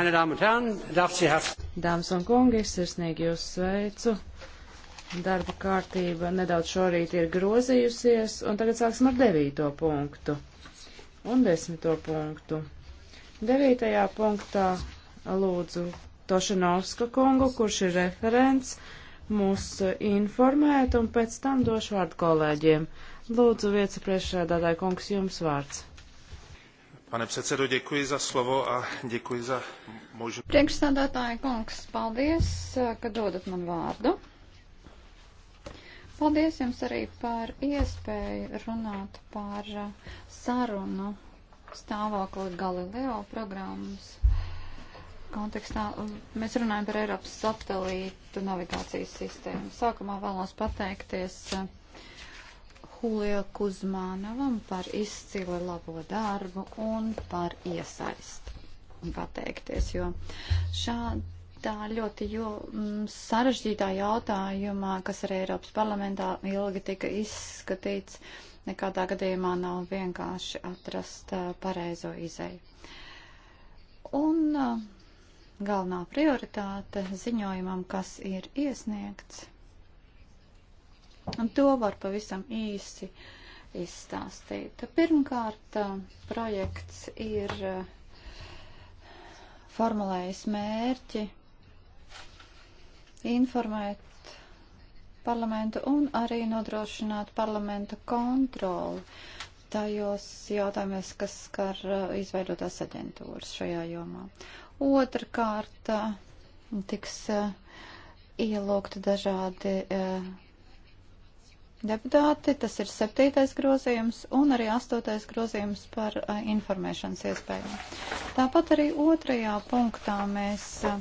Dāmas un kungi, sirsnīgi jūs sveicu. Darba kārtība nedaudz šorīt ir grozījusies, un tagad sāksim ar devīto punktu un desmito punktu. Devītajā punktā lūdzu Tošinovska kungu, kurš ir referents, mūs informēt, un pēc tam došu vārdu kolēģiem. Lūdzu, vicepriekšsēdētāji kungs, jums vārds. Pane předsedo, děkuji za slovo a děkuji za možnost. Priekšstādātāja kungs, paldies, ka dodat man vārdu. Paldies jums arī par iespēju runāt par sarunu stāvokli Galileo programmas kontekstā. Mēs runājam par Eiropas satelītu navigācijas sistēmu. Sākumā vēlos pateikties Hulio Kuzmānavam par izcili labo darbu un par iesaisti. Pateikties, jo šādā ļoti jo, m, mm, sarežģītā jautājumā, kas arī Eiropas parlamentā ilgi tika izskatīts, nekādā gadījumā nav vienkārši atrast uh, pareizo izeju. Un uh, galvenā prioritāte ziņojumam, kas ir iesniegts Un to var pavisam īsi izstāstīt. Pirmkārt, projekts ir formulējis mērķi informēt parlamentu un arī nodrošināt parlamenta kontroli tajos jautājumos, kas skar izveidotās aģentūras šajā jomā. Otrakārt, tiks ielūgti dažādi uh, deputāti. Tas ir septītais grozījums un arī astotais grozījums par uh, informēšanas iespējām. Tāpat arī otrajā punktā mēs uh,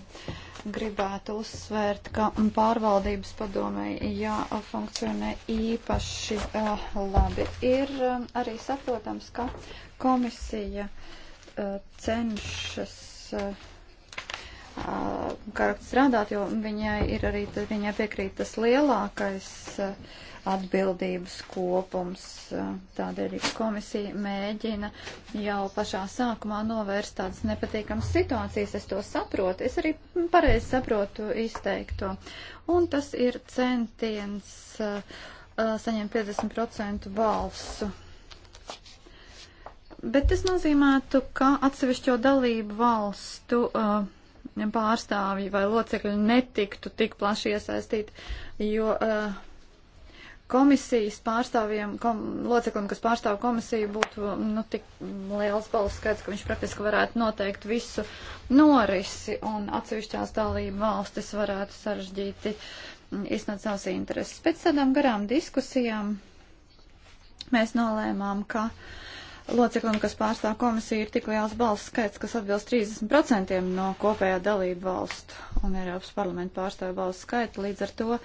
gribētu uzsvērt, ka pārvaldības padomēji jāfunkcionē īpaši uh, labi. Ir uh, arī saprotams, ka komisija uh, cenšas. Uh, karakts strādāt, jo viņai ir arī, viņai piekrīt tas lielākais atbildības kopums. Tādēļ komisija mēģina jau pašā sākumā novērst tādas nepatīkamas situācijas. Es to saprotu. Es arī pareizi saprotu izteikto. Un tas ir centiens saņemt 50% balsu. Bet tas nozīmētu, ka atsevišķo dalību valstu uh, pārstāvji vai locekļi netiktu tik plaši iesaistīti, jo uh, komisijas pārstāvjiem, kom, loceklim, kas pārstāv komisiju, būtu nu, tik liels balss skaits, ka viņš praktiski varētu noteikt visu norisi un atsevišķās dalību valstis varētu sarežģīti mm, iznāc savas intereses. Pēc tādām garām diskusijām mēs nolēmām, ka uh, loceklim, kas pārstāv komisiju, ir tik liels balss skaits, kas atbilst 30% no kopējā dalību valstu un Eiropas parlamentu pārstāvju balss skaita. Līdz ar to uh,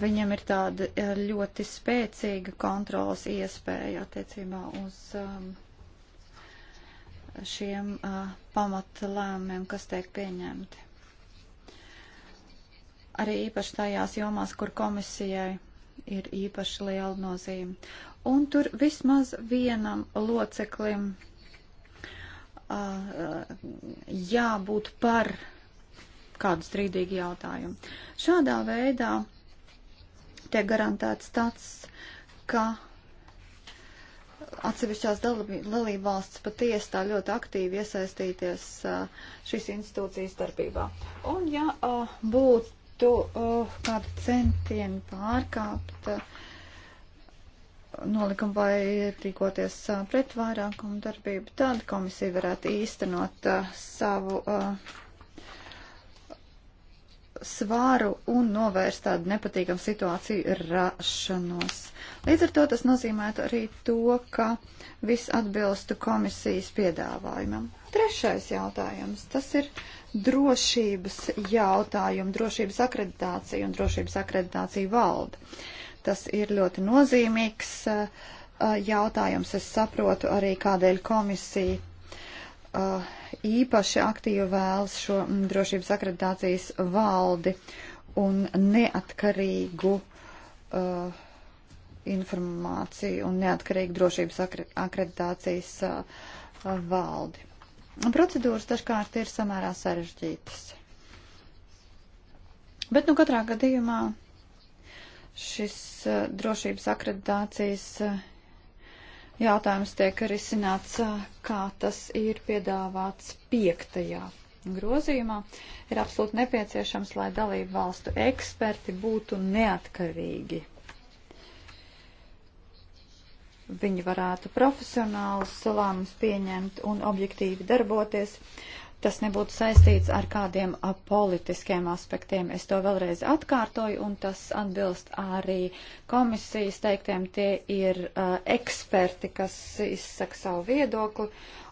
viņam ir tāda ļoti spēcīga kontrolas iespēja attiecībā uz um, šiem uh, pamatlēmumiem, kas tiek pieņemti. Arī īpaši tajās jomās, kur komisijai ir īpaši liela nozīme un tur vismaz vienam loceklim uh, jābūt par kādu strīdīgu jautājumu. Šādā veidā tiek garantēts tāds, ka atsevišķās dalību valsts patiesi tā ļoti aktīvi iesaistīties uh, šīs institūcijas darbībā. Un ja uh, būtu kādi centieni pārkāpt, uh, nolikumu vai rīkoties pret vairākumu darbību, tad komisija varētu īstenot savu svāru un novērst tādu nepatīkamu situāciju rašanos. Līdz ar to tas nozīmētu arī to, ka viss atbilstu komisijas piedāvājumam. Trešais jautājums. Tas ir drošības jautājumu, drošības akreditācija un drošības akreditācija valda. Tas ir ļoti nozīmīgs uh, jautājums. Es saprotu arī, kādēļ komisija uh, īpaši aktīvi vēlas šo mm, drošības akreditācijas valdi un neatkarīgu uh, informāciju un neatkarīgu drošības akreditācijas uh, valdi. Procedūras dažkārt ir samērā sarežģītas. Bet nu katrā gadījumā Šis eh, drošības akreditācijas eh, jautājums tiek risināts, eh, kā tas ir piedāvāts piektajā grozījumā. Ir absolūti nepieciešams, lai dalību valstu eksperti būtu neatkarīgi. Viņi varētu profesionālus lēmumus pieņemt un objektīvi darboties. Uh, tas nebūtu saistīts ar kādiem politiskiem aspektiem. Es to vēlreiz atkārtoju, un tas atbilst arī komisijas teiktiem. Tie ir uh, eksperti, kas izsaka savu viedokli,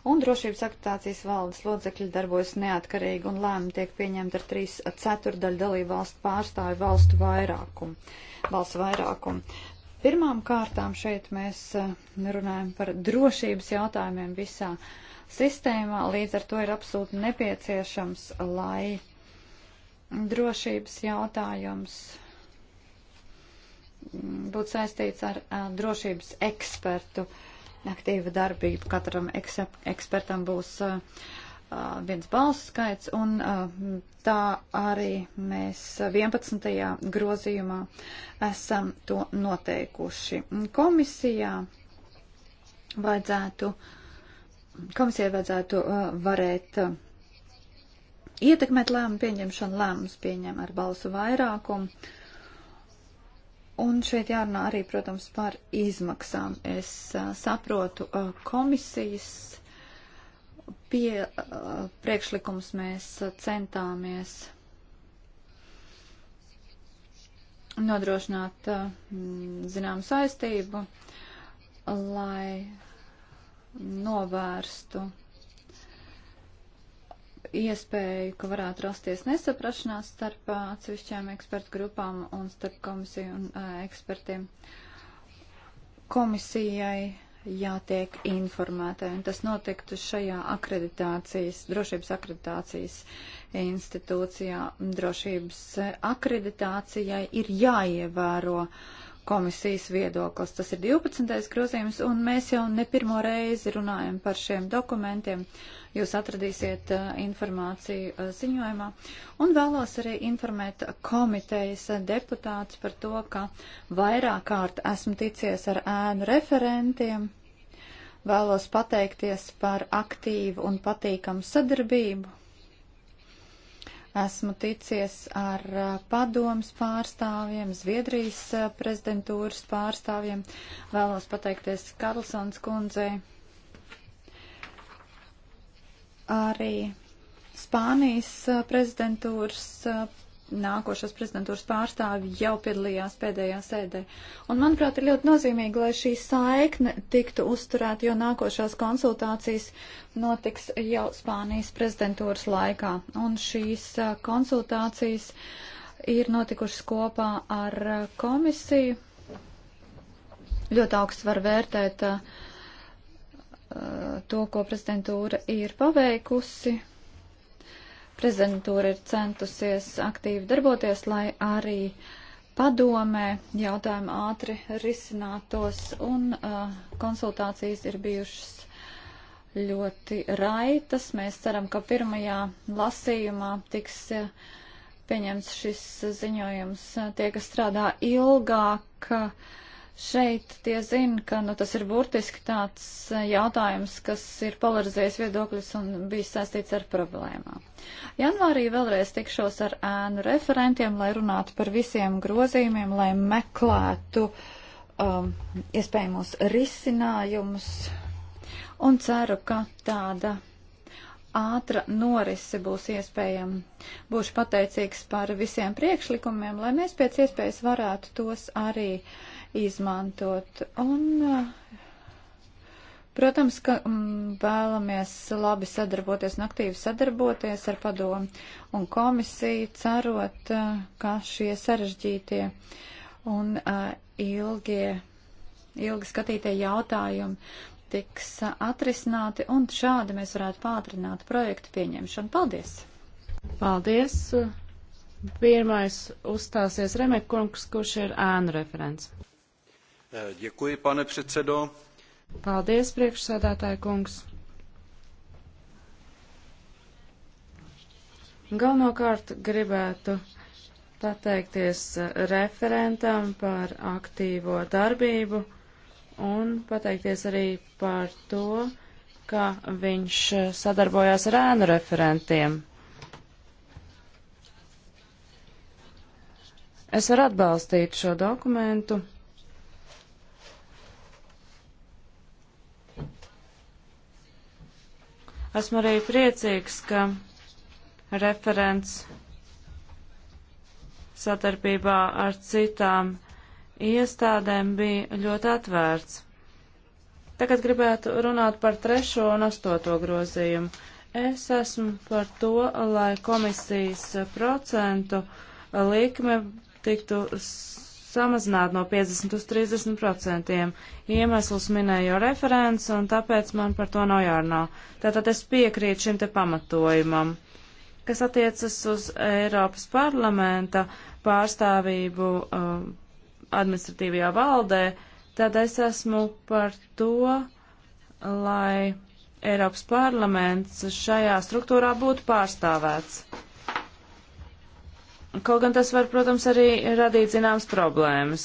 un drošības aktivitācijas valdes lodzekļi darbojas neatkarīgi, un lēmumi tiek pieņemti ar trīs ceturdaļu dalību valstu pārstāju valstu vairākumu, valstu vairākumu. Pirmām kārtām šeit mēs runājam par drošības jautājumiem visā uh, sistēmā, līdz ar to ir absolūti nepieciešams, lai drošības jautājums būtu saistīts ar a, drošības ekspertu aktīvu darbību. Katram eksep, ekspertam būs a, a, viens balsu skaits, un tā arī mēs 11. grozījumā esam to noteikuši. Komisijā vajadzētu uh, komisijai vajadzētu uh, varēt uh, ietekmēt lēmumu pieņemšanu, lēmumus pieņem ar balsu vairākumu. Un šeit jārunā arī, protams, par izmaksām. Es uh, saprotu komisijas pie, priekšlikums mēs centāmies nodrošināt zinām saistību, lai novērstu iespēju, ka varētu rasties nesaprašanās starp atsevišķām ekspertu grupām un starp komisiju un uh, ekspertiem. Komisijai jātiek informētai, un tas notiktu šajā akreditācijas, drošības akreditācijas institūcijā. Drošības akreditācijai ir jāievēro uh, komisijas viedoklis. Tas ir 12. grozījums, un mēs jau ne pirmo reizi runājam par šiem dokumentiem. Jūs atradīsiet uh, informāciju uh, ziņojumā. Un vēlos arī informēt komitejas deputātus par to, ka vairāk kārt esmu ticies ar ēnu referentiem. Vēlos pateikties par aktīvu un patīkamu sadarbību. Esmu ticies ar padomas pārstāvjiem, Zviedrijas prezidentūras pārstāvjiem. Vēlos pateikties Karlsons kundzei. Arī Spānijas prezidentūras nākošās prezidentūras pārstāvi jau piedalījās pēdējā sēdē. Un, manuprāt, ir ļoti nozīmīgi, lai šī saikne tiktu uzturēta, jo nākošās konsultācijas notiks jau Spānijas prezidentūras laikā. Un šīs konsultācijas ir notikušas kopā ar komisiju. Ļoti augsts var vērtēt uh, to, ko prezidentūra ir paveikusi Prezidentūra ir centusies aktīvi darboties, lai arī padomē jautājumu ātri risinātos un uh, konsultācijas ir bijušas ļoti raitas. Mēs ceram, ka pirmajā lasījumā tiks uh, pieņemts šis ziņojums. Tie, kas strādā ilgāk, uh, Šeit tie zina, ka nu, tas ir burtiski tāds eh, jautājums, kas ir polarizējis viedokļus un bijis saistīts ar problēmām. Janvārī vēlreiz tikšos ar ēnu referentiem, lai runātu par visiem grozījumiem, lai meklētu um, iespējamos risinājumus un ceru, ka tāda ātra norise būs iespējama. Būšu pateicīgs par visiem priekšlikumiem, lai mēs pēc iespējas varētu tos arī uh, izmantot. Un, eh, protams, ka m, mm, vēlamies labi sadarboties un aktīvi sadarboties ar padomu un komisiju, cerot, eh, ka šie sarežģītie un uh, ilgie, ilgi skatītie jautājumi tiks atrisināti, un šādi mēs varētu pātrināt projektu pieņemšanu. Paldies! Paldies! Pirmais uzstāsies Remekungs, kurš ir ēnu referents. Ďakuj, pane predsedo. Paldies, priekšsēdētāja kungs. Galvenokārt gribētu pateikties referentam par aktīvo darbību un pateikties arī par to, ka viņš sadarbojās ar ēnu referentiem. Es varu atbalstīt šo dokumentu. Esmu arī priecīgs, ka referents sadarbībā ar citām iestādēm bija ļoti atvērts. Tagad gribētu runāt par trešo un astoto grozījumu. Es esmu par to, lai komisijas procentu likme tiktu samazināt no 50 uz 30 procentiem. Iemesls minēja jau referents, un tāpēc man par to nav jārunā. Tātad es piekrītu šim te pamatojumam, kas attiecas uz Eiropas parlamenta pārstāvību um, administratīvajā valdē, tad es esmu par to, lai Eiropas parlaments šajā struktūrā būtu pārstāvēts Kaut gan tas var, protams, arī radīt zināmas problēmas,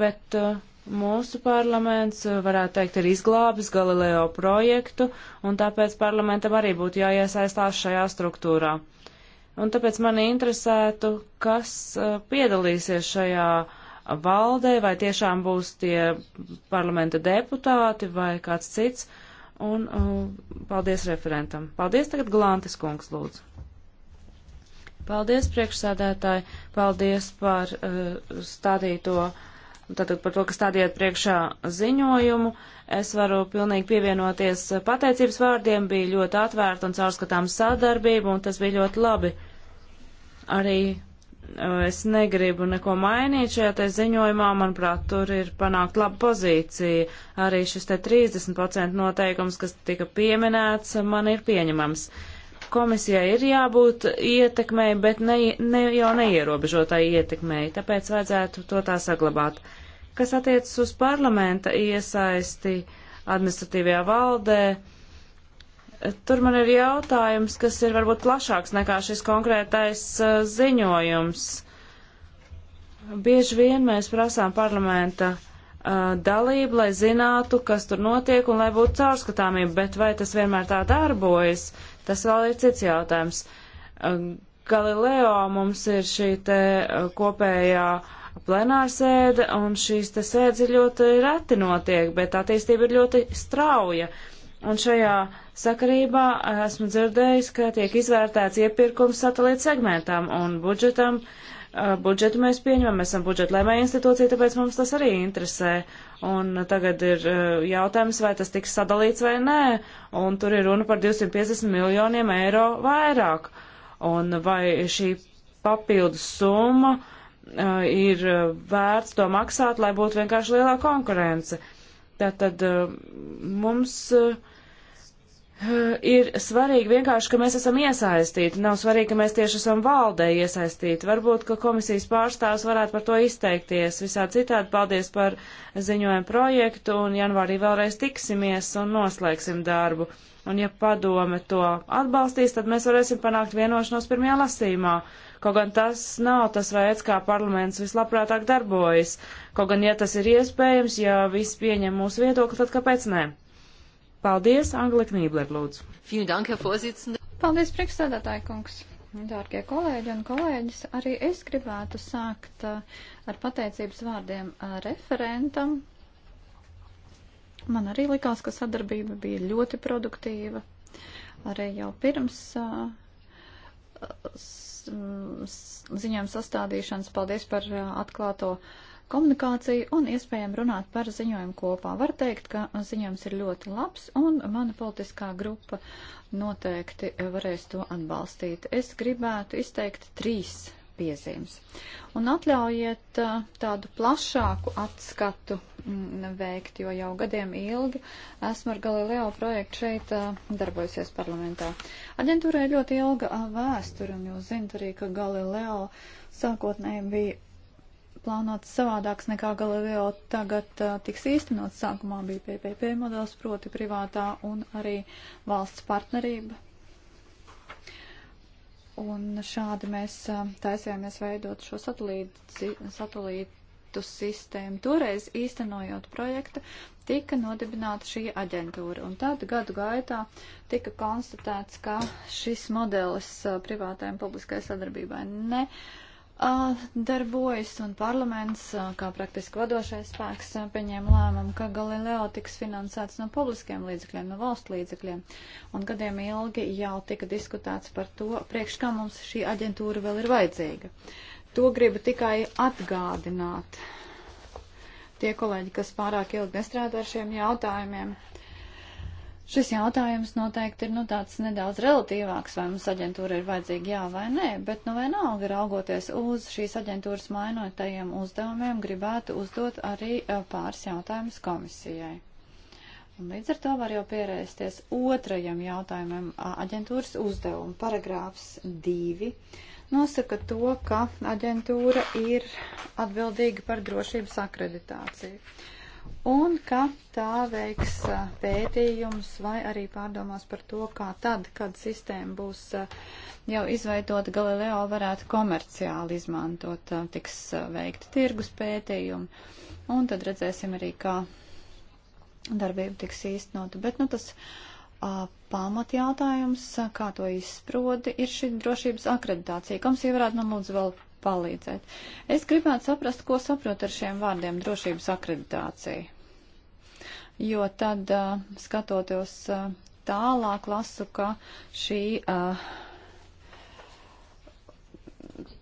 bet uh, mūsu parlaments, uh, varētu teikt, ir izglābis Galileo projektu, un tāpēc parlamentam arī būtu jāiesaistās šajā struktūrā. Un tāpēc mani interesētu, kas uh, piedalīsies šajā valdē, vai tiešām būs tie parlamenta deputāti vai kāds cits. Un uh, paldies referentam. Paldies tagad Glantis kungs, lūdzu. Paldies, priekšsādētāji, paldies par uh, stādīto, tātad par to, ka stādījāt priekšā ziņojumu. Es varu pilnīgi pievienoties pateicības vārdiem, bija ļoti atvērta un caurskatām sadarbība, un tas bija ļoti labi. Arī uh, es negribu neko mainīt šajā te ziņojumā, manuprāt, tur ir panākt laba pozīcija. Arī šis te 30% noteikums, kas tika pieminēts, man ir pieņemams. Uh, Komisijai ir jābūt ietekmei, bet ne, ne, jau neierobežotai ietekmei, tāpēc vajadzētu to tā saglabāt. Kas attiecas uz parlamenta iesaisti administratīvajā valdē, tur man ir jautājums, kas ir varbūt plašāks nekā šis konkrētais uh, ziņojums. Bieži vien mēs prasām parlamenta uh, dalību, lai zinātu, kas tur notiek un lai būtu caurskatāmība, bet vai tas vienmēr tā darbojas? Tas vēl ir cits jautājums. Ehm, Galileo mums ir šī te eh, kopējā plenārsēde, un šīs te sēdes ir ļoti reti notiek, bet attīstība ir ļoti strauja. Un šajā sakarībā eh, esmu dzirdējis, ka tiek izvērtēts iepirkums satelīta segmentām un budžetam. Eh, budžetu mēs pieņemam, mēs esam budžeta lēmēja institūcija, tāpēc mums tas arī interesē. Un tagad ir eh, jautājums, vai tas tiks sadalīts vai nē. Un tur ir runa par 250 miljoniem eiro vairāk. Un vai šī papildus summa uh, ir eh, vērts to maksāt, lai būtu vienkārši lielā konkurence. Tātad uh, mums. Uh, ir svarīgi vienkārši, ka mēs esam iesaistīti. Nav svarīgi, ka mēs tieši esam valdē iesaistīti. Varbūt, ka komisijas pārstāvs varētu par to izteikties. Visā citādi paldies par ziņojumu projektu un janvārī vēlreiz tiksimies un noslēgsim darbu. Un ja padome to atbalstīs, tad mēs varēsim panākt vienošanos pirmajā lasīmā. Kaut gan tas nav tas veids, kā parlaments vislabprātāk darbojas. Kaut gan, ja tas ir iespējams, ja viss pieņem mūsu viedokli, tad kāpēc ne? Paldies, Anglika Nībler, lūdzu. Paldies, priekšsēdētāji kungs. Dārgie kolēģi un kolēģis, arī es gribētu sākt eh, ar pateicības vārdiem eh, referentam. Man arī likās, ka sadarbība bija ļoti produktīva. Arī jau pirms eh, ziņām sastādīšanas paldies par atklāto uh, komunikāciju un iespējam runāt par ziņojumu kopā. Var teikt, ka ziņojums ir ļoti labs un mana politiskā grupa noteikti varēs to atbalstīt. Es gribētu izteikt trīs piezīmes. Un atļaujiet uh, tādu plašāku atskatu mm, veikt, jo jau gadiem ilgi esmu ar Galileo projektu šeit uh, darbojusies parlamentā. Aģentūrai ļoti ilga uh, vēsture, un jūs zinat arī, ka Galileo sākotnēji bija plānots savādāks nekā Galileo tagad uh, tiks īstenots. Sākumā bija PPP modelis, proti privātā un arī valsts partnerība. Un šādi mēs uh, taisījāmies veidot šo satelītu, satelītu sistēmu. Toreiz īstenojot projektu, tika nodibināta šī aģentūra. Un tad gadu gaitā tika konstatēts, ka šis modelis uh, privātajai un publiskajai sadarbībai ne. Uh, darbojas, un parlaments, kā praktiski vadošais spēks, pieņēma lēmumu, ka Galileo tiks finansēts no publiskiem līdzekļiem, no valsts līdzekļiem. Un gadiem ilgi jau tika diskutēts par to, priekš kā mums šī aģentūra vēl ir vajadzīga. To gribu tikai atgādināt. Tie kolēģi, kas pārāk ilgi nestrādā ar šiem jautājumiem, uh, Šis jautājums noteikti ir nu, tāds nedaudz relatīvāks, vai mums aģentūra ir vajadzīga jā vai nē, bet nu vienalga raugoties uz šīs aģentūras mainotajiem uzdevumiem, gribētu uzdot arī pāris jautājumus komisijai. Un līdz ar to var jau pierēsties otrajam jautājumam aģentūras uzdevumu. Paragrāfs 2 nosaka to, ka aģentūra ir atbildīga par drošības akreditāciju un ka tā veiks pētījumus vai arī pārdomās par to, kā tad, kad sistēma būs jau izveidota, Galileo varētu komerciāli izmantot, tiks veikti tirgus pētījumi, un tad redzēsim arī, kā darbība tiks īstenota. Bet, nu, tas pamatjautājums, kā to izsprodi, ir šī drošības akreditācija. Komisija varētu man lūdzu vēl palīdzēt. Es gribētu saprast, ko saprot ar šiem vārdiem drošības akreditācija. Jo tad, uh, skatoties uh, tālāk, lasu, ka šī uh,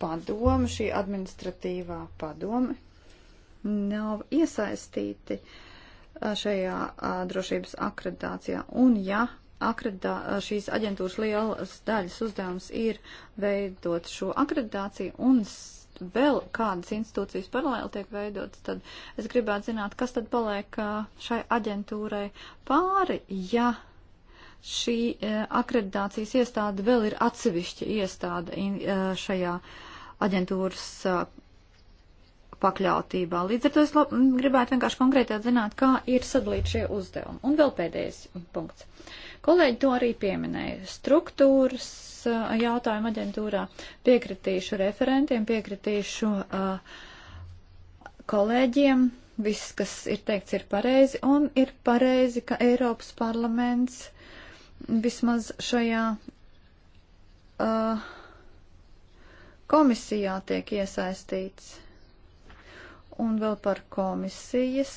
padoma, šī administratīvā padome nav iesaistīti šajā drošības akreditācijā. Un ja akreditā, šīs aģentūras lielas daļas uzdevums ir veidot šo akreditāciju un vēl kādas institūcijas paralēli tiek veidotas, tad es gribētu zināt, kas tad paliek šai aģentūrai pāri, ja šī akreditācijas iestāde vēl ir atsevišķa iestāde šajā aģentūras pakļautībā. Līdz ar to es lab, gribētu vienkārši konkrētāk zināt, kā ir sadalīti šie uzdevumi. Un vēl pēdējais punkts. Kolēģi to arī pieminēja. Struktūras uh, jautājuma aģentūrā piekritīšu referentiem, piekritīšu uh, kolēģiem. Viss, kas ir teikts, ir pareizi, un ir pareizi, ka Eiropas parlaments vismaz šajā uh, komisijā tiek iesaistīts. Un vēl par komisijas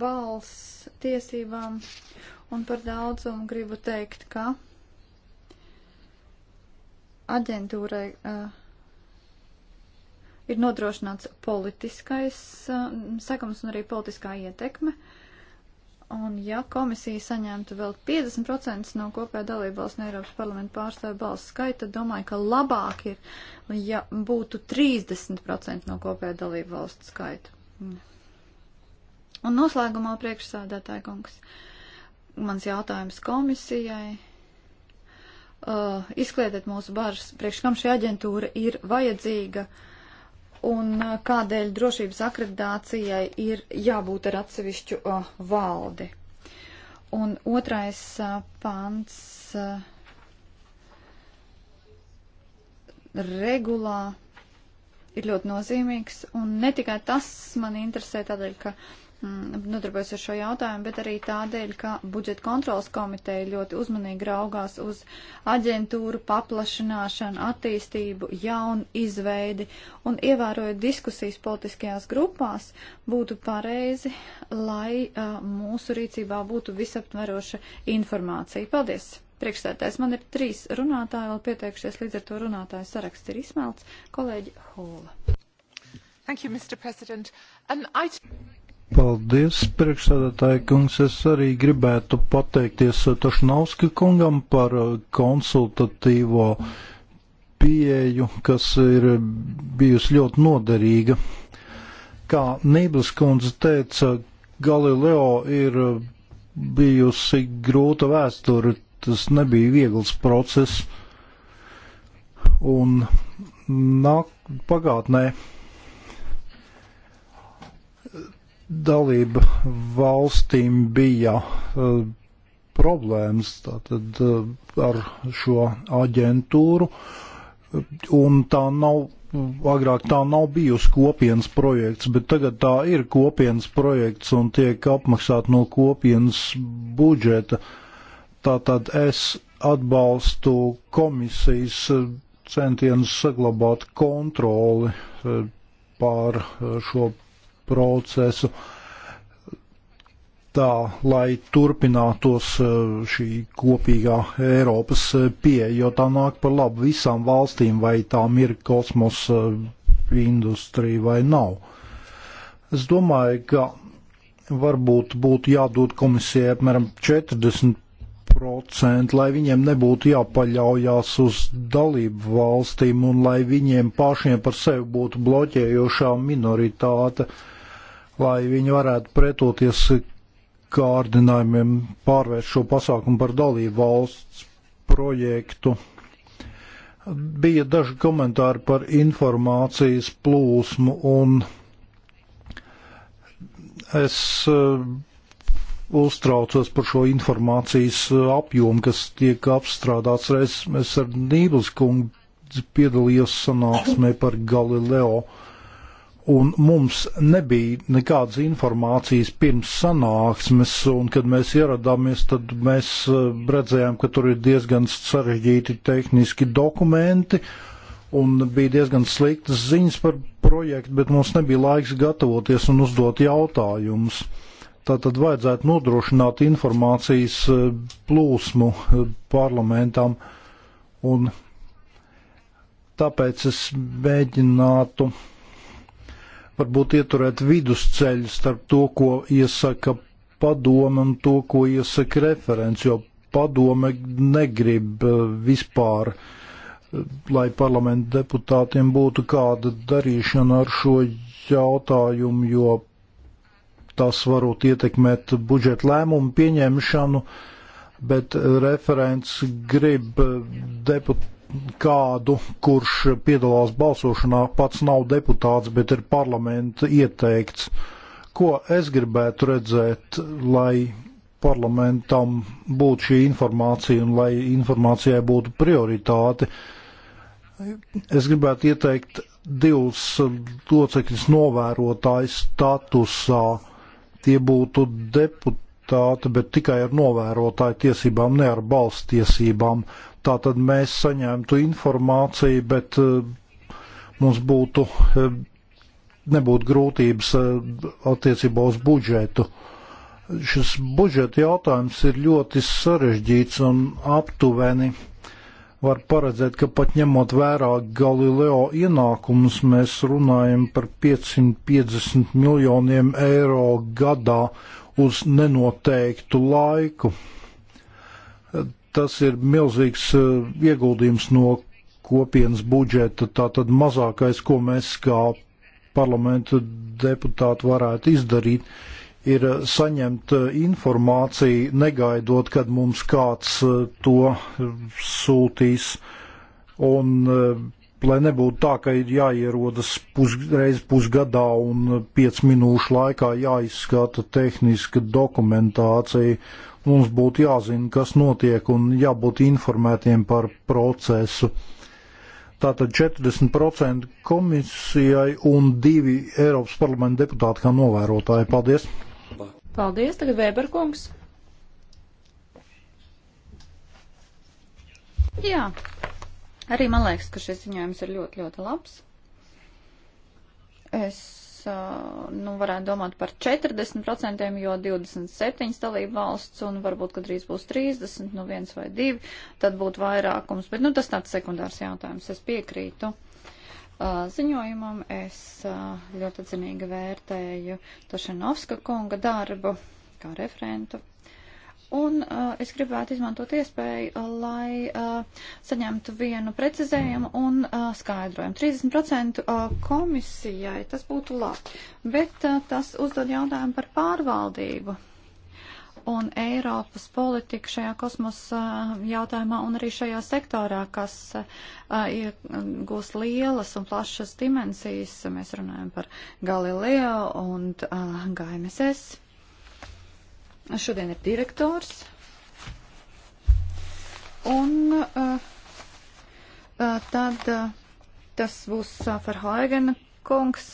balss uh, tiesībām Un par daudzumu gribu teikt, ka aģentūrai uh, ir nodrošināts politiskais uh, sekums un arī politiskā ietekme. Un ja komisija saņemtu vēl 50% no kopējā dalībvalsts un Eiropas parlamenta pārstāvju balsu skaita, tad domāju, ka labāk ir, ja būtu 30% no kopējā dalībvalsts skaita. Un noslēgumā priekšsādātāja kungs. Uh, mans jautājums komisijai. Uh, izkliedēt mūsu bažas, priekš kam šī aģentūra ir vajadzīga un uh, kādēļ drošības akreditācijai ir jābūt ar atsevišķu uh, valdi. Un otrais uh, pants uh, regulā ir ļoti nozīmīgs un ne tikai tas man interesē tādēļ, ka uh, Mm, nodarbojas ar šo jautājumu, bet arī tādēļ, ka budžeta kontrolas komiteja ļoti uzmanīgi raugās uz aģentūru paplašināšanu, attīstību, jaunu izveidi un ievērojot diskusijas politiskajās grupās, būtu pareizi, lai uh, mūsu rīcībā būtu visaptveroša informācija. Paldies! Priekšstādājs man ir trīs runātāji, vēl pieteikušies līdz ar to runātāju saraksts ir izsmelts. Kolēģi Hola. Thank you, Mr. President. Um, I... Paldies, priekšsēdētāji kungs. Es arī gribētu pateikties Tašnovska kungam par uh, konsultatīvo pieeju, kas ir bijusi ļoti noderīga. Kā Nīblas kundze teica, Galileo ir uh, bijusi grūta vēsture, tas nebija viegls process. Un nāk pagātnē dalību valstīm bija eh, problēmas tātad, eh, ar šo aģentūru, eh, un tā nav, agrāk tā nav bijusi kopienas projekts, bet tagad tā ir kopienas projekts un tiek apmaksāt no kopienas budžeta. Tātad es atbalstu komisijas centienus saglabāt kontroli pār šo procesu, tā lai turpinātos eh, šī kopīgā Eiropas eh, pieeja, jo tā nāk par labu visām valstīm, vai tām ir kosmos eh, industrija vai nav. Es domāju, ka varbūt būtu jādod komisijai apmēram 40%, lai viņiem nebūtu jāpaļaujās uz dalību valstīm un lai viņiem pašiem par sevi būtu bloķējošā minoritāte. Uh, lai viņi varētu pretoties kārdinājumiem pārvērst šo pasākumu par dalību valsts projektu. Bija daži komentāri par informācijas plūsmu un es eh, uztraucos par šo informācijas eh, apjomu, kas tiek apstrādāts. Reiz es ar Nībelskungu piedalījos sanāksmē par Galileo. Uh, un mums nebija nekādas informācijas pirms sanāksmes, un kad mēs ieradāmies, tad mēs eh, redzējām, ka tur ir diezgan sarežģīti tehniski dokumenti, un bija diezgan sliktas ziņas par projektu, bet mums nebija laiks gatavoties un uzdot jautājumus. Tātad vajadzētu nodrošināt informācijas eh, plūsmu eh, parlamentam, un tāpēc es mēģinātu varbūt ieturēt vidusceļu starp to, ko iesaka padome un to, ko iesaka referents, jo padome negrib eh, vispār, eh, lai parlamenta deputātiem būtu kāda darīšana ar šo jautājumu, jo tas varot ietekmēt budžeta lēmumu pieņemšanu, bet eh, referents grib deputātiem kādu, kurš piedalās balsošanā, pats nav deputāts, bet ir parlamenta ieteikts. Ko es gribētu redzēt, lai parlamentam būtu šī informācija un lai informācijai būtu prioritāte? Es gribētu ieteikt divus locekļus novērotāju statusā. Tie būtu deputāti, bet tikai ar novērotāju tiesībām, ne ar balss tiesībām tātad mēs saņemtu informāciju, bet eh, mums būtu, eh, nebūtu grūtības eh, attiecībā uz budžetu. Šis budžeta jautājums ir ļoti sarežģīts un aptuveni var paredzēt, ka pat ņemot vērā Galileo ienākumus, mēs runājam par 550 miljoniem eiro gadā uz nenoteiktu laiku tas ir milzīgs eh, ieguldījums no kopienas budžeta. Tātad mazākais, ko mēs kā parlamentu deputāti varētu izdarīt, ir eh, saņemt eh, informāciju, negaidot, kad mums kāds to sūtīs. Un lai nebūtu tā, ka ir jāierodas pusreiz pusgadā un 5 minūšu laikā jāizskata tehniska dokumentācija Mums būtu jāzina, kas notiek un jābūt informētiem par procesu. Tātad 40% komisijai un divi Eiropas parlamenta deputāti kā novērotāji. Paldies! Paldies, tagad Vēberkungs. Jā, arī man liekas, ka šis ziņojums ir ļoti, ļoti labs. Es Uh, nu, varētu domāt par 40%, jo 27 dalību valsts un varbūt, ka drīz būs 30, nu viens vai divi, tad būtu vairākums. Bet, nu, tas tāds sekundārs jautājums. Es piekrītu uh, ziņojumam. Es uh, ļoti atzinīgi vērtēju Tošenovska kunga darbu kā referentu Un uh, es gribētu izmantot iespēju, uh, lai uh, saņemtu vienu precizējumu un uh, skaidrojumu. 30% uh, komisijai tas būtu labi, bet uh, tas uzdod jautājumu par pārvaldību un Eiropas politiku šajā kosmosa uh, jautājumā un arī šajā sektorā, kas uh, iegūs lielas un plašas dimensijas. Mēs runājam par Galileo un uh, GMSS Šodien ir direktors. Un uh, tad uh, tas būs uh, Ferhaigena kungs,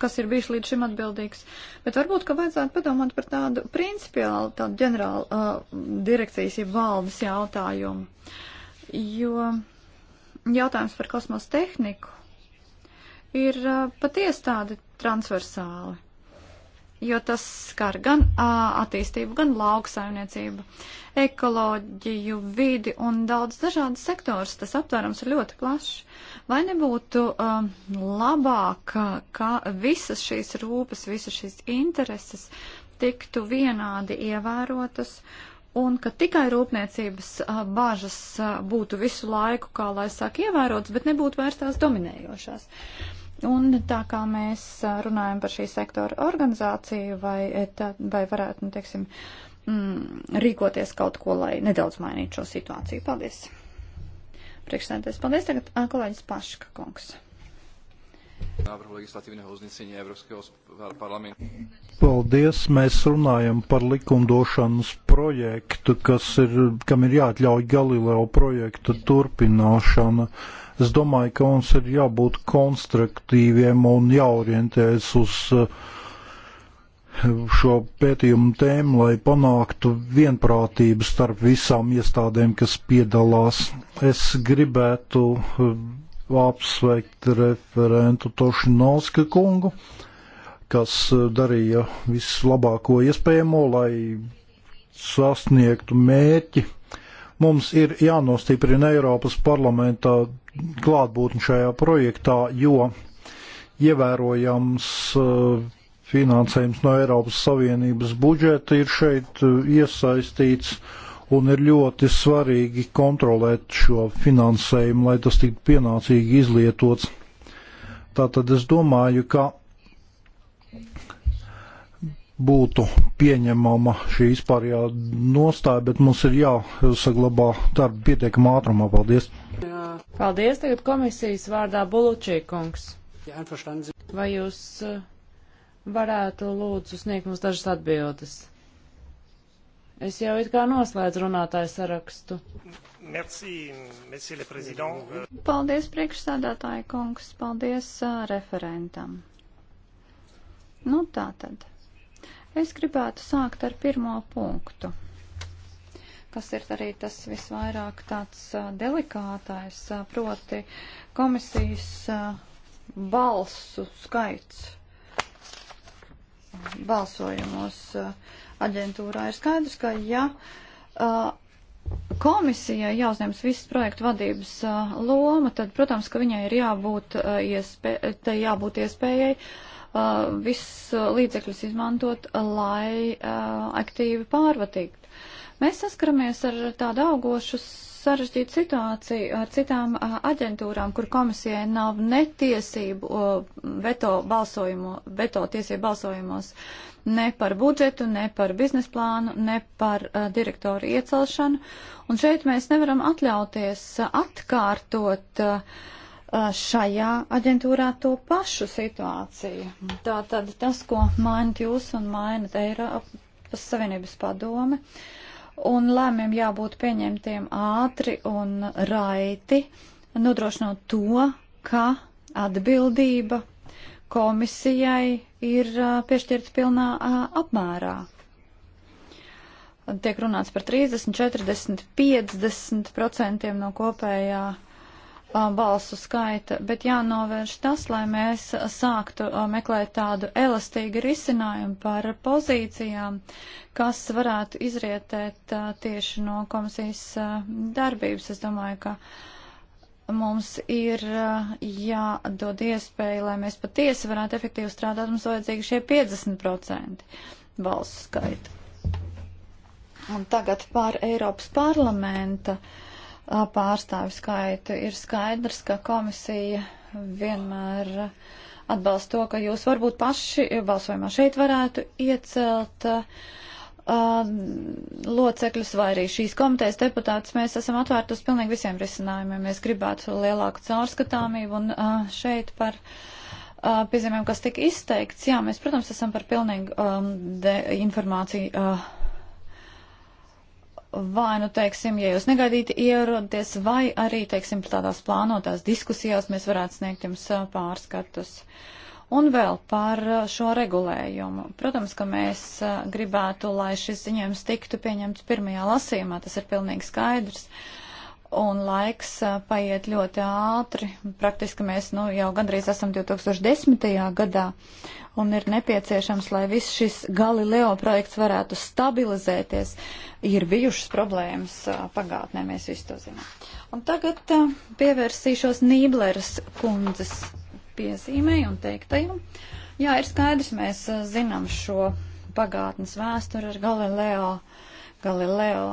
kas ir bijis līdz šim atbildīgs. Bet varbūt, ka vajadzētu padomāt par tādu principiālu, tādu ģenerālu uh, direkcijas, ja valdes jautājumu. Jo jautājums par kosmos tehniku ir uh, patiesi tādi transversāli jo tas skar gan attīstību, gan lauksaimniecību, ekoloģiju, vidi un daudz dažādas sektors. Tas aptvērums ir ļoti plašs. Vai nebūtu uh, labāk, ka visas šīs rūpes, visas šīs intereses tiktu vienādi ievērotas un ka tikai rūpniecības bāžas būtu visu laiku, kā lai saka, ievērotas, bet nebūtu vairs tās dominējošās. Un tā kā mēs runājam par šī sektora organizāciju, vai, e, tā, vai varētu, nu, teiksim, mm, rīkoties kaut ko, lai nedaudz mainītu šo situāciju. Paldies! Priekšsēdētājs, paldies tagad kolēģis Paška kungs. Návrhu legislatīvneho uznesenia Evropského parlamentu. Paldies, mēs runājam par likumdošanas projektu, kas ir, kam ir jāatļauj Galileo projekta turpināšana. Uh, Es domāju, ka mums ir jābūt konstruktīviem un jāorientēs uz eh, šo pētījumu tēmu, lai panāktu vienprātību starp visām iestādēm, kas piedalās. Es gribētu eh, apsveikt referentu Tošinovska kungu, kas eh, darīja vislabāko iespējamo, lai sasniegtu mērķi. Mums ir jānostiprina Eiropas parlamentā klātbūtni šajā projektā, jo ievērojams eh, finansējums no Eiropas Savienības budžeta ir šeit eh, iesaistīts un ir ļoti svarīgi kontrolēt šo finansējumu, lai tas tiktu pienācīgi izlietots. Tātad es domāju, ka būtu pieņemama šī vispārējā nostāja, bet mums ir jāsaglabā darba pietiekamā ātrumā. Paldies! Jā. Paldies! Tagad komisijas vārdā Bulučīkungs. Vai jūs eh, varētu lūdzu sniegt mums dažas atbildes? Es jau it kā noslēdzu runātāju sarakstu. Merci, merci le président. Paldies priekšsādātāju kungs, paldies uh, referentam. Nu tā tad. Es gribētu sākt ar pirmo punktu, kas ir arī tas visvairāk tāds delikātais, proti komisijas balsu skaits balsojumos aģentūrā. Ir skaidrs, ka ja komisijai jāuzņems viss projektu vadības loma, tad, protams, ka viņai ir jābūt, iespē, jābūt iespējai uh, visus uh, līdzekļus izmantot, lai uh, aktīvi pārvatītu. Mēs saskaramies ar tādu augošu sarežģītu situāciju ar citām uh, aģentūrām, kur komisijai nav netiesību uh, veto, balsojumu, veto tiesību balsojumos ne par budžetu, ne par biznesa plānu, ne par uh, direktoru iecelšanu. Un šeit mēs nevaram atļauties uh, atkārtot. Uh, šajā aģentūrā to pašu situāciju. Tātad tas, ko mainat jūs un mainat Eiropas Savienības padome, un lēmiem jābūt pieņemtiem ātri un raiti, nodrošinot to, ka atbildība komisijai ir piešķirta pilnā apmērā. Tiek runāts par 30, 40, 50% no kopējā uh, balsu skaita, bet jānovērš tas, lai mēs sāktu meklēt tādu elastīgu risinājumu par pozīcijām, kas varētu izrietēt tieši no komisijas darbības. Es domāju, ka mums ir jādod iespēja, lai mēs patiesi varētu efektīvi strādāt, mums vajadzīgi šie 50% balsu skaita. Un tagad pār Eiropas parlamenta uh, pārstāvju skaitu. Ir skaidrs, ka komisija vienmēr atbalsta to, ka jūs varbūt paši balsojumā šeit varētu iecelt uh, locekļus vai arī šīs komitejas deputātus. Mēs esam atvērti uz pilnīgi visiem risinājumiem. Mēs gribētu lielāku caurskatāmību un uh, šeit par uh, piezīmēm, kas tika izteikts. Jā, mēs, protams, esam par pilnīgu um, informāciju. Uh, vai, nu, teiksim, ja jūs negaidīti ierodaties, vai arī, teiksim, tādās plānotās diskusijās mēs varētu sniegt jums pārskatus. Un vēl par šo regulējumu. Protams, ka mēs gribētu, lai šis ziņojums tiktu pieņemts pirmajā lasījumā, tas ir pilnīgi skaidrs. Uh, un laiks paiet ļoti ātri. Praktiski mēs nu, jau gandrīz esam 2010. gadā, un ir nepieciešams, lai viss šis Galileo projekts varētu stabilizēties. Ir bijušas problēmas pagātnē, mēs visi to zinām. Un tagad pievērsīšos Nībleres kundzes piezīmei un teiktajam. Jā, ir skaidrs, mēs zinām šo pagātnes vēsturi ar Galileo. Galileo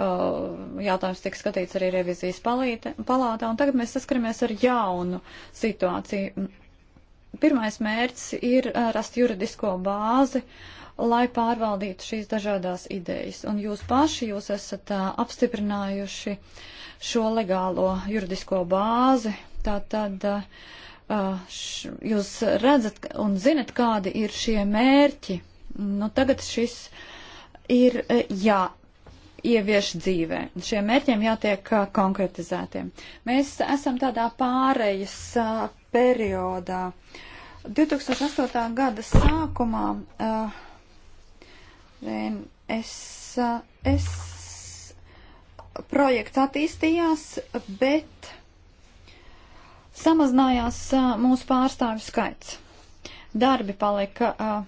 Uh, jautājums tiek skatīts arī revizijas palīte, palātā, un tagad mēs saskaramies ar jaunu situāciju. Pirmais mērķis ir uh, rast juridisko bāzi, lai pārvaldītu šīs dažādās idejas, un jūs paši jūs esat uh, apstiprinājuši šo legālo juridisko bāzi, tātad š, jūs redzat un zinat, kādi ir šie mērķi. Nu, tagad šis ir jā ievieš dzīvē. Šiem mērķiem jātiek uh, konkretizētiem. Mēs esam tādā pārejas uh, periodā. 2008. gada sākumā uh, es, uh, es projekts attīstījās, bet samazinājās uh, mūsu pārstāvju skaits. Darbi palika uh,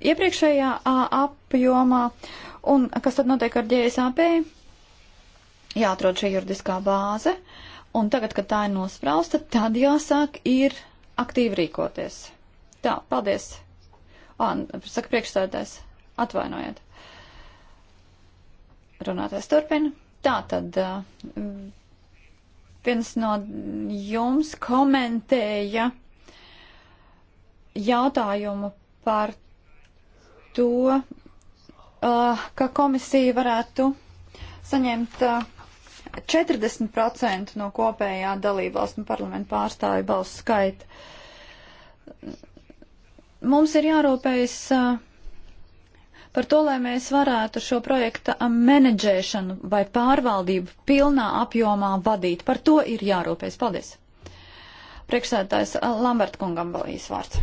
iepriekšējā uh, apjomā. Uh, Un kas tad notiek ar GSAP? Jāatrod šī juridiskā bāze, un tagad, kad tā ir nosprausta, tad jāsāk ir aktīvi rīkoties. Tā, paldies. Ā, saka priekšstādājs, atvainojiet. Runātājs turpina. Tā tad viens no jums komentēja jautājumu par to, Uh, ka komisija varētu saņemt 40% uh, no kopējā dalībvalstu un parlamentu pārstāvju balsu skaita. Mums ir jārūpējas uh, par to, lai mēs varētu šo projekta menedžēšanu vai pārvaldību pilnā apjomā vadīt. Par to ir jārūpējas. Paldies! Priekšsēdētājs Lambert kungam balīs vārds.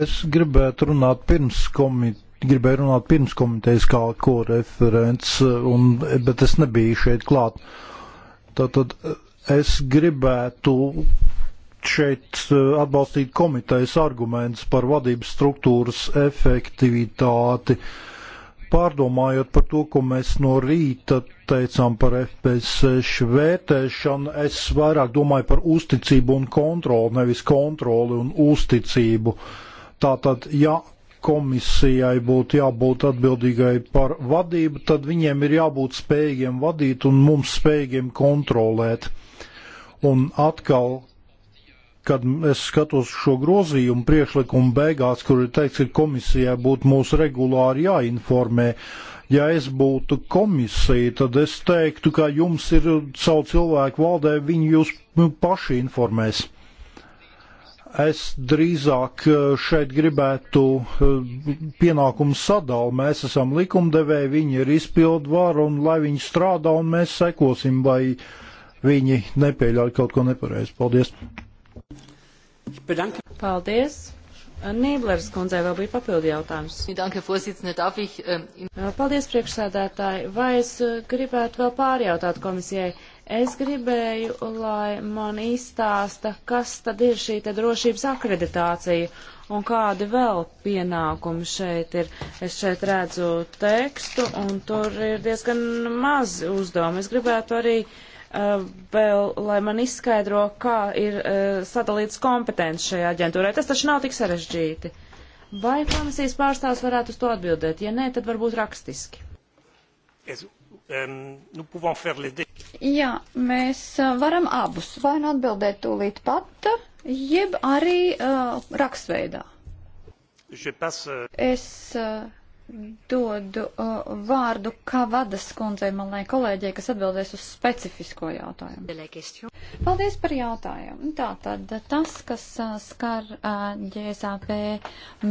Es gribētu runāt pirms komit gribēju runāt pirms komitejas kā ko referents, eh, un, bet es nebiju šeit klāt. Tātad eh, es gribētu šeit eh, atbalstīt komitejas argumentus par vadības struktūras efektivitāti. Pārdomājot par to, ko mēs no rīta teicām par FPS vērtēšanu, es vairāk domāju par uzticību un kontroli, nevis kontroli un uzticību. Tātad, ja komisijai būtu jābūt atbildīgai par vadību, tad viņiem ir jābūt spējīgiem vadīt un mums spējīgiem kontrolēt. Un atkal, kad es skatos šo grozījumu priekšlikumu beigās, kur ir teikts, ka komisijai būtu mūs regulāri jāinformē, ja es būtu komisija, tad es teiktu, ka jums ir savu cilvēku valdē, viņi jūs paši informēs. Es drīzāk eh, šeit gribētu eh, pienākumu sadalu. Mēs esam likumdevēji, viņi ir izpildu varu un lai viņi strādā un mēs sekosim, vai viņi nepieļauj kaut ko nepareizi. Paldies! Paldies! Nīblers kundzei vēl bija papildu jautājums. Ähm, Paldies, priekšsēdētāji. Vai es äh, gribētu vēl pārjautāt komisijai? Es gribēju, lai man izstāsta, kas tad ir šī te drošības akreditācija un kādi vēl pienākumi šeit ir. Es šeit redzu tekstu un tur ir diezgan maz uzdevumi. Es gribētu arī uh, vēl, lai man izskaidro, kā ir uh, sadalīts kompetences šajā aģentūrē. Tas taču nav tik sarežģīti. Vai komisijas pārstāvs varētu uz to atbildēt? Ja nē, tad varbūt rakstiski. Es Ehm, nu, Jā, mēs eh, varam abus vai nu atbildēt tūlīt pat, jeb arī uh, eh, raksveidā. Passe... Euh, es uh, dodu uh, vārdu Kavadas kundzei, man liekas, kolēģei, kas atbildēs uz specifisko jautājumu. Paldies par jautājumu. Tā tad tas, kas uh, skar uh, GSAP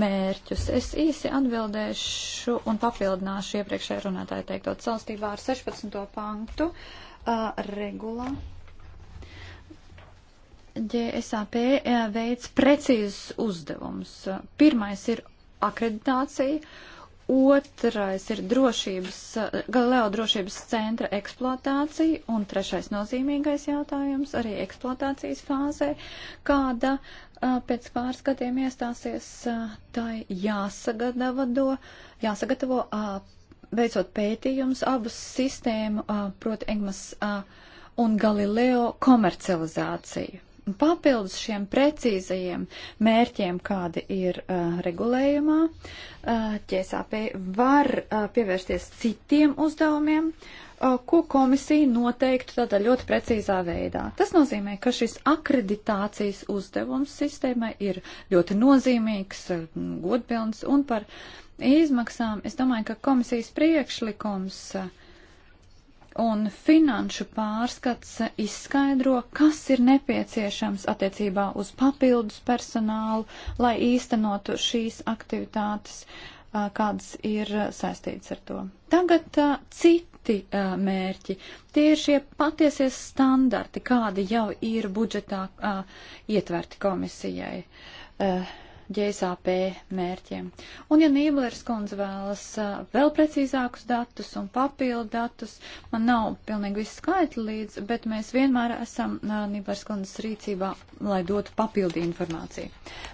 mērķus, es īsi atbildēšu un papildināšu iepriekšēju runātāju teiktot salstībā ar 16. pantu uh, regulā. GSAP veids precīzus uzdevumus. Pirmais ir akreditācija Otrais ir drošības, Galileo drošības centra eksploatācija, un trešais nozīmīgais jautājums arī eksploatācijas fāzē, kāda pēc pāris gadiem iestāsies, tai jāsagatavo, jāsagatavo veicot pētījumus abus sistēmu, proti Engmas un Galileo komercializāciju. Papildus šiem precīzajiem mērķiem, kādi ir uh, regulējumā, uh, ķēsāpē var uh, pievērsties citiem uzdevumiem, uh, ko komisija noteiktu tādā ļoti precīzā veidā. Tas nozīmē, ka šis akreditācijas uzdevums sistēmai ir ļoti nozīmīgs, uh, godpilns un par izmaksām. Es domāju, ka komisijas priekšlikums. Uh, un finanšu pārskats izskaidro, kas ir nepieciešams attiecībā uz papildus personālu, lai īstenotu šīs aktivitātes, kādas ir saistītas ar to. Tagad citi mērķi. Tie ir šie patiesie standarti, kādi jau ir budžetā ietverti komisijai. Uh, GSAP mērķiem. Un ja Nīblers kundze vēlas vēl precīzākus datus un papildu datus, man nav pilnīgi viss skaitli līdz, bet mēs vienmēr esam Nīblers kundzes rīcībā, lai dotu papildu informāciju.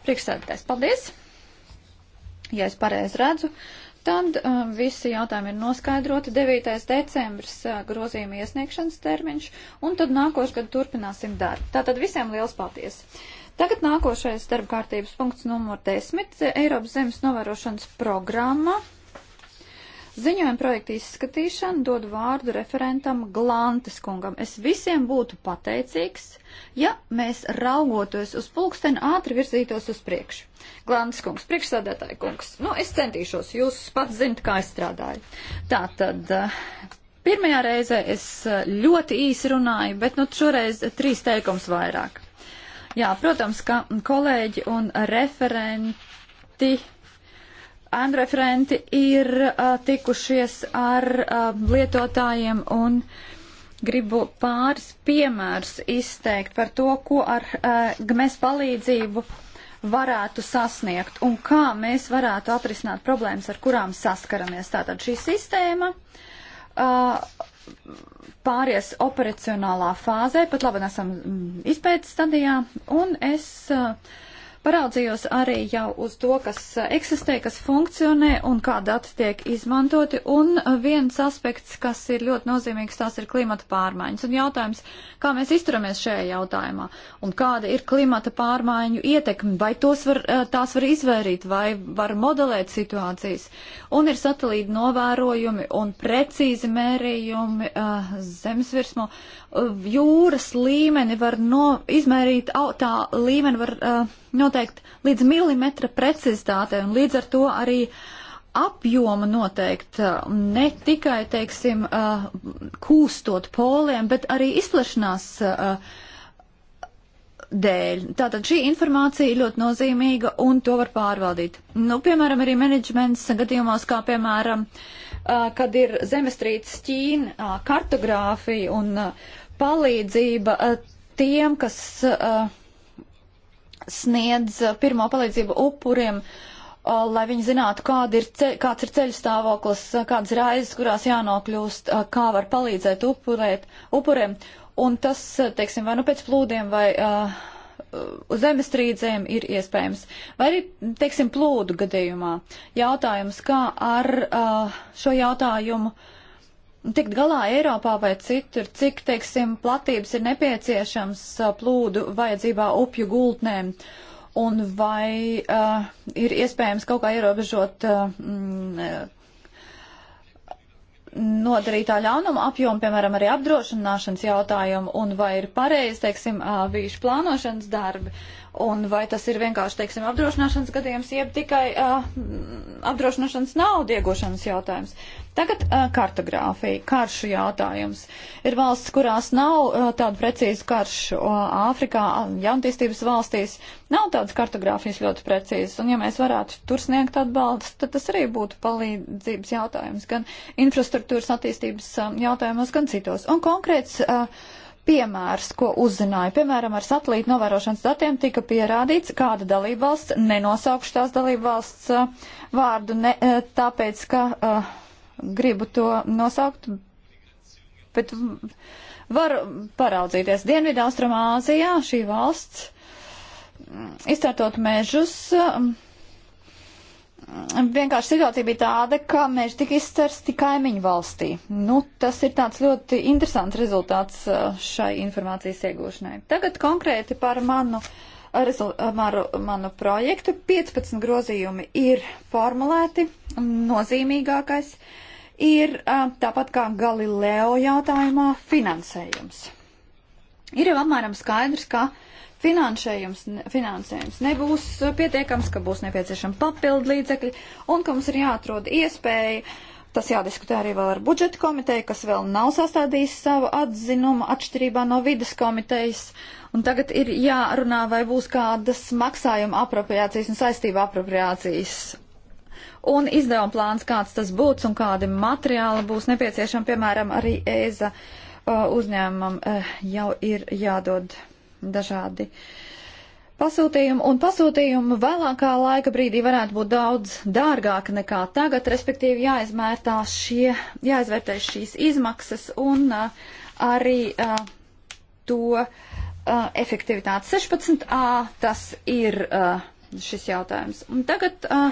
Priekšsēdētājs, paldies! Ja es pareizi redzu, tad uh, visi jautājumi ir noskaidroti. 9. decembris uh, grozījuma iesniegšanas termiņš, un tad nākošais, kad turpināsim darbu. Tātad visiem liels paldies! Tagad nākošais darba kārtības punkts numur 10 - Eiropas zemes novērošanas programma. Ziņojuma projekta izskatīšana dod vārdu referentam Glantes kungam. Es visiem būtu pateicīgs, ja mēs raugoties uz pulksteni ātri virzītos uz priekšu. Glantes kungs, priekšsādātāja kungs, nu es centīšos, jūs pats zinat, kā es strādāju. Tātad, eh, pirmajā reizē es eh, ļoti īsi runāju, bet nu šoreiz trīs teikums vairāk. Jā, protams, ka kolēģi un referenti. Ēnu referenti ir uh, tikušies ar uh, lietotājiem un gribu pāris piemērus izteikt par to, ko ar uh, GMES palīdzību varētu sasniegt un kā mēs varētu atrisināt problēmas, ar kurām saskaramies. Tātad šī sistēma uh, pāries operacionālā fāzē, pat labi esam mm, izpētes stadijā, un es uh, paraudzījos arī jau uz to, kas eh, eksistē, kas funkcionē un kā dati tiek izmantoti. Un eh, viens aspekts, kas ir ļoti nozīmīgs, tās ir klimata pārmaiņas. Un jautājums, kā mēs izturamies šajā jautājumā un kāda ir klimata pārmaiņu ietekme, vai var, eh, tās var izvairīt, vai var modelēt situācijas. Un ir satelīta novērojumi un precīzi mērījumi uh, zemes virsmu jūras līmeni var no, izmērīt, tā līmeni var uh, noteikt līdz milimetra precizitātei un līdz ar to arī apjoma noteikt ne tikai, teiksim, uh, kūstot poliem, bet arī izplešanās uh, dēļ. Tātad šī informācija ir ļoti nozīmīga un to var pārvaldīt. Nu, piemēram, arī menedžments gadījumos, kā piemēram, kad ir zemestrīces Ķīna, kartogrāfija un palīdzība eh, tiem, kas eh, sniedz eh, pirmo palīdzību upuriem, lai viņi zinātu, kāda ir ceļ, kāds ir ceļu stāvoklis, kādas ir aizes, kurās jānokļūst, kā var palīdzēt upurēt, upuriem. Un tas, teiksim, vai nu pēc plūdiem vai uh, zemestrīdzēm ir iespējams. Vai arī, teiksim, plūdu gadījumā. Jautājums, kā ar uh, šo jautājumu uh, tikt galā Eiropā vai citur, cik, teiksim, platības ir nepieciešams plūdu vajadzībā upju gultnēm. Un vai uh, ir iespējams kaut kā ierobežot uh, mm, nodarītā ļaunuma apjomu, piemēram, arī apdrošināšanas jautājumu, un vai ir pareizi, teiksim, vīšu plānošanas darbi, Un vai tas ir vienkārši, teiksim, apdrošināšanas gadījums, jeb tikai uh, apdrošināšanas naudu iegūšanas jautājums? Tagad uh, kartogrāfija, karšu jautājums. Ir valsts, kurās nav uh, tādu precīzu karšu. Uh, Āfrikā, jauntīstības valstīs nav tādas kartogrāfijas ļoti precīzas. Un ja mēs varētu tur sniegt atbalstu, tad tas arī būtu palīdzības jautājums gan infrastruktūras attīstības um, jautājumos, gan citos. Un konkrēts. Uh, piemērs, ko uzzināju. Piemēram, ar satelītu novērošanas datiem tika pierādīts, kāda dalībvalsts, nenosaukšu tās dalībvalsts uh, vārdu, ne, uh, tāpēc, ka uh, gribu to nosaukt, bet var paraudzīties. Dienvidu Austrumāzijā šī valsts mm, izcērtot mežus. Uh, vienkārši situācija bija tāda, ka mēs tik izcersti kaimiņu valstī. Nu, tas ir tāds ļoti interesants rezultāts uh, šai informācijas iegūšanai. Tagad konkrēti par manu, uh, uh, manu, manu projektu. 15 grozījumi ir formulēti, nozīmīgākais ir tāpat kā Galileo jautājumā finansējums. Ir jau apmēram skaidrs, ka uh, finansējums nebūs eh, pietiekams, ka būs nepieciešama papildu līdzekļi un ka mums ir jāatrod iespēja. Tas jādiskutē arī vēl ar budžeta komiteju, kas vēl nav sastādījis savu atzinumu atšķirībā no vidas komitejas. Un tagad ir jārunā, vai būs kādas maksājuma apropriācijas un saistība apropriācijas un izdevuma plāns, kāds tas būs un kādi materiāli būs nepieciešami. Piemēram, arī ēza uh, uzņēmumam uh, jau ir jādod dažādi pasūtījumi, un pasūtījumi vēlākā laika brīdī varētu būt daudz dārgāki nekā tagad, respektīvi jāizmērtā šie, jāizvērtē šīs izmaksas un uh, arī uh, to uh, efektivitāti. 16a tas ir uh, šis jautājums. Un tagad uh,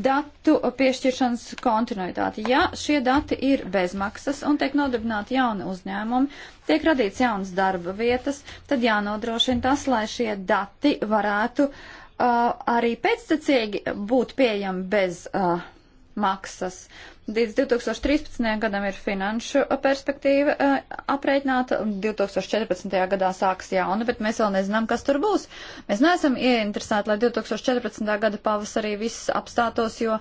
datu piešķiršanas kontinuitāti. Ja šie dati ir bezmaksas un tiek nodarbināti jauni uzņēmumi, tiek radīts jaunas darba vietas, tad jānodrošina tas, lai šie dati varētu uh, arī pēctecīgi būt pieejami bez uh, maksas. Līdz 2013. gadam ir finanšu perspektīva e, aprēķināta, 2014. gadā sāks jauna, bet mēs vēl nezinām, kas tur būs. Mēs neesam ieinteresēti, lai 2014. gada pavasarī viss apstātos, jo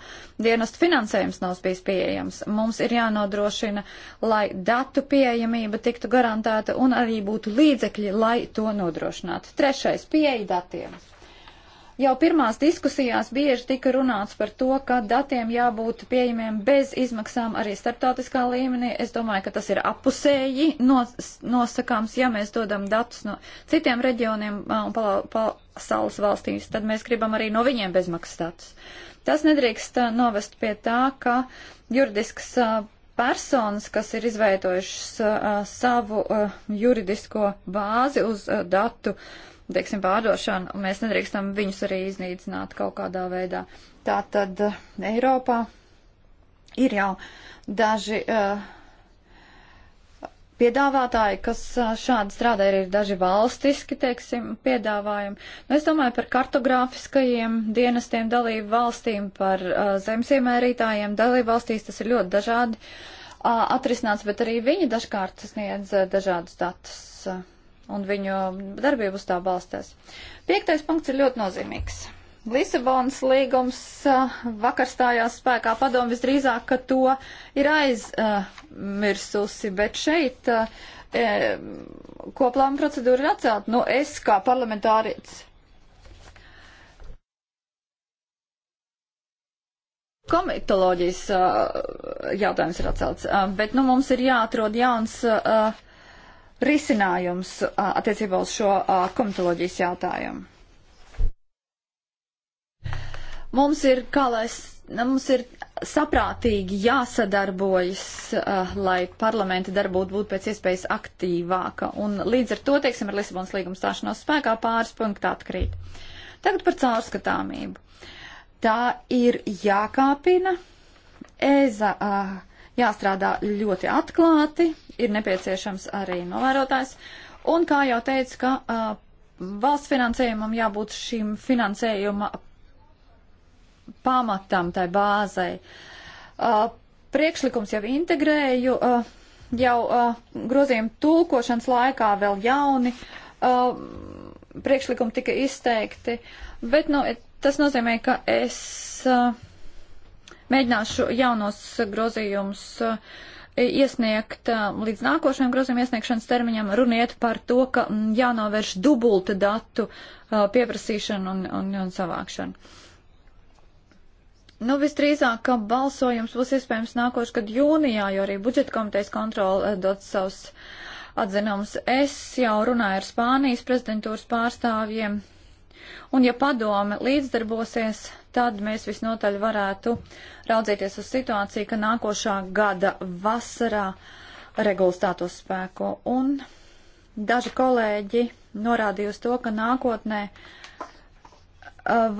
dienestu finansējums nav bijis pieejams. Mums ir jānodrošina, lai datu pieejamība tiktu garantēta un arī būtu līdzekļi, lai to nodrošinātu. Trešais - pieeja datiem. Jau pirmās diskusijās bieži tika runāts par to, ka datiem jābūt pieejamiem bez izmaksām arī starptautiskā līmenī. Es domāju, ka tas ir apusēji nosakāms, ja mēs dodam datus no citiem reģioniem un pasaules valstīs, tad mēs gribam arī no viņiem bezmaksas datus. Tas nedrīkst novest pie tā, ka juridisks personas, kas ir izveidojušas savu juridisko bāzi uz datu, uh, teiksim, pārdošanu, mēs nedrīkstam viņus arī iznīcināt kaut kādā veidā. Tā tad eh, Eiropā ir jau daži uh, piedāvātāji, kas eh, šādi strādā, ir daži valstiski, teiksim, piedāvājumi. Nu, es domāju par kartogrāfiskajiem dienestiem dalību valstīm, par uh, zemesiemērītājiem dalību valstīs, tas ir ļoti dažādi uh, atrisināts, bet arī viņi dažkārt sniedz uh, dažādus datus. Uh, un viņu darbību uz tā balstās. Piektais punkts ir ļoti nozīmīgs. Lisabonas līgums eh, vakar stājās spēkā padomu visdrīzāk, ka to ir aizmirsusi, bet šeit eh, eh, koplāma procedūra ir atcelt. Nu, es kā parlamentārietis. Komitoloģijas jautājums ir atcelts, bet nu, mums ir jāatrod jauns. Uh, risinājums attiecībā uz šo komitoloģijas jautājumu? Mums ir, kā lai es, nu, mums ir saprātīgi jāsadarbojas, uh, lai parlamenta darbūtu būtu pēc iespējas aktīvāka. Un līdz ar to, teiksim, ar Lisabonas līgumu stāšanos spēkā pāris punkti atkrīt. Tagad par caurskatāmību. Tā ir jākāpina. EZA uh, jāstrādā ļoti atklāti, ir nepieciešams arī novērotājs. Un, kā jau teicu, ka uh, valsts finansējumam jābūt šīm finansējuma pamatam, tai bāzai. Uh, priekšlikums jau integrēju, uh, jau uh, grozījuma tulkošanas laikā vēl jauni uh, priekšlikumi tika izteikti, bet nu, tas nozīmē, ka es. Uh, mēģināšu jaunos grozījumus e, iesniegt e, līdz nākošajam grozījuma iesniegšanas termiņam. Runiet par to, ka jānovērš dubulta datu e, pieprasīšanu un, un, un savākšanu. Nu, visdrīzāk, ka balsojums būs iespējams nākošais, kad jūnijā, jo arī budžeta komitejas kontrola dod savus atzinums. Es jau runāju ar Spānijas prezidentūras pārstāvjiem Un ja padome līdzdarbosies, tad mēs visnotaļ varētu raudzīties uz situāciju, ka nākošā gada vasarā regulas stātos spēko. Un daži kolēģi norādīja uz to, ka nākotnē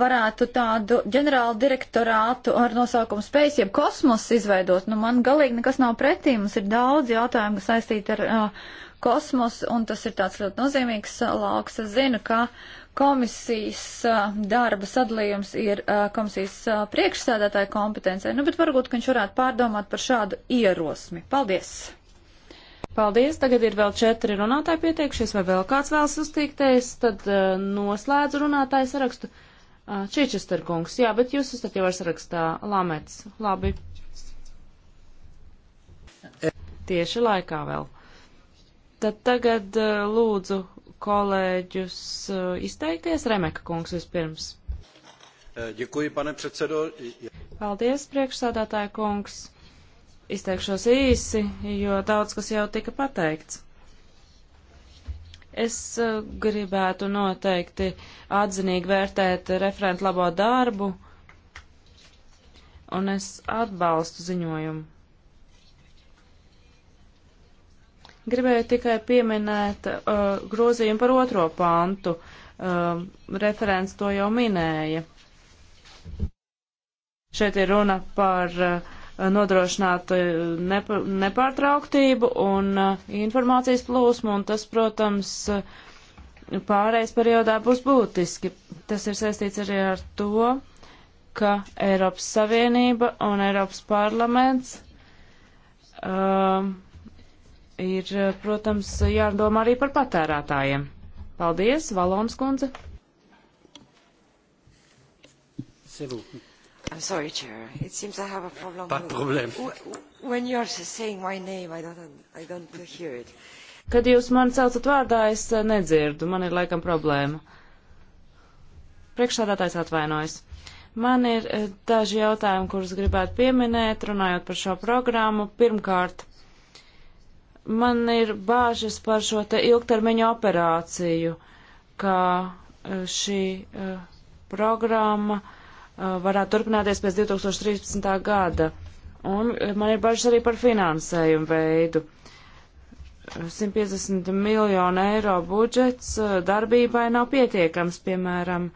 varētu tādu ģenerālu direktorātu ar nosaukumu Space, jeb kosmos izveidot. Nu, man galīgi nekas nav pretī. Mums ir daudz jautājumu, kas saistīti ar uh, kosmosu, un tas ir tāds ļoti nozīmīgs uh, lauks. Es zinu, ka komisijas uh, darba sadalījums ir uh, komisijas priekšsēdētāja kompetencē, nu, bet varbūt, ka viņš varētu pārdomāt par šādu ierosmi. Paldies! Paldies! Tagad ir vēl četri runātāji pieteikšies, vai vēl kāds vēlas uztīkties, tad uh, noslēdzu runātāju sarakstu. Uh, Čičester kungs, jā, bet jūs esat jau ar sarakstā Lamets. Labi. Tieši laikā vēl. Tad tagad uh, lūdzu kolēģus uh, izteikties. Remeka kungs vispirms. Ďakuji, eh, pane predsedo. Paldies, priekšsādātāja kungs. Izteikšos īsi, jo daudz kas jau tika pateikts. Es uh, gribētu noteikti atzinīgi vērtēt referentu labo darbu, un es atbalstu ziņojumu. Gribēju tikai pieminēt uh, grozījumu par otro pantu. Uh, referents to jau minēja. Šeit ir runa par uh, nodrošināt uh, nep nepārtrauktību un uh, informācijas plūsmu, un tas, protams, uh, pārējais periodā būs būtiski. Tas ir saistīts arī ar to, ka Eiropas Savienība un Eiropas parlaments uh, ir, eh, protams, jādomā arī par patērētājiem. Paldies, Valons kundze. I'm sorry, Chair. It seems I have a problem. Pas problème. When you're saying my name, I don't, I don't hear it. Kad jūs man saucat vārdā, es eh, nedzirdu. Man ir laikam problēma. Priekšsādātājs atvainojas. Man ir eh, daži jautājumi, kurus gribētu pieminēt, runājot par šo programmu. Pirmkārt, man ir bāžas par šo te ilgtermiņa operāciju, ka e, šī e, programma e, varētu turpināties pēc 2013. gada. Un man ir bažas arī par finansējumu veidu. 150 miljonu eiro budžets darbībai nav pietiekams, piemēram,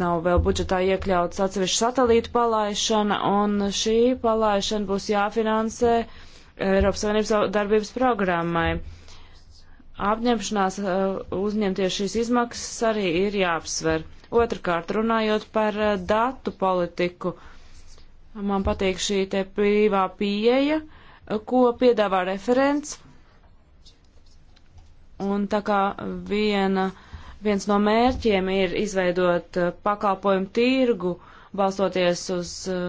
nav vēl budžetā iekļauts atsevišķa satelīta palaišana, un šī palaišana būs jāfinansē uh, Eiropas Savienības darbības programmai. Apņemšanās uh, uzņemties šīs izmaksas arī ir jāapsver. Otrakārt, runājot par uh, datu politiku, man patīk šī te brīvā pieeja, uh, ko piedāvā referents. Un tā kā viena, viens no mērķiem ir izveidot pakalpojumu tirgu, balstoties uz uh,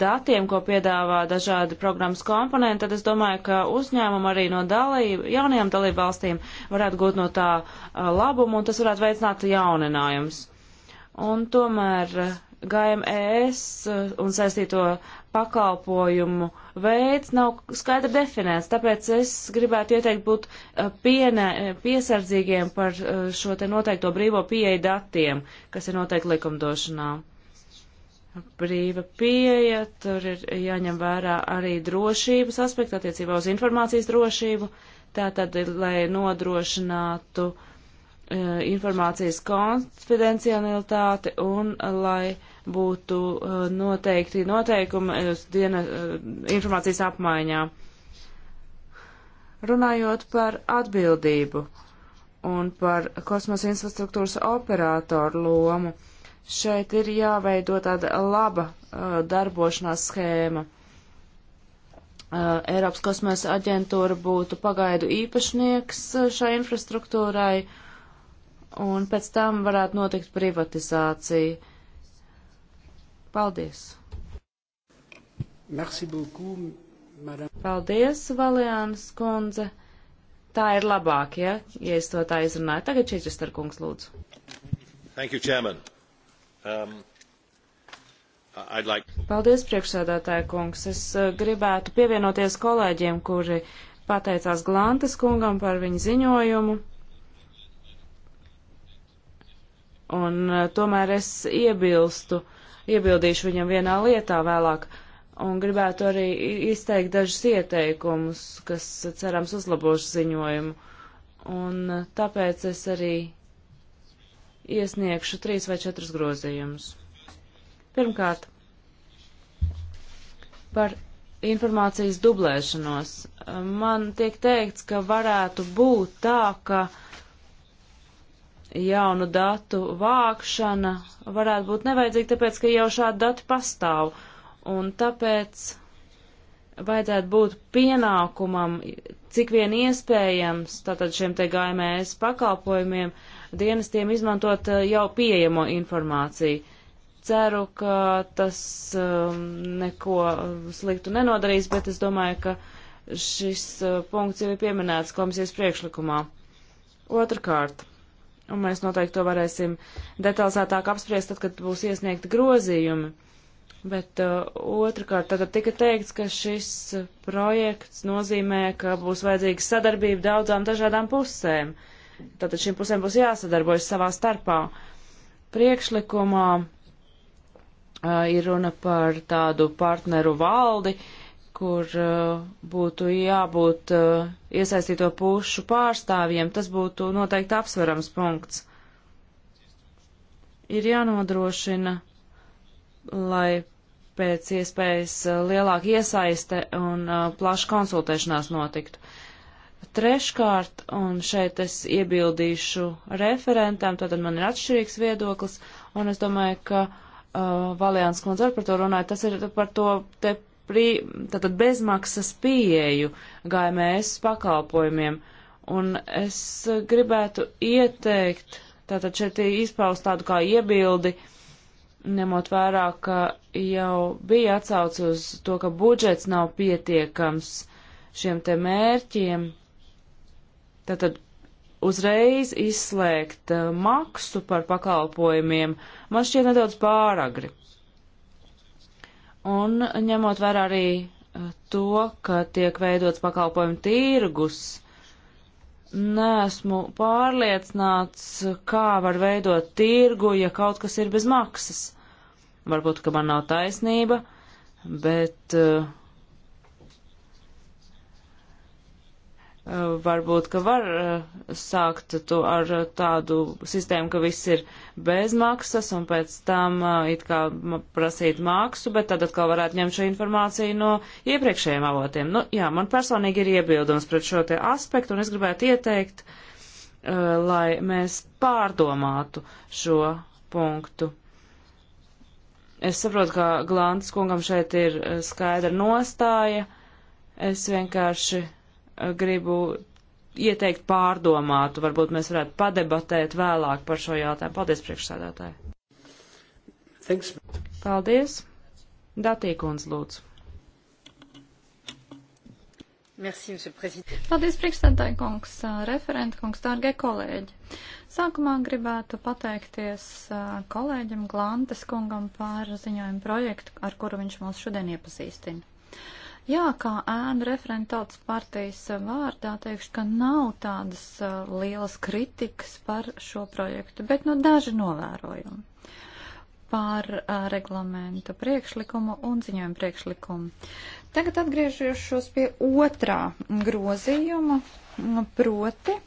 datiem, ko piedāvā dažādi programmas komponenti, tad es domāju, ka uzņēmumi arī no dalību, jaunajām dalību valstīm varētu gūt no tā uh, labumu un tas varētu veicināt jauninājums. Un tomēr uh, GMS e uh, un saistīto pakalpojumu veids nav skaidri definēts, tāpēc es gribētu ieteikt būt piene, piesardzīgiem par šo te noteikto brīvo pieeja datiem, kas ir noteikti likumdošanā brīva pieeja, tur ir jāņem vērā arī drošības aspekti attiecībā uz informācijas drošību, tātad, lai nodrošinātu uh, informācijas konfidencialitāti un lai būtu uh, noteikti noteikumi uz e, diena uh, informācijas apmaiņā. Runājot par atbildību un par kosmosa infrastruktūras operātoru lomu Šeit ir jāveido tāda laba uh, darbošanās schēma. Uh, Eiropas kosmosa aģentūra būtu pagaidu īpašnieks uh, šai infrastruktūrai, un pēc tam varētu notikt privatizācija. Paldies! Merci beaucoup, madame. Paldies, Valiānas kundze. Tā ir labāk, ja, ja es to tā izrunāju. Tagad Čičester kungs lūdzu. Thank you, Chairman. Um, I'd like... Paldies, priekšsēdētāja kungs. Es uh, gribētu pievienoties kolēģiem, kuri pateicās Glantes kungam par viņu ziņojumu. Un uh, tomēr es iebilstu, iebildīšu viņam vienā lietā vēlāk. Un gribētu arī izteikt dažus ieteikumus, kas cerams uzlabošu ziņojumu. Un uh, tāpēc es arī iesniegšu trīs vai četrus grozījumus. Pirmkārt, par informācijas dublēšanos. Man tiek teikts, ka varētu būt tā, ka jaunu datu vākšana varētu būt nevajadzīga, tāpēc, ka jau šādi dati pastāv. Un tāpēc vajadzētu būt pienākumam, cik vien iespējams, tātad šiem te GMS pakalpojumiem, uh, dienestiem izmantot eh, jau pieejamo informāciju. Ceru, ka tas eh, neko eh, sliktu nenodarīs, bet es domāju, ka šis punkts jau ir pieminēts komisijas priekšlikumā. Otrakārt, un mēs noteikti to varēsim detalizētāk apspriest, tad, kad būs iesniegti grozījumi. Bet uh, otrkārt, tad tika teikts, ka šis projekts nozīmē, ka būs vajadzīga sadarbība daudzām dažādām pusēm. Uh, Tātad šīm pusēm būs jāsadarbojas savā starpā. Priekšlikumā uh, ir runa par tādu partneru valdi, kur uh, būtu jābūt uh, iesaistīto pušu pārstāvjiem. Tas būtu noteikti apsverams punkts. Ir jānodrošina, lai pēc iespējas lielāka iesaiste un uh, plaša konsultēšanās notiktu. Treškārt, un šeit es iebildīšu referentam, tātad man ir atšķirīgs viedoklis, un es domāju, ka uh, Valiāns kundze arī par to runāja, tas ir par to te prī, tātad bezmaksas pieeju GMS pakalpojumiem, un es gribētu ieteikt, tātad šeit izpaust tādu kā iebildi, ņemot vērā, ka jau bija atsauce uz to, ka budžets nav pietiekams šiem te mērķiem Tātad uzreiz izslēgt uh, maksu par pakalpojumiem man šķiet nedaudz pāragri. Un ņemot vērā arī uh, to, ka tiek veidots pakalpojumu tirgus, neesmu pārliecināts, kā var veidot tirgu, ja kaut kas ir bez maksas. Varbūt, ka man nav taisnība, bet uh, Eh, varbūt, ka var eh, sākt to ar eh, tādu sistēmu, ka viss ir bez maksas un pēc tam it kā prasīt maksu, bet tad atkal varētu ņemt šo informāciju no iepriekšējiem avotiem. Nu, jā, man personīgi ir iebildums pret šo te aspektu un es gribētu ieteikt, lai mēs pārdomātu šo punktu. Es saprotu, ka Glāntas kungam šeit ir skaidra nostāja. Es vienkārši gribu ieteikt pārdomāt. Varbūt mēs varētu padebatēt vēlāk par šo jautājumu. Paldies, priekšsēdētāji. Thanks. Paldies. Datīkons lūdzu. Merci, Paldies, priekšstādāji kungs, referenta kungs, dārgie kolēģi. Sākumā gribētu pateikties kolēģim Glantes kungam par ziņojumu projektu, ar kuru viņš mūs šodien iepazīstina. Jā, kā ēnu referenta tautas partijas vārdā teikšu, ka nav tādas uh, lielas kritikas par šo projektu, bet nu daži novērojumi par uh, reglamenta priekšlikumu un ziņojumu priekšlikumu. Tagad atgriežos pie otrā grozījuma, nu, proti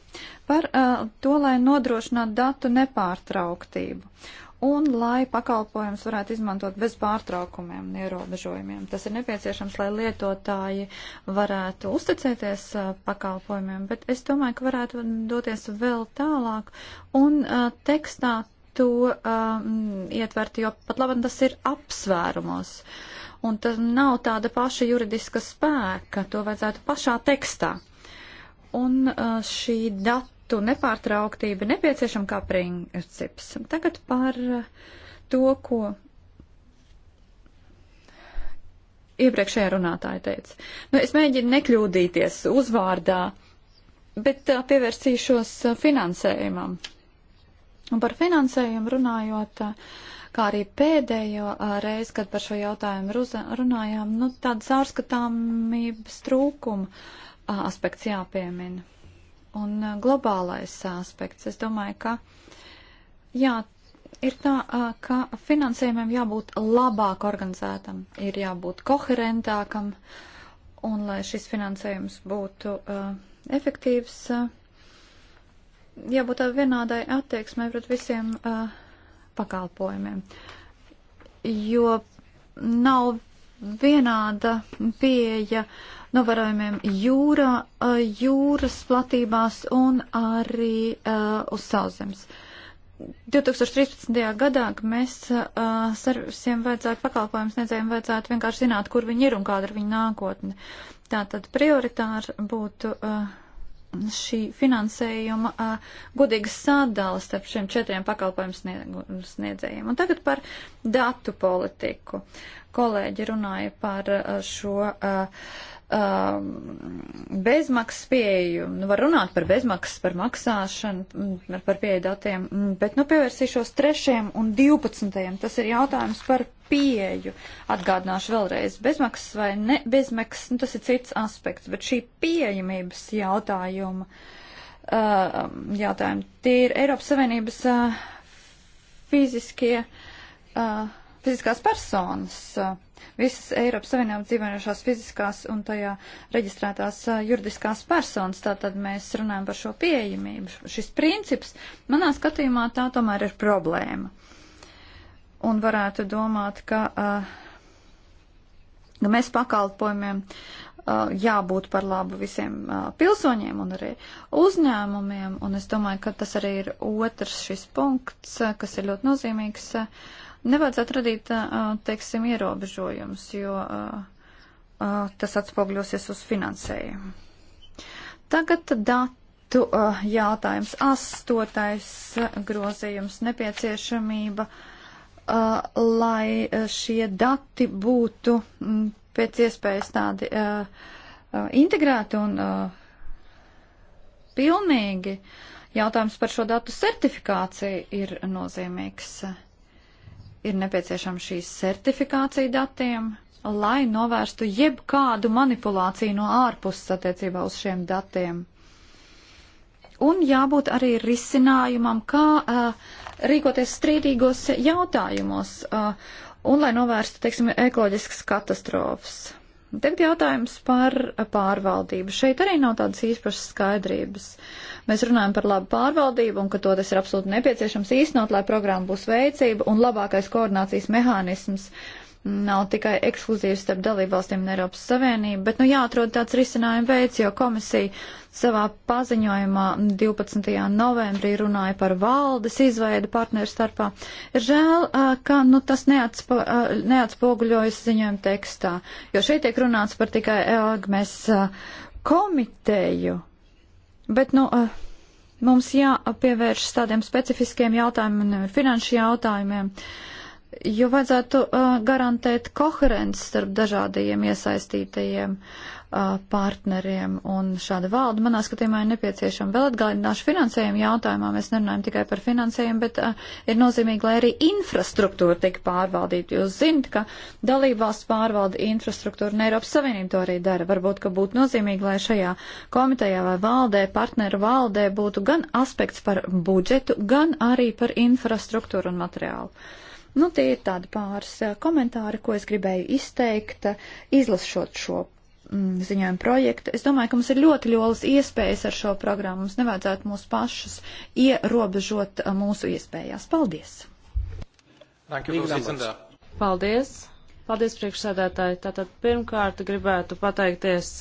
par uh, to, lai nodrošinātu datu nepārtrauktību un lai pakalpojums varētu izmantot bez pārtraukumiem un ierobežojumiem. Tas ir nepieciešams, lai lietotāji varētu uzticēties uh, pakalpojumiem, bet es domāju, ka varētu doties vēl tālāk un uh, tekstā to um, ietvert, jo pat labi tas ir apsvērumos. Un tas nav tāda paša juridiska spēka, to vajadzētu pašā tekstā. Un uh, šī data tu nepārtrauktība nepieciešama kā princips. Tagad par uh, to, ko iepriekšējā runātāja teica. Nu, es mēģinu nekļūdīties uzvārdā, bet uh, pievērsīšos uh, finansējumam. Un par finansējumu runājot, kā arī pēdējo reizi, kad par šo jautājumu runājām, nu, tāda sārskatāmības trūkuma aspekts jāpiemina un uh, globālais aspekts. Es domāju, ka jā, ir tā, uh, ka finansējumam jābūt labāk organizētam, ir jābūt koherentākam, un lai šis finansējums būtu uh, efektīvs, uh, jābūt tā vienādai attieksmē pret visiem uh, pakalpojumiem. Jo nav vienāda pieeja novērojumiem jūrā, eh, jūras platībās un arī uh, uz sauszemes. 2013. gadā mēs uh, servisiem vajadzētu pakalpojumu sniedzējiem vajadzētu vienkārši zināt, kur viņi ir un kāda ir viņa nākotne. Tātad prioritāri būtu uh, šī finansējuma uh, godīga sadala starp šiem četriem pakalpojumu sniedzējiem. Un tagad par datu politiku. Kolēģi runāja par uh, šo. Uh, um, bezmaksas pieeju, nu, var runāt par bezmaksas, par maksāšanu, par pieeju datiem, bet, nu, pievērsīšos trešajam un divpadsmitajam. Tas ir jautājums par pieeju. Atgādināšu vēlreiz, bezmaksas vai ne bezmaksas, nu, tas ir cits aspekts, bet šī pieejamības jautājuma, uh, um, jautājumi, tie ir Eiropas Savienības uh, fiziskie. Uh, fiziskās personas, visas Eiropas Savienības dzīvojošās fiziskās un tajā reģistrētās juridiskās personas. Tātad mēs runājam par šo pieejamību. Šis princips manā skatījumā tā tomēr ir problēma. Un varētu domāt, ka, ka mēs pakalpojumiem jābūt par labu visiem pilsoņiem un arī uzņēmumiem. Un es domāju, ka tas arī ir otrs šis punkts, kas ir ļoti nozīmīgs. Uh, Nevajadzētu radīt, teiksim, ierobežojumus, jo tas atspogļosies uz finansējumu. Tagad datu jātājums. Astotais grozījums nepieciešamība, lai šie dati būtu pēc iespējas tādi integrēti un pilnīgi. Jautājums par šo datu certifikāciju ir nozīmīgs. Uh, ir nepieciešama šī certifikācija datiem, lai novērstu jebkādu manipulāciju no ārpuses attiecībā uz šiem datiem. Un jābūt arī risinājumam, kā uh, rīkoties strīdīgos jautājumos, uh, un lai novērstu, teiksim, ekoloģiskas katastrofas. Tagad jautājums par pārvaldību. Šeit arī nav tādas īpašas skaidrības. Mēs runājam par labu pārvaldību un ka to tas ir absolūti nepieciešams īstenot, lai programma būs veicība un labākais koordinācijas mehānisms. Uh, nav tikai ekskluzīvs starp dalībvalstīm un Eiropas Savienību, bet nu jāatrod tāds risinājuma veids, jo komisija savā paziņojumā 12. novembrī runāja par valdes izveidu partneru starpā. Ir žēl, ka nu, tas neatspo, neatspoguļojas ziņojuma tekstā, jo šeit tiek runāts par tikai ELGMES komiteju. Bet, nu, mums jāpievērš tādiem specifiskiem jautājumiem, finanšu jautājumiem. Uh, jo vajadzētu uh, garantēt koherenci starp dažādajiem iesaistītajiem uh, partneriem, un šāda valda manā skatījumā ir nepieciešama. Vēl atgādināšu finansējumu jautājumā, mēs nerunājam tikai par finansējumu, bet uh, ir nozīmīgi, lai arī infrastruktūra tika pārvaldīta. Jūs zinat, ka dalībvalsts pārvalda infrastruktūru un Eiropas Savienība to arī dara. Varbūt, ka būtu nozīmīgi, lai šajā komitejā vai valdē, partneru valdē būtu gan aspekts par budžetu, gan arī par infrastruktūru un materiālu. Nu, tie ir tādi pāris eh, komentāri, ko es gribēju izteikt, eh, izlasot šo mm, ziņojumu projektu. Es domāju, ka mums ir ļoti lielas iespējas ar šo programmu. Mums nevajadzētu mūs pašus ierobežot eh, mūsu iespējās. Paldies! Paldies! Paldies, priekšsēdētāji! Tātad pirmkārt gribētu pateikties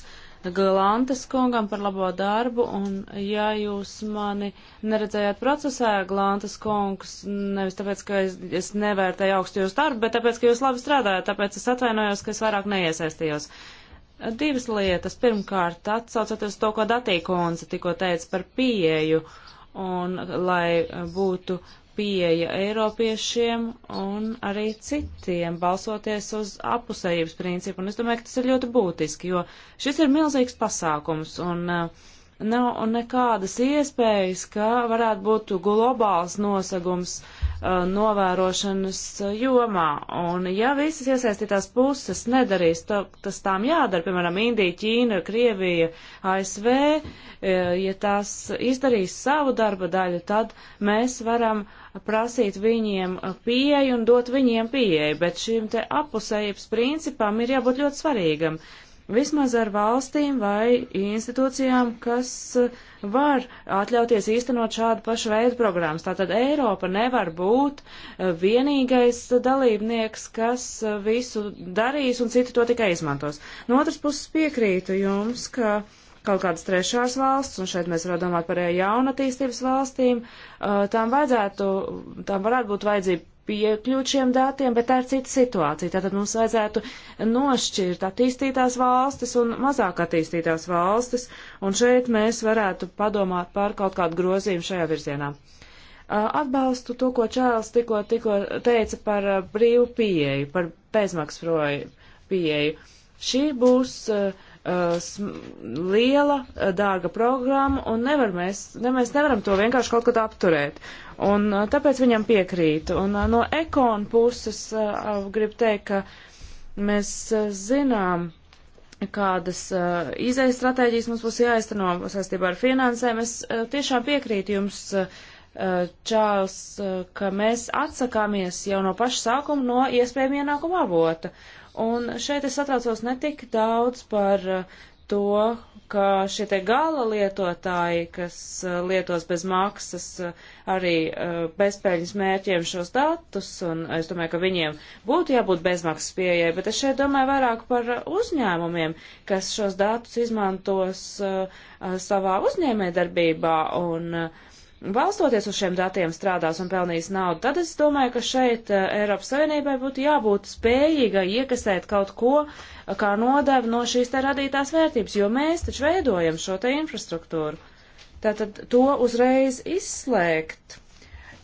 Glantas kungam par labo darbu, un ja jūs mani neredzējāt procesā, Glantas kungs, nevis tāpēc, ka es, es nevērtēju augstu jūsu darbu, bet tāpēc, ka jūs labi strādājat, tāpēc es atvainojos, ka es vairāk neiesaistījos. Divas lietas. Pirmkārt, atsaucoties to, ko Datīkons tikko teica par pieeju, un lai būtu pieeja Eiropiešiem un arī citiem, balsoties uz apusējības principu. Un es domāju, ka tas ir ļoti būtiski, jo šis ir milzīgs pasākums un eh, nav nekādas iespējas, ka varētu būt globāls nosagums uh, Uh, novērošanas uh, jomā. Un ja visas iesaistītās puses nedarīs to, kas tām jādara, piemēram, Indija, Ķīna, Krievija, ASV, uh, ja tās izdarīs savu darba daļu, tad mēs varam prasīt viņiem pieeju un dot viņiem pieeju, bet šim te apusējības principam ir jābūt ļoti svarīgam. Uh, vismaz ar valstīm vai institūcijām, kas eh, var atļauties īstenot šādu pašu veidu programmas. Tātad Eiropa nevar būt eh, vienīgais dalībnieks, kas eh, visu darīs un citi to tikai izmantos. No otras puses piekrītu jums, ka kaut kādas trešās valsts, un šeit mēs varam domāt par jaunatīstības valstīm, tām vajadzētu, tām varētu būt vajadzība piekļūt šiem datiem, bet tā ir cita situācija. Tātad mums vajadzētu nošķirt attīstītās valstis un mazāk attīstītās valstis, un šeit mēs varētu padomāt par kaut kādu grozījumu šajā virzienā. Atbalstu to, ko Čēls tikko, tikko teica par brīvu pieeju, par bezmaksas pieeju. Šī būs uh, Uh, liela, uh, dārga programma, un nevar mēs, ne, mēs nevaram to vienkārši kaut kad apturēt. Un uh, tāpēc viņam piekrītu. Un no ekona puses gribu teikt, ka mēs zinām, kādas izējas stratēģijas mums būs jāizteno saistībā ar finansēm. Es tiešām piekrītu jums, Čāls, ka mēs atsakāmies jau no paša sākuma no iespējama ienākuma avota. Un šeit es satraucos ne tik daudz par uh, to, ka šie te gala lietotāji, kas uh, lietos bez maksas uh, arī bezpēļņas mērķiem šos datus, un es domāju, ka viņiem būtu jābūt bezmaksas pieejai, bet es šeit domāju vairāk par uzņēmumiem, kas šos datus izmantos savā uzņēmē darbībā un uh, balstoties uz šiem datiem strādās un pelnīs naudu, tad es domāju, ka šeit eh, Eiropas Savienībai būtu jābūt spējīgai iekasēt kaut ko eh, kā nodevu no šīs te radītās vērtības, jo mēs taču veidojam šo te infrastruktūru. Tātad to uzreiz izslēgt.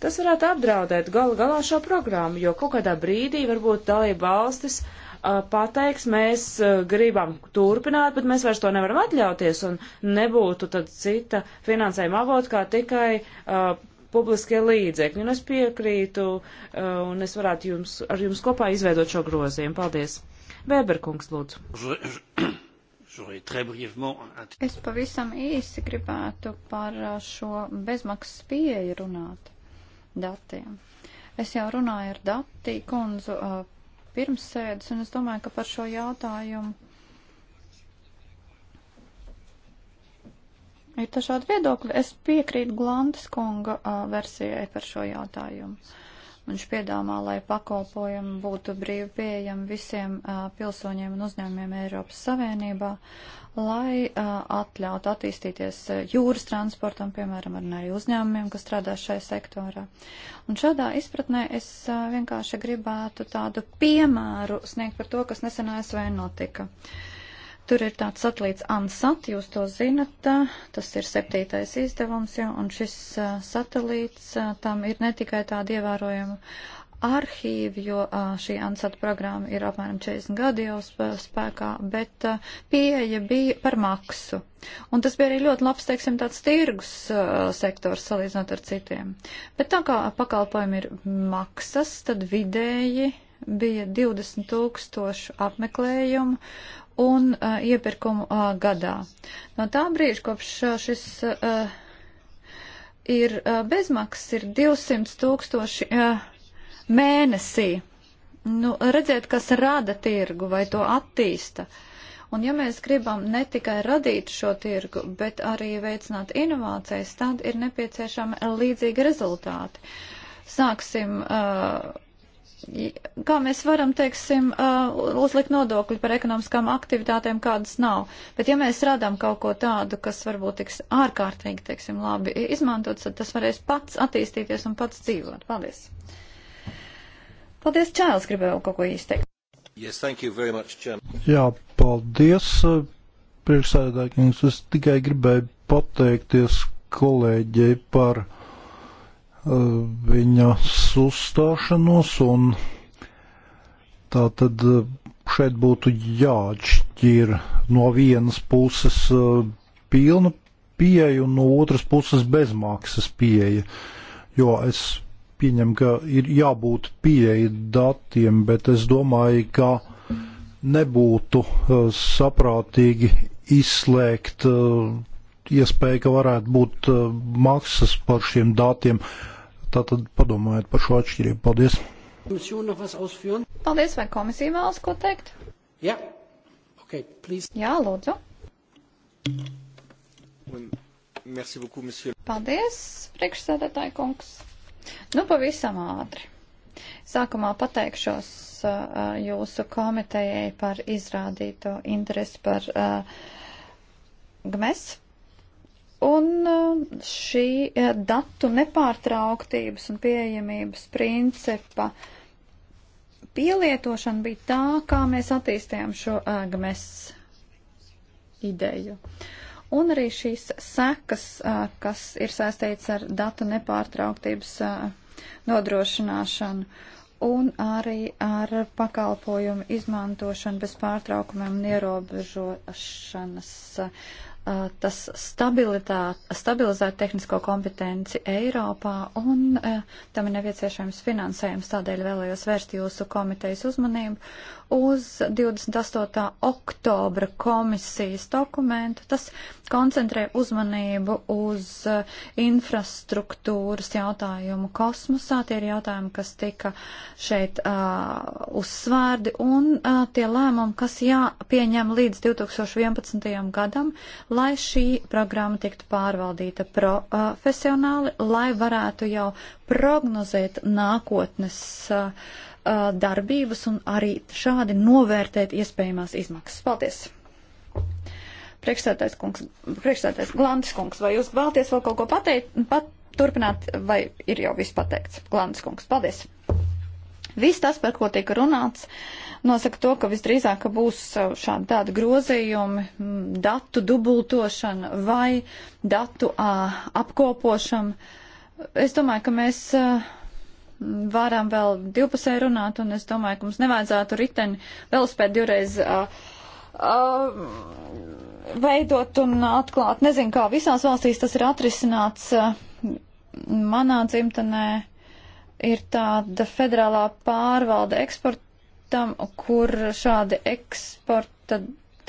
Tas varētu apdraudēt galu galā šo programmu, jo kaut kādā brīdī varbūt dalība valstis uh, pateiks, mēs gribam turpināt, bet mēs vairs to nevaram atļauties un nebūtu tad cita finansējuma avota kā tikai uh, publiskie līdzekļi. Un es piekrītu uh, un es varētu jums, ar jums kopā izveidot šo grozījumu. Paldies. Vēberkungs, lūdzu. Es pavisam īsi gribētu par šo bezmaksas pieeju runāt datiem. Es jau runāju ar Dati kundzu uh, pirms sēdes, un es domāju, ka par šo jautājumu ir dažādi viedokļi. Es piekrītu Glandes kunga uh, versijai par šo jautājumu. Viņš piedāvā, lai pakalpojumi būtu brīvi pieejami visiem uh, pilsoņiem un uzņēmumiem Eiropas Savienībā, lai uh, atļautu attīstīties jūras transportam, piemēram, un arī uzņēmumiem, kas strādā šajā sektorā. Un šādā izpratnē es uh, vienkārši gribētu tādu piemēru sniegt par to, kas nesen ASV notika. Tur ir tāds satelīts ANSAT, jūs to zinat, tas ir septītais izdevums, ja, un šis uh, satelīts, uh, tam ir ne tikai tāda ievērojama uh, arhīvu, jo šī ansata programma ir apmēram 40 gadi jau spēkā, bet pieeja bija par maksu. Un tas bija arī ļoti labs, teiksim, tāds tirgus sektors salīdzinot ar citiem. Bet tā kā pakalpojumi ir maksas, tad vidēji bija 20 tūkstošu apmeklējumu un uh, iepirkumu uh, gadā. No tā brīža, kopš uh, šis uh, ir uh, bezmaksas, ir 200 tūkstoši uh, mēnesī. Nu, redziet, kas rada tirgu vai to attīsta. Un ja mēs gribam ne tikai radīt šo tirgu, bet arī veicināt inovācijas, tad ir nepieciešami līdzīgi rezultāti. Sāksim, uh, kā mēs varam, teiksim, uh, uzlikt nodokļu par ekonomiskām aktivitātēm, kādas nav. Bet ja mēs radām kaut ko tādu, kas varbūt tiks ārkārtīgi, teiksim, labi izmantots, tad tas varēs pats attīstīties un pats dzīvot. Paldies! Paldies, Čēlis, gribēju kaut ko izteikt. Yes, much, Jim. Jā, paldies, priekšsēdētājs. Es tikai gribēju pateikties kolēģei par uh, viņa uzstāšanos un tā tad uh, šeit būtu jāatšķir no vienas puses uh, pilna pieeja un no otras puses bezmaksas pieeja, jo es pieņem, ka ir jābūt pieeja datiem, bet es domāju, ka nebūtu uh, saprātīgi izslēgt uh, iespēju, ka varētu būt uh, maksas par šiem datiem. Tātad padomājiet par šo atšķirību. Paldies. Paldies, vai komisija vēlas ko teikt? Jā, yeah. okay, please. Jā, lūdzu. Un, merci beaucoup, monsieur. Paldies, priekšsēdētāji kungs. Nu, pavisam ātri. Sākumā pateikšos uh, uh, jūsu komitejai par izrādīto interesi par uh, GMES. Un uh, šī uh, datu nepārtrauktības un pieejamības principa pielietošana bija tā, kā mēs attīstījām šo uh, GMES ideju. Uh, Un arī šīs sekas, kas ir saistīts ar datu nepārtrauktības nodrošināšanu un arī ar pakalpojumu izmantošanu bez pārtraukumiem un ierobežošanas. Tas stabilizēt tehnisko kompetenci Eiropā un tam ir nepieciešams finansējums. Tādēļ vēlējos vērst jūsu komitejas uzmanību uz 28. oktobra komisijas dokumentu. Tas koncentrē uzmanību uz uh, infrastruktūras jautājumu kosmosā. Tie ir jautājumi, kas tika šeit uh, uzsvērdi un uh, tie lēmumi, kas jāpieņem līdz 2011. gadam, lai šī programma tiktu pārvaldīta profesionāli, lai varētu jau prognozēt nākotnes uh, uh, darbības un arī šādi novērtēt iespējamās izmaksas. Paldies! Priekšsētais kungs, priekšsētais Glantis kungs, vai jūs vēlties vēl kaut ko pateikt, pat turpināt, vai ir jau viss pateikts? Glantis kungs, paldies! Viss tas, par ko tika runāts, nosaka to, ka visdrīzāk būs uh, šādi tādi grozījumi, mm, datu dubultošana vai datu uh, apkopošana. Es domāju, ka mēs uh, varam vēl divpusē runāt, un es domāju, ka mums nevajadzētu riteni vēl spēt divreiz uh, uh, veidot un atklāt. Nezinu, kā visās valstīs tas ir atrisināts. Uh, manā dzimtenē ir tāda federālā pārvalde eksportam, kur šādi eksporta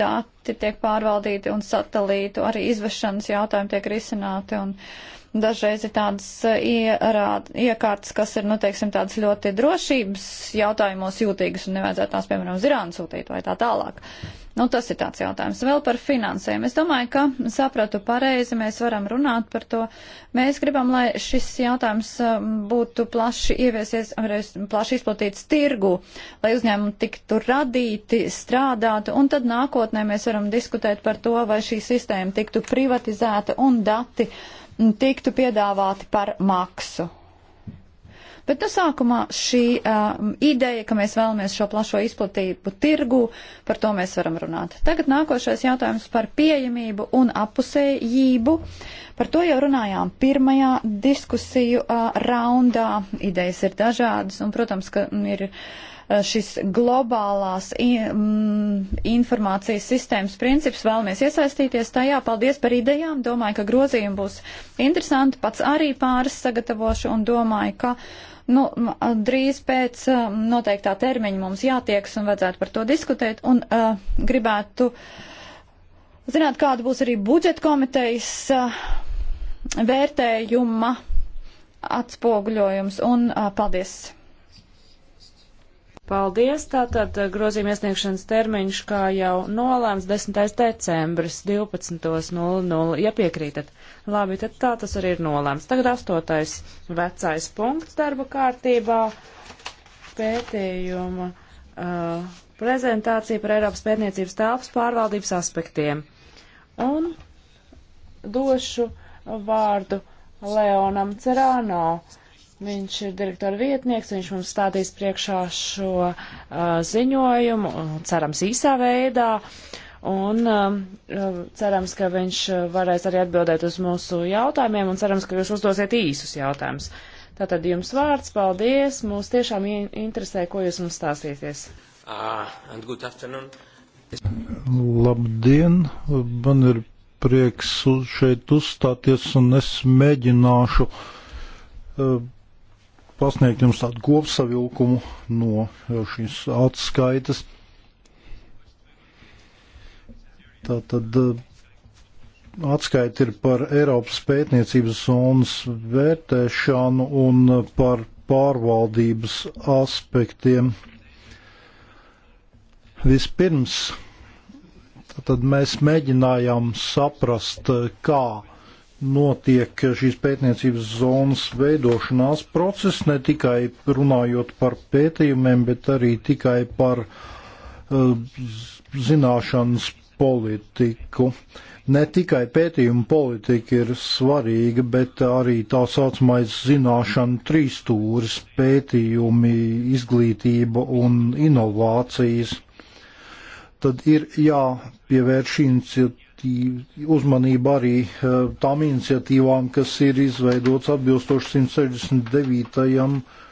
dati tiek pārvaldīti un satelītu arī izvešanas jautājumi tiek risināti. Un, uh, Dažreiz ir tādas eh, ierād, iekārtas, kas ir, nu, teiksim, tādas ļoti drošības jautājumos jūtīgas un nevajadzētu tās, piemēram, zirānu sūtīt vai tā tālāk. Nu, tas ir tāds jautājums. Vēl par finansēm. Es domāju, ka sapratu pareizi, mēs varam runāt par to. Mēs gribam, lai šis jautājums eh, būtu plaši ieviesies, plaši izplatīts tirgu, lai uzņēmumi tiktu radīti, strādātu, un tad nākotnē mēs varam diskutēt par to, vai šī sistēma tiktu privatizēta un dati. Uh, tiktu piedāvāti par maksu. Bet nu sākumā šī uh, ideja, ka mēs vēlamies šo plašo izplatību tirgu, par to mēs varam runāt. Tagad nākošais jautājums par pieejamību un apusējību. Uh, Par to jau runājām pirmajā diskusiju uh, raundā. Idejas ir dažādas un, protams, ka ir šis globālās informācijas sistēmas princips, vēlamies iesaistīties tajā. Paldies par idejām, domāju, ka grozījumi būs interesanti, pats arī pāris sagatavošu un domāju, ka nu, drīz pēc noteiktā termiņa mums jātieks un vajadzētu par to diskutēt un uh, gribētu zināt, kāda būs arī budžeta komitejas. Uh, vērtējuma atspoguļojums. Un uh, paldies! Paldies! Tātad grozījuma iesniegšanas termiņš, kā jau nolēms, 10. decembris 12.00, ja piekrītat. Labi, tad tā tas arī ir nolēms. Tagad 8. vecais punkts darba kārtībā - pētījuma uh, prezentācija par Eiropas pētniecības telpas pārvaldības aspektiem. Un došu vārdu Leonam Cerāno. Viņš ir direktora vietnieks, viņš mums stādīs priekšā šo uh, ziņojumu, uh, cerams, īsā veidā. Un um, uh, cerams, ka viņš uh, varēs arī atbildēt uz mūsu jautājumiem un cerams, ka jūs uzdosiet īsus jautājumus. Tātad jums vārds, paldies, mūs tiešām interesē, ko jūs mums stāstīties. Uh, Labdien, man ir prieks šeit uzstāties, un es mēģināšu e, pasniegt jums tādu kopsavilkumu no e, šīs atskaitas. Tātad e, atskaita ir par Eiropas pētniecības zonas vērtēšanu un par pārvaldības aspektiem. Vispirms Tad mēs mēģinājām saprast, kā notiek šīs pētniecības zonas veidošanās process, ne tikai runājot par pētījumiem, bet arī tikai par uh, zināšanas politiku. Ne tikai pētījuma politika ir svarīga, bet arī tā saucamais zināšana trīstūris - pētījumi, izglītība un inovācijas tad ir jāpievērš uzmanība arī eh, tām iniciatīvām, kas ir izveidotas atbilstoši 169. Eh,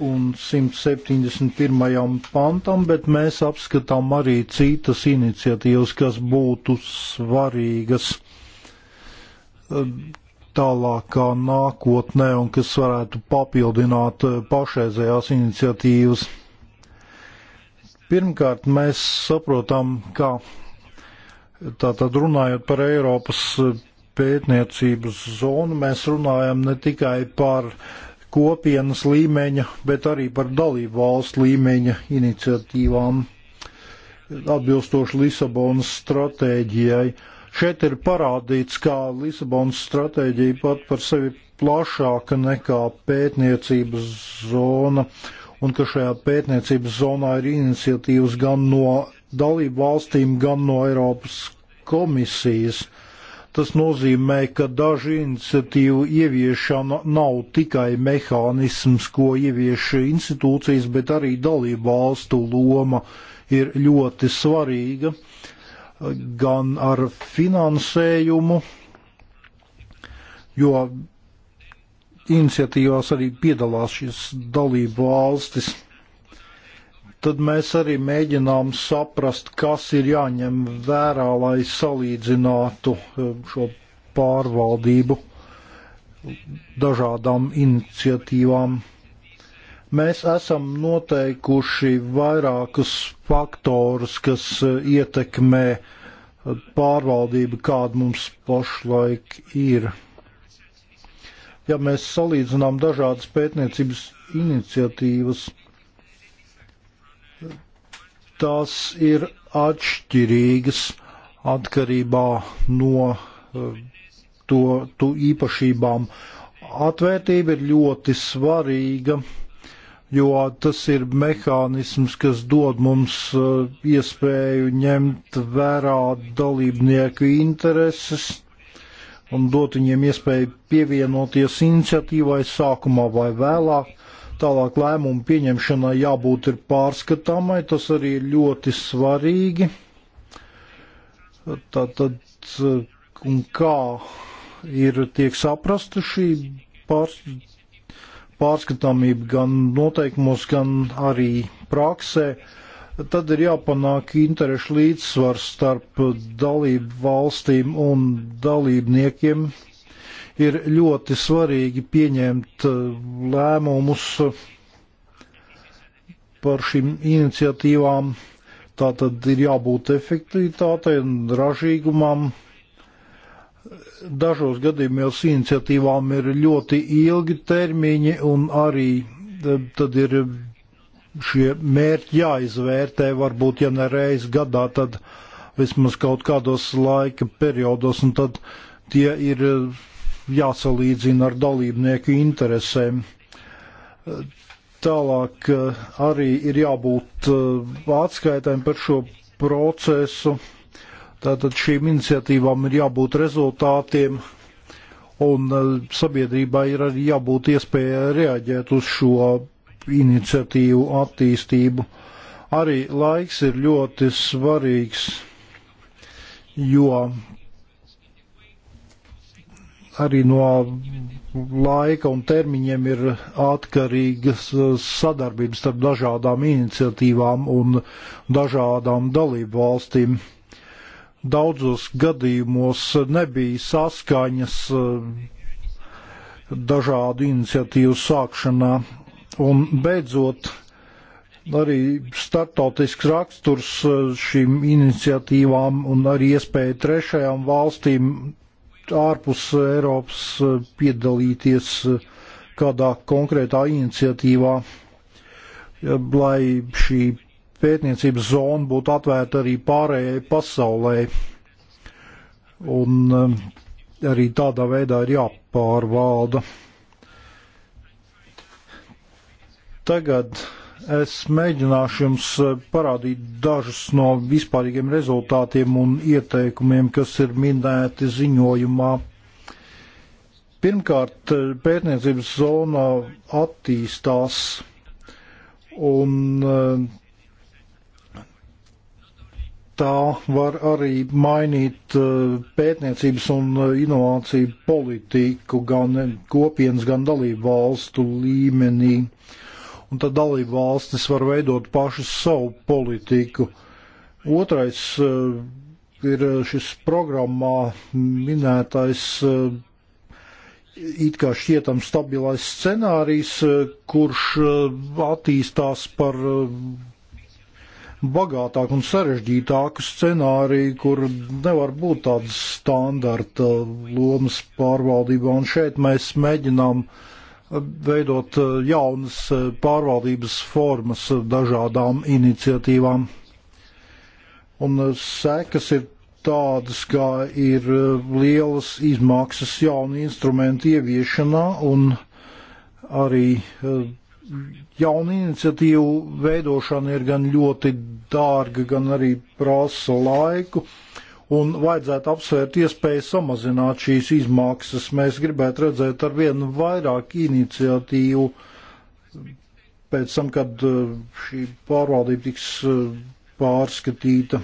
un 171. pantam, bet mēs apskatām arī citas iniciatīvas, kas būtu svarīgas eh, tālākā nākotnē un kas varētu papildināt pašreizējās iniciatīvas. Pirmkārt, mēs saprotam, ka tātad runājot par Eiropas pētniecības zonu, mēs runājam ne tikai par kopienas līmeņa, bet arī par dalību valstu līmeņa iniciatīvām atbilstoši Lisabonas stratēģijai. Šeit ir parādīts, kā Lisabonas stratēģija pat par sevi plašāka nekā pētniecības zona. Uh, un ka šajā pētniecības zonā ir iniciatīvas gan no dalību valstīm, gan no Eiropas komisijas. Tas nozīmē, ka daži iniciatīvu ieviešana nav tikai mehānisms, ko ievieš institūcijas, bet arī dalību valstu loma ir ļoti svarīga gan ar finansējumu, jo iniciatīvās arī piedalās šīs dalību valstis, tad mēs arī mēģinām saprast, kas ir jāņem vērā, lai salīdzinātu eh, šo pārvaldību dažādām iniciatīvām. Mēs esam noteikuši vairākus faktorus, kas eh, ietekmē pārvaldību, kāda mums pašlaik ir ja mēs salīdzinām dažādas pētniecības iniciatīvas, tās ir atšķirīgas atkarībā no eh, to, to īpašībām. Atvērtība ir ļoti svarīga, jo tas ir mehānisms, kas dod mums eh, iespēju ņemt vērā dalībnieku intereses un dot viņiem iespēju pievienoties iniciatīvai sākumā vai vēlāk. Tālāk lēmumu pieņemšanai jābūt ir pārskatāmai, tas arī ir ļoti svarīgi. Tātad, un kā ir tiek saprasta šī pār, pārskatāmība gan noteikumos, gan arī praksē, uh, tad ir jāpanāk interešu līdzsvars starp dalību valstīm un dalībniekiem. Ir ļoti svarīgi pieņemt uh, lēmumus par šīm iniciatīvām. Tā tad ir jābūt efektivitātei un ražīgumam. Dažos gadījumos iniciatīvām ir ļoti ilgi termiņi un arī eh, tad ir šie mērķi jāizvērtē, varbūt, ja ne reiz gadā, tad vismaz kaut kādos laika periodos, un tad tie ir eh, jāsalīdzina ar dalībnieku interesēm. Tālāk eh, arī ir jābūt eh, atskaitēm par šo procesu. Tātad šīm iniciatīvām ir jābūt rezultātiem, un sabiedrībai ir arī jābūt iespēja reaģēt uz šo iniciatīvu attīstību. Arī laiks ir ļoti svarīgs, jo arī no laika un termiņiem ir atkarīgas sadarbības starp dažādām iniciatīvām un dažādām dalību valstīm. Daudzos gadījumos nebija saskaņas eh, dažādu iniciatīvu sākšanā Un beidzot, arī startautisks raksturs eh, šīm iniciatīvām un arī iespēja trešajām valstīm ārpus Eiropas eh, piedalīties eh, kādā konkrētā iniciatīvā, lai šī pētniecības zona būtu atvērta arī pārējai pasaulē. Un arī tādā veidā ir jāpārvalda. Tagad es mēģināšu jums eh, parādīt dažus no vispārīgiem rezultātiem un ieteikumiem, kas ir minēti ziņojumā. Pirmkārt, eh, pētniecības zona attīstās un eh, tā var arī mainīt pētniecības un inovāciju politiku gan kopienas, gan dalību valstu līmenī. Uh, un tad dalību valstis var veidot pašu savu politiku. Otrais eh, ir šis programmā minētais eh, it kā šķietam stabilais scenārijs, eh, kurš attīstās par bagātāku un sarežģītāku scenāriju, kur nevar būt tādas standarta lomas pārvaldībā, un šeit mēs mēģinām uh, veidot eh, jaunas eh, pārvaldības formas eh, dažādām iniciatīvām. Un sekas ir tādas, kā ir lielas izmaksas jaunu instrumentu ieviešanā un arī jaunu iniciatīvu veidošana ir gan ļoti dārga, gan arī prasa laiku. Uh, un vajadzētu apsvērt iespēju samazināt šīs izmaksas. Mēs gribētu redzēt ar vienu vairāk iniciatīvu pēc tam, kad uh, šī pārvaldība tiks uh, pārskatīta.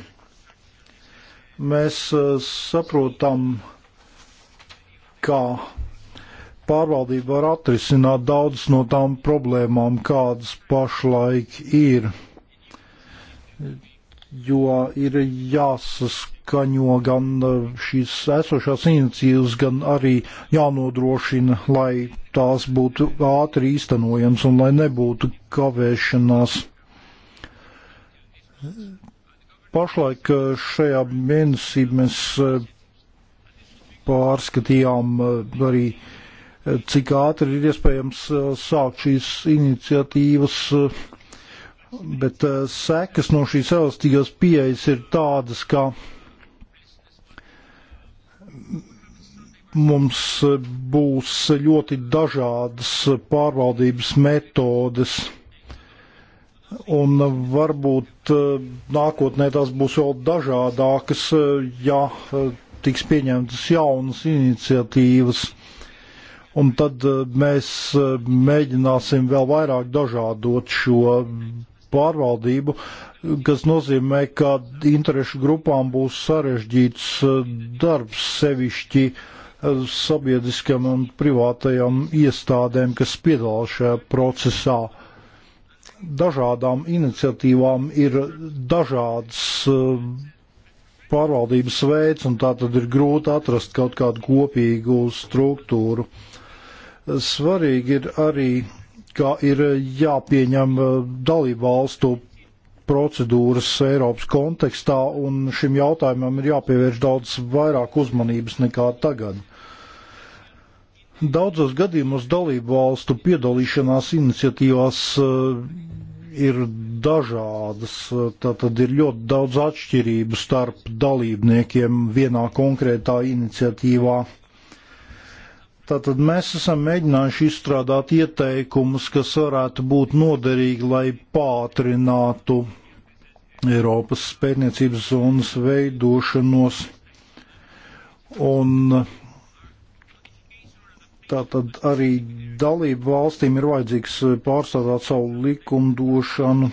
Mēs uh, saprotam, kā pārvaldība var atrisināt daudzas no tām problēmām, kādas pašlaik ir, jo ir jāsaskatīt jāskaņo gan eh, šīs esošās iniciatīvas, gan arī jānodrošina, lai tās būtu ātri īstenojams un lai nebūtu kavēšanās. Pašlaik eh, šajā mēnesī mēs eh, pārskatījām arī, cik ātri ir iespējams sākt šīs iniciatīvas bet uh, sekas no šīs elastīgās pieejas ir tādas, ka mums būs ļoti dažādas pārvaldības metodes. Un varbūt eh, nākotnē tās būs vēl dažādākas, eh, ja eh, tiks pieņemtas jaunas iniciatīvas. Un tad mēs mēģināsim vēl vairāk dažādot šo pārvaldību, kas nozīmē, ka interešu grupām būs sarežģīts eh, darbs sevišķi eh, sabiedriskam un privātajam iestādēm, kas piedalās šajā procesā. Dažādām iniciatīvām ir dažāds eh, pārvaldības veids, un tā tad ir grūti atrast kaut kādu kopīgu struktūru. Svarīgi ir arī ka ir eh, jāpieņem eh, dalību valstu procedūras Eiropas kontekstā, un šim jautājumam ir jāpievērš daudz vairāk uzmanības nekā tagad. Daudzos gadījumos dalību valstu piedalīšanās iniciatīvās eh, ir dažādas, tātad ir ļoti daudz atšķirību starp dalībniekiem vienā konkrētā iniciatīvā. Tātad mēs esam mēģinājuši izstrādāt ieteikumus, kas varētu būt noderīgi, lai pātrinātu Eiropas pērniecības zonas veidošanos. Un tātad arī dalību valstīm ir vajadzīgs pārstādāt savu likumdošanu.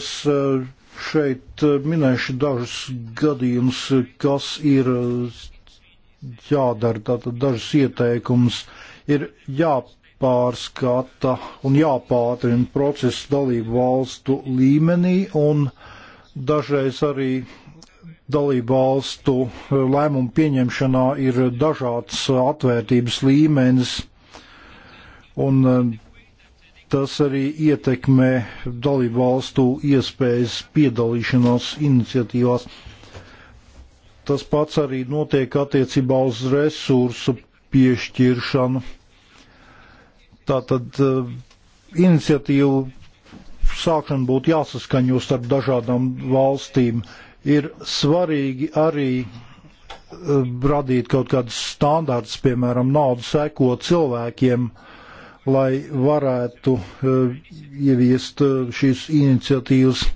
Es eh, šeit eh, minēšu dažus gadījumus, kas ir jādara. Tātad dažas ieteikums ir jāpārskata un jāpātrina procesu dalību valstu līmenī un dažreiz arī dalību valstu lēmumu pieņemšanā ir dažāds atvērtības līmenis. Un e, tas arī ietekmē dalību valstu iespējas piedalīšanos iniciatīvās. Tas pats arī notiek attiecībā uz resursu piešķiršanu. Tātad eh, iniciatīvu sākšana būtu jāsaskaņo starp dažādām valstīm. Ir svarīgi arī eh, radīt kaut kādus standārtus, piemēram, naudu seko cilvēkiem, lai varētu eh, ieviest šīs iniciatīvas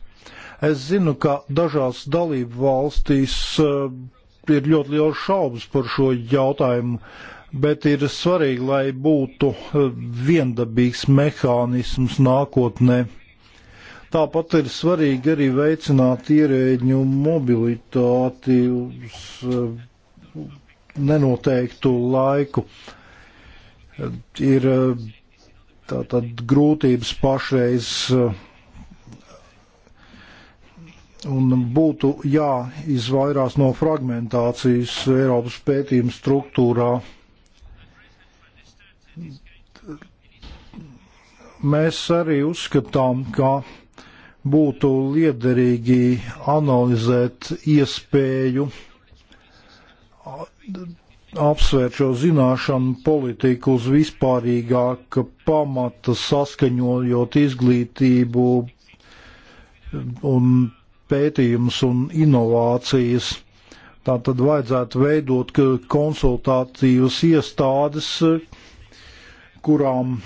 Es zinu, ka dažās dalību valstīs eh, ir ļoti liels šaubas par šo jautājumu, bet ir svarīgi, lai būtu eh, viendabīgs mehānisms nākotnē. Tāpat ir svarīgi arī veicināt ierēģu mobilitāti uz eh, nenoteiktu laiku. Ir tātad grūtības pašreiz uh, un būtu jāizvairās no fragmentācijas Eiropas pētījuma struktūrā. Mēs arī uzskatām, ka būtu liederīgi analizēt iespēju apsvērt šo zināšanu politiku uz vispārīgāka pamata, saskaņojot izglītību un pētījumus un inovācijas. Tā tad vajadzētu veidot konsultātīvas iestādes, kurām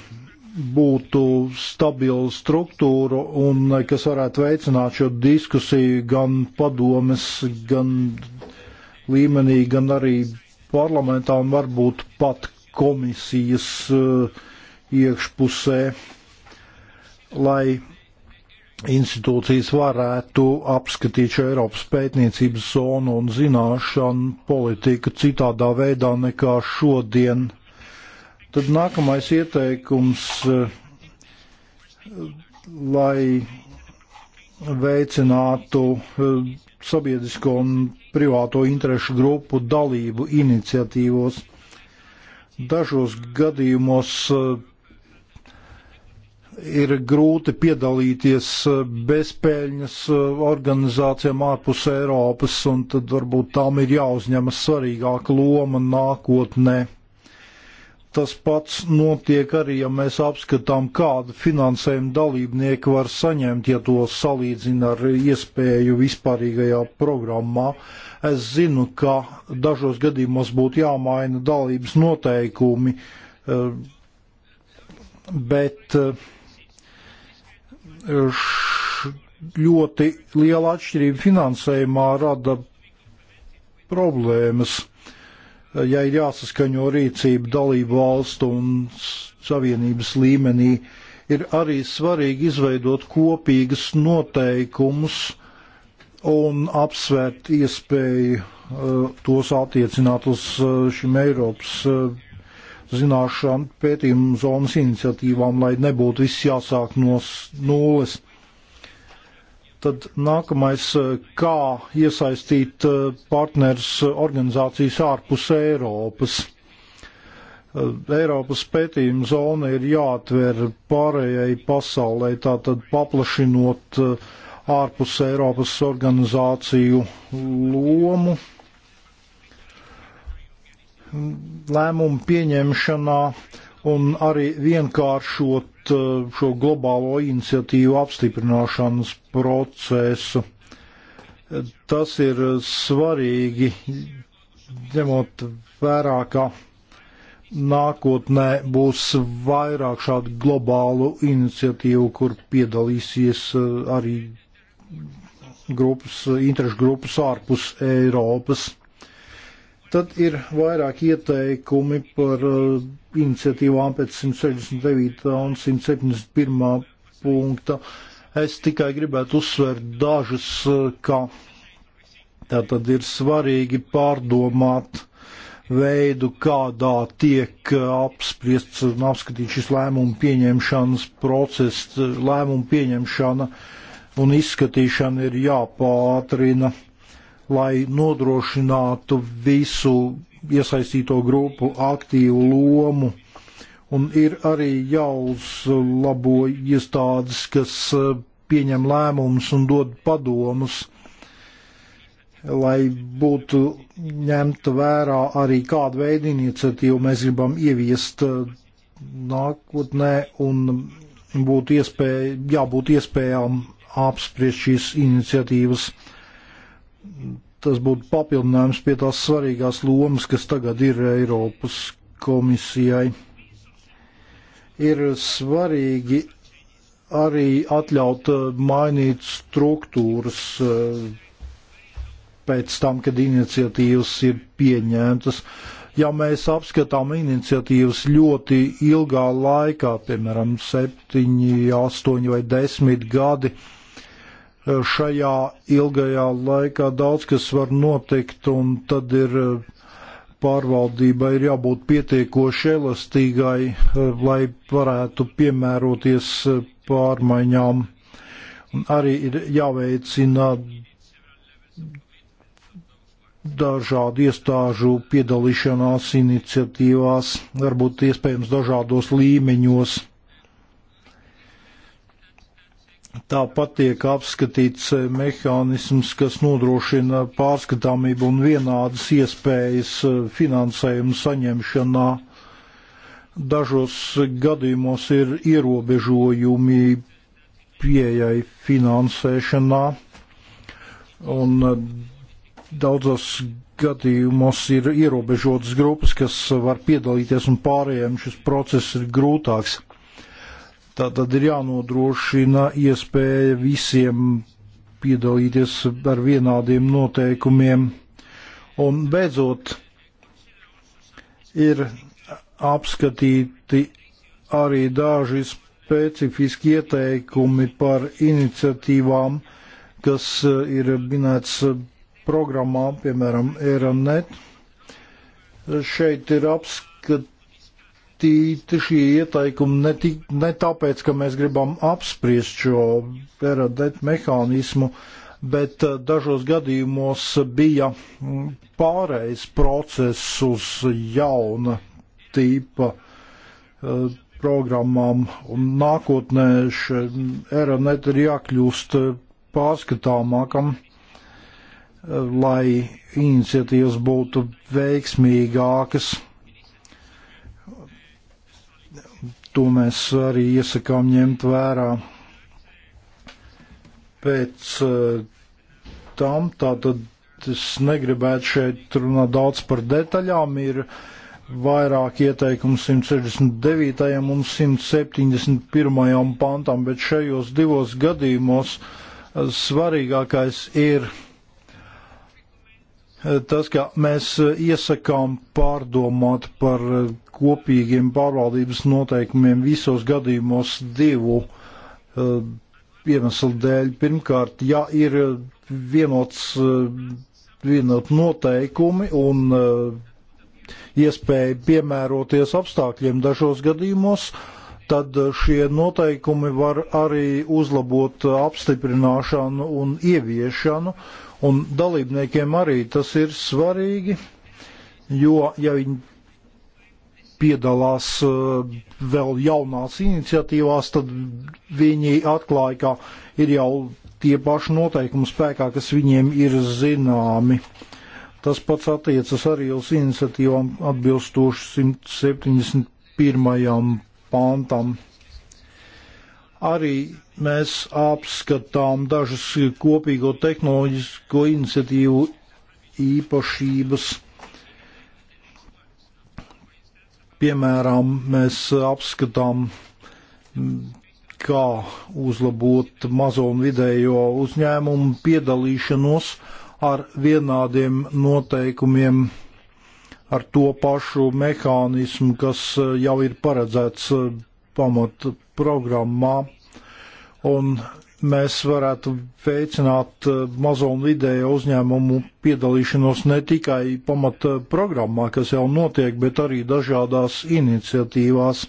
būtu stabila struktūra un kas varētu veicināt šo diskusiju gan padomes, gan līmenī, gan arī parlamentā un varbūt pat komisijas eh, iekšpusē, lai institūcijas varētu apskatīt šo Eiropas pētniecības zonu un zināšanu politiku citādā veidā nekā šodien. Tad nākamais ieteikums, lai veicinātu eh, sabiedrisko un privāto interešu grupu dalību iniciatīvos. Dažos gadījumos eh, ir grūti piedalīties eh, bezpēļņas eh, organizācijām ārpus Eiropas, un tad varbūt tām ir jāuzņemas svarīgāka loma nākotnē. Tas pats notiek arī, ja mēs apskatām, kādu finansējumu dalībnieki var saņemt, ja to salīdzina ar iespēju vispārīgajā programmā. Es zinu, ka dažos gadījumos būtu jāmaina dalības noteikumi, eh, bet uh, ļoti liela atšķirība finansējumā rada problēmas, ja ir jāsaskaņo rīcība dalību valstu un savienības līmenī. Ir arī svarīgi izveidot kopīgas noteikumus un apsvērt iespēju uh, tos attiecināt uz uh, šim Eiropas uh, zināšanu pētījumu zonas iniciatīvām, lai nebūtu viss jāsāk no nulles. Tad nākamais, eh, kā iesaistīt eh, partners organizācijas ārpus Eiropas. Eh, Eiropas pētījuma zona ir jāatver pārējai pasaulē, tātad paplašinot ārpus Eiropas organizāciju lomu lēmumu pieņemšanā un arī vienkāršot eh, šo globālo iniciatīvu apstiprināšanas procesu. Tas ir svarīgi, ņemot vērā, ka nākotnē būs vairāk šādu globālu iniciatīvu, kur piedalīsies eh, arī grupas, interešu grupas ārpus Eiropas. Tad ir vairāk ieteikumi par iniciatīvām pēc 169. un 171. punkta. Es tikai gribētu uzsvērt dažas, uh, ka tā tad ir svarīgi pārdomāt veidu, kādā tiek uh, apspriests un apskatīts šis lēmumu pieņemšanas process, lēmumu pieņemšana un izskatīšana ir jāpātrina. Uh, lai nodrošinātu visu iesaistīto grupu aktīvu lomu. Un ir arī jāuzlabo iestādes, kas eh, pieņem lēmumus un dod padomus, lai būtu ņemta vērā arī kādu veidu iniciatīvu mēs gribam ieviest eh, nākotnē un būtu iespēja, jābūt iespējām apspriest šīs iniciatīvas tas būtu papildinājums pie tās svarīgās lomas, kas tagad ir Eiropas komisijai. Ir svarīgi arī atļaut eh, mainīt struktūras eh, pēc tam, kad iniciatīvas ir pieņemtas. Ja mēs apskatām iniciatīvas ļoti ilgā laikā, piemēram, septiņi, astoņi vai desmit gadi, uh, šajā ilgajā laikā daudz kas var notikt, un tad ir eh, pārvaldībai ir jābūt pietiekoši elastīgai, eh, lai varētu piemēroties eh, pārmaiņām. Un arī ir jāveicina dažādu iestāžu piedalīšanās iniciatīvās, varbūt iespējams dažādos līmeņos. Tāpat tiek apskatīts eh, mehānisms, kas nodrošina pārskatāmību un vienādas iespējas eh, finansējumu saņemšanā. Dažos gadījumos ir ierobežojumi pieejai finansēšanā, un eh, daudzos gadījumos ir ierobežotas grupas, kas var piedalīties, un pārējiem šis process ir grūtāks Tā tad ir jānodrošina iespēja visiem piedalīties ar vienādiem noteikumiem. Un beidzot, ir apskatīti arī daži specifiski ieteikumi par iniciatīvām, kas eh, ir minēts eh, programmā, piemēram, Eranet. Šeit ir apskatīti rakstīti šie ieteikumi ne, tik, ne tāpēc, ka mēs gribam apspriest šo RADET mehānismu, bet eh, dažos gadījumos bija mm, pārējais process uz jauna tīpa eh, programmām, un nākotnē RADET ir jākļūst eh, pārskatāmākam lai iniciatīvas būtu veiksmīgākas to mēs arī iesakām ņemt vērā. Pēc eh, tam tātad es negribētu šeit runāt daudz par detaļām, ir vairāk ieteikumu 169. un 171. pantam, bet šajos divos gadījumos eh, svarīgākais ir eh, tas, ka mēs iesakām pārdomāt par kopīgiem pārvaldības noteikumiem visos gadījumos divu uh, iemeslu dēļ. Pirmkārt, ja ir vienots, uh, vienot noteikumi un uh, iespēja piemēroties apstākļiem dažos gadījumos, tad šie noteikumi var arī uzlabot apstiprināšanu un ieviešanu, un dalībniekiem arī tas ir svarīgi, jo, ja viņi piedalās eh, vēl jaunās iniciatīvās, tad viņi atklāja, ka ir jau tie paši noteikumi spēkā, kas viņiem ir zināmi. Tas pats attiecas arī uz iniciatīvām atbilstoši 171. pantam. Arī mēs apskatām dažas kopīgo tehnoloģisko iniciatīvu īpašības Piemēram, mēs apskatām, kā uzlabot mazo un vidējo uzņēmumu piedalīšanos ar vienādiem noteikumiem, ar to pašu mehānismu, kas e, jau ir paredzēts e, pamat programmā. Un mēs varētu veicināt eh, mazo un vidējo uzņēmumu piedalīšanos ne tikai pamata programmā, kas jau notiek, bet arī dažādās iniciatīvās.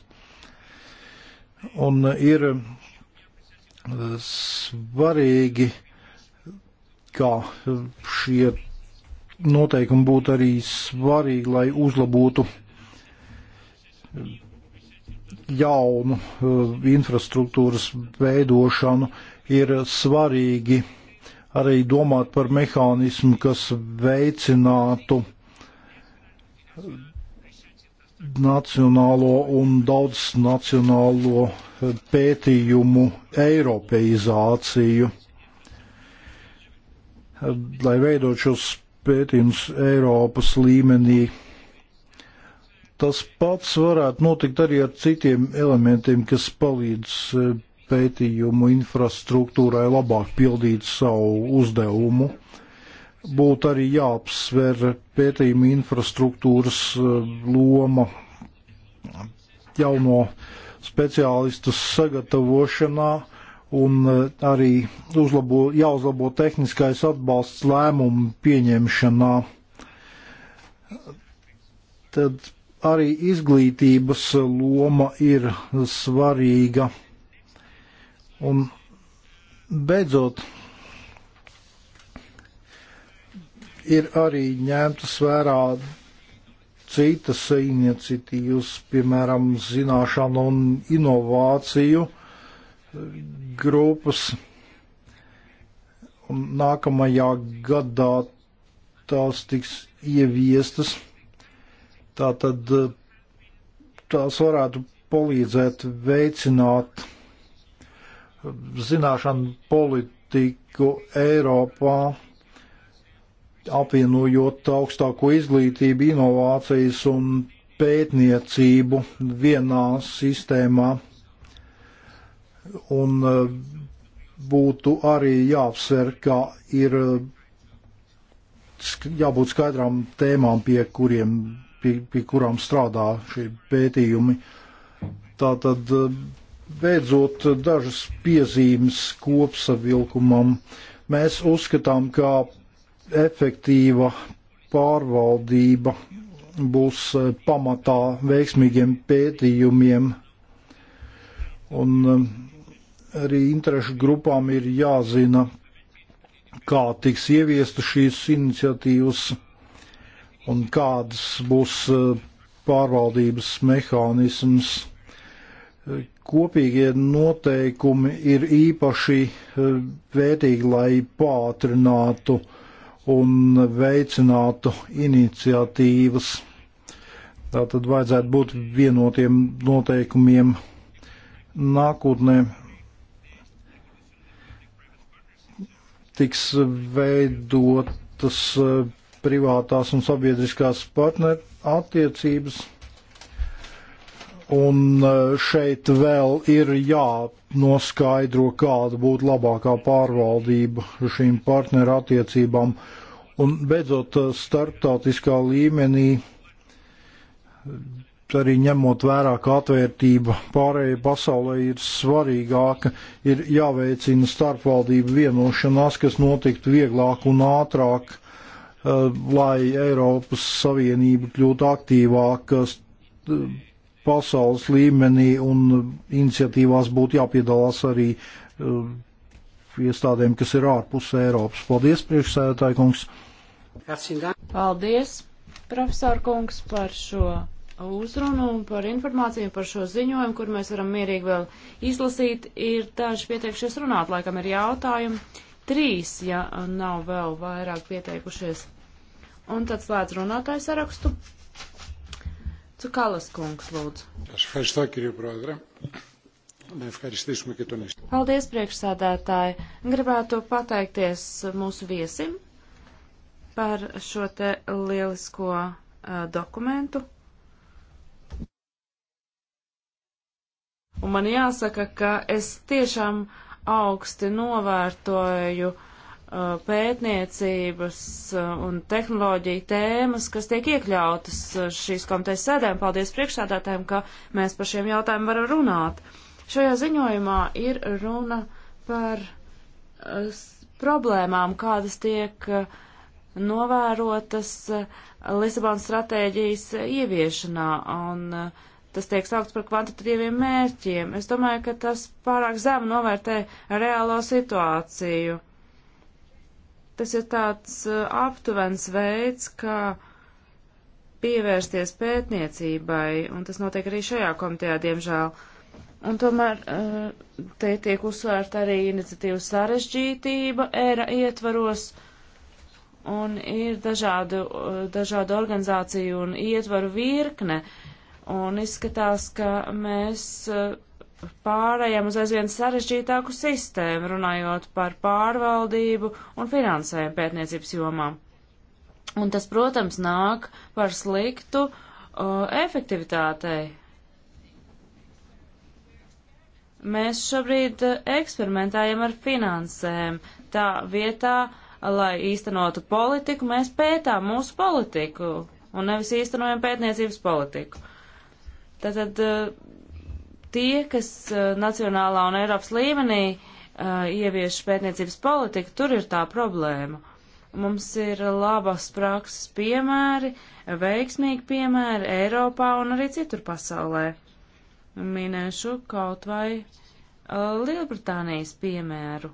Un eh, ir eh, svarīgi, kā šie noteikumi būtu arī svarīgi, lai uzlabotu jaunu infrastruktūras veidošanu, uh, ir svarīgi arī domāt par mehānismu, kas veicinātu nacionālo un daudz nacionālo pētījumu eiropeizāciju. Lai veidot šos pētījumus Eiropas līmenī, tas pats varētu notikt arī ar citiem elementiem, kas palīdz eh, pētījumu infrastruktūrai labāk pildīt savu uzdevumu. Būtu arī jāapsver pētījumu infrastruktūras eh, loma jauno speciālistu sagatavošanā un eh, arī uzlabo, jāuzlabo tehniskais atbalsts lēmumu pieņemšanā. Tad arī izglītības loma ir svarīga Un beidzot, ir arī ņemtas vērā citas iniciatīvas, piemēram, zināšanu un inovāciju grupas. Un nākamajā gadā tās tiks ieviestas. Tātad eh, tās varētu palīdzēt veicināt zināšanu politiku Eiropā, apvienojot augstāko izglītību, inovācijas un pētniecību vienā sistēmā. Un eh, būtu arī jāapsver, ka ir jābūt skaidrām tēmām, pie, kuriem, pie, pie kurām strādā šie pētījumi. Tātad eh, Beidzot, dažas piezīmes kopsavilkumam. Mēs uzskatām, ka efektīva pārvaldība būs eh, pamatā veiksmīgiem pētījumiem. Un eh, arī interešu grupām ir jāzina, kā tiks ieviesta šīs iniciatīvas un kādas būs eh, pārvaldības mehānisms kopīgie noteikumi ir īpaši eh, vērtīgi, lai pātrinātu un veicinātu iniciatīvas. Tā tad vajadzētu būt vienotiem noteikumiem nākotnē. Tiks veidotas eh, privātās un sabiedriskās partnerattiecības. Un eh, šeit vēl ir jānoskaidro, kāda būtu labākā pārvaldība šīm partneru attiecībām. Un beidzot, eh, starptautiskā līmenī eh, arī ņemot vērā, ka atvērtība pārējai pasaulē ir svarīgāka, ir jāveicina starpvaldību vienošanās, kas notiktu vieglāk un ātrāk, lai Eiropas Savienība kļūtu aktīvāka pasaules līmenī, un iniciatīvās būtu jāpiedalās arī uh, iestādēm, kas ir ārpus Eiropas. Paldies, priekšsēdētāji kungs! Paldies, profesor kungs, par šo uzrunu un par informāciju par šo ziņojumu, kur mēs varam mierīgi vēl izlasīt. Ir daži pieteikušies runāt, laikam ir jautājumi. Trīs, ja nav vēl vairāk pieteikušies. Un tad slēdz runātājs sarakstu. Cukalas kungs, lūdzu. Paldies, priekšsādātāji. Gribētu pateikties mūsu viesim par šo te lielisko uh, dokumentu. Un man jāsaka, ka es tiešām augsti novērtoju uh, pētniecības un tehnoloģiju tēmas, kas tiek iekļautas šīs komitejas sēdēm. Paldies priekšsādātājiem, ka mēs par šiem jautājumiem varam runāt. Šajā ziņojumā ir runa par problēmām, kādas tiek novērotas Lisabonas stratēģijas ieviešanā, un tas tiek saukts par kvantitatīviem mērķiem. Es domāju, ka tas pārāk zem novērtē reālo situāciju Tas ir tāds uh, aptuvens veids, kā pievērsties pētniecībai, un tas notiek arī šajā komitejā, diemžēl. Un tomēr uh, te tiek uzsvērta arī iniciatīva sarežģītība ēra ietvaros, un ir dažādu, uh, dažādu organizāciju un ietvaru virkne, un izskatās, ka mēs pārējām uz aizvien sarežģītāku sistēmu, runājot par pārvaldību un finansējumu pētniecības jomā. Un tas, protams, nāk par sliktu uh, efektivitātei. Mēs šobrīd eksperimentējam ar finansēm. Tā vietā, lai īstenotu politiku, mēs pētām mūsu politiku un nevis īstenojam pētniecības politiku. Tātad uh, tie, kas eh, nacionālā un Eiropas līmenī eh, ievieš pētniecības politiku, tur ir tā problēma. Mums ir labas prakses piemēri, veiksmīgi piemēri Eiropā un arī citur pasaulē. Minēšu kaut vai eh, Lielbritānijas piemēru.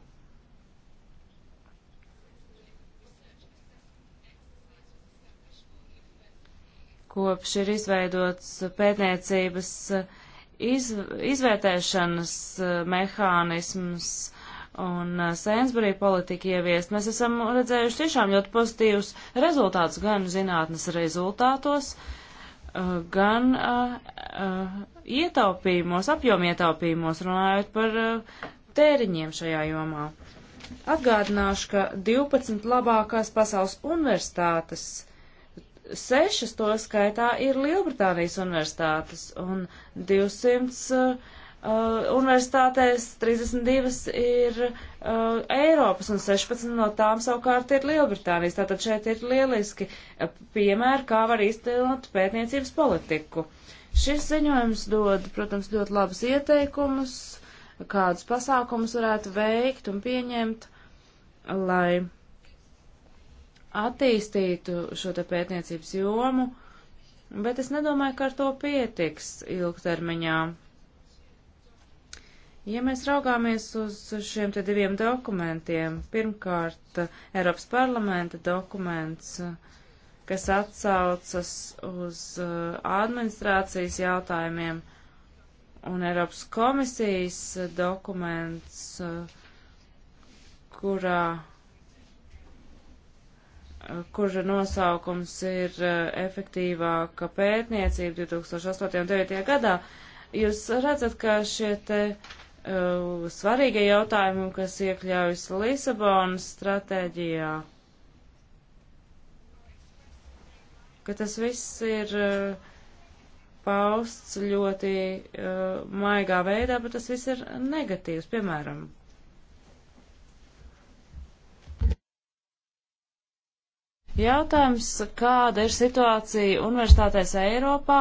Kopš ir izveidots pētniecības uh, iz, izvērtēšanas eh, mehānisms un eh, Sainsbury politika ieviest, mēs esam redzējuši tiešām ļoti pozitīvus rezultātus gan zinātnes rezultātos, eh, gan uh, uh, ietaupījumos, apjomu ietaupījumos, runājot par uh, tēriņiem šajā jomā. Atgādināšu, ka 12 labākās pasaules universitātes sešas to skaitā ir Lielbritānijas universitātes un 200 uh, uh, universitātēs 32 ir uh, Eiropas un 16 no tām savukārt ir Lielbritānijas. Tātad šeit ir lieliski uh, piemēri, kā var īstenot pētniecības politiku. Šis ziņojums dod, protams, ļoti labus ieteikumus, kādus pasākumus varētu veikt un pieņemt, lai attīstītu šo te pētniecības jomu, bet es nedomāju, ka ar to pietiks ilgtermiņā. Ja mēs raugāmies uz šiem te diviem dokumentiem, pirmkārt Eiropas parlamenta dokuments, kas atsaucas uz uh, administrācijas jautājumiem, un Eiropas komisijas uh, dokuments, uh, kurā kura nosaukums ir eh, efektīvāka pētniecība 2008. un 2009. gadā. Jūs redzat, ka šie te uh, svarīgie jautājumi, kas iekļaujas Lisabonas stratēģijā, ka tas viss ir uh, pausts ļoti uh, maigā veidā, bet tas viss ir negatīvs, piemēram. Jautājums, kāda ir situācija universitātēs Eiropā,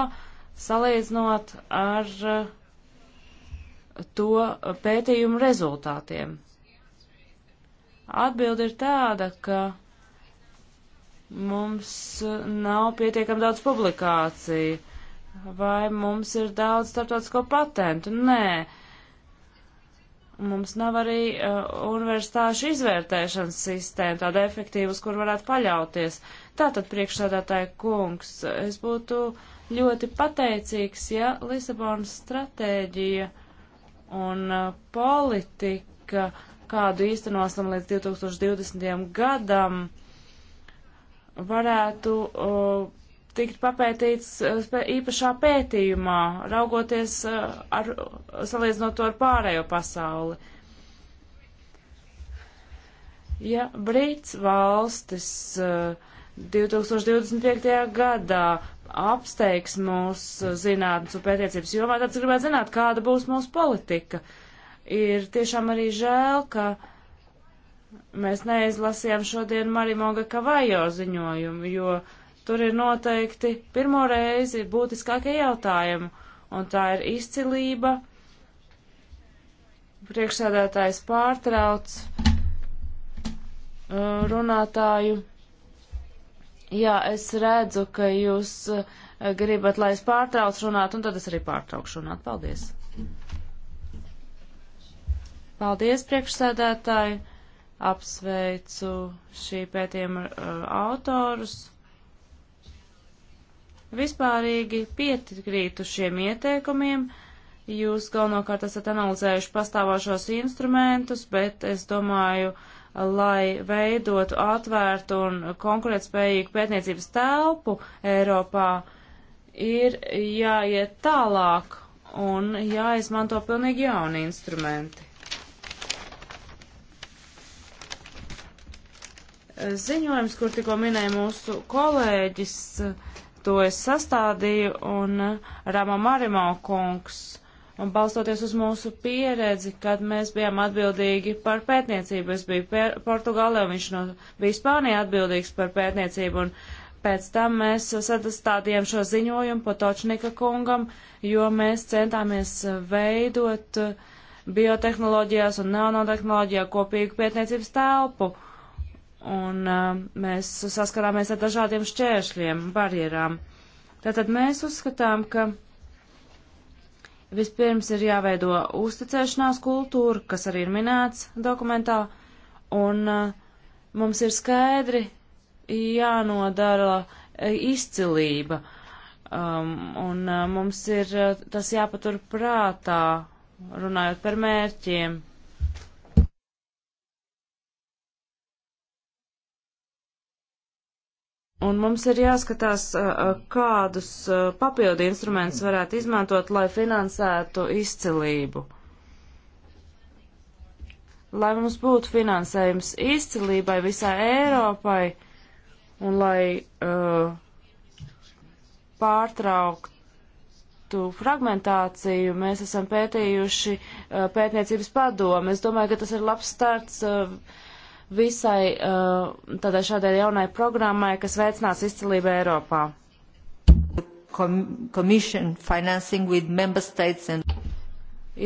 salīdzinot ar to pētījumu rezultātiem? Atbilde ir tāda, ka mums nav pietiekami daudz publikāciju, vai mums ir daudz starptautisko patentu. Nē, Mums nav arī uh, universitāšu izvērtēšanas sistēma tāda efektīva, uz kur varētu paļauties. Tātad, priekšsādātāja kungs, es būtu ļoti pateicīgs, ja Lisabonas stratēģija un uh, politika, kādu īstenosim līdz 2020. gadam, varētu uh, tikt papētīts eh, īpašā pētījumā, raugoties eh, ar, salīdzinot to ar pārējo pasauli. Ja Brīts valstis 2025. Eh, gadā apsteigs mūs zinātnes un pētniecības jomā, tad es gribētu zināt, kāda būs mūsu politika. Ir tiešām arī žēl, ka mēs neizlasījām šodien Marimoga Kavajo ziņojumu, jo uh, Tur ir noteikti pirmo reizi būtiskākie jautājumi, un tā ir izcilība. Priekšsēdētājs pārtrauc uh, runātāju. Jā, es redzu, ka jūs uh, gribat, lai es pārtrauc runāt, un tad es arī pārtraukšu runāt. Paldies! Paldies, priekšsēdētāji! Apsveicu šī pētījuma uh, autorus. Vispārīgi piekrītu šiem ieteikumiem. Jūs galvenokārt esat analizējuši pastāvošos instrumentus, bet es domāju, lai veidotu atvērtu un konkurētspējīgu pētniecības telpu Eiropā, ir jāiet tālāk un jāizmanto pilnīgi jauni instrumenti. Ziņojums, kur tikko minēja mūsu kolēģis, uh, To es sastādīju un eh, Rama Marimo kungs. Un balstoties uz mūsu pieredzi, kad mēs bijām atbildīgi par pētniecību, es biju Portugālē un viņš no, bija Spānijā atbildīgs par pētniecību. Un pēc tam mēs sadastādījām šo ziņojumu Potočnika kungam, jo mēs centāmies veidot eh, biotehnoloģijās un nanotehnoloģijā kopīgu pētniecības telpu. Uh, un uh, mēs saskarāmies ar dažādiem šķēršļiem, barjerām. Tātad mēs uzskatām, ka vispirms ir jāveido uzticēšanās kultūra, kas arī ir minēts dokumentā, un uh, mums ir skaidri jānodara uh, izcilība, um, un uh, mums ir uh, tas jāpatur prātā, runājot par mērķiem. Un mums ir jāskatās, kādus papildu instrumentus varētu izmantot, lai finansētu izcilību. Lai mums būtu finansējums izcilībai visā Eiropai un lai uh, pārtrauktu fragmentāciju, mēs esam pētījuši uh, pētniecības padomu. Es domāju, ka tas ir labs starts. Uh, visai uh, tādai šādai jaunai programmai, kas veicinās izcilību Eiropā. And...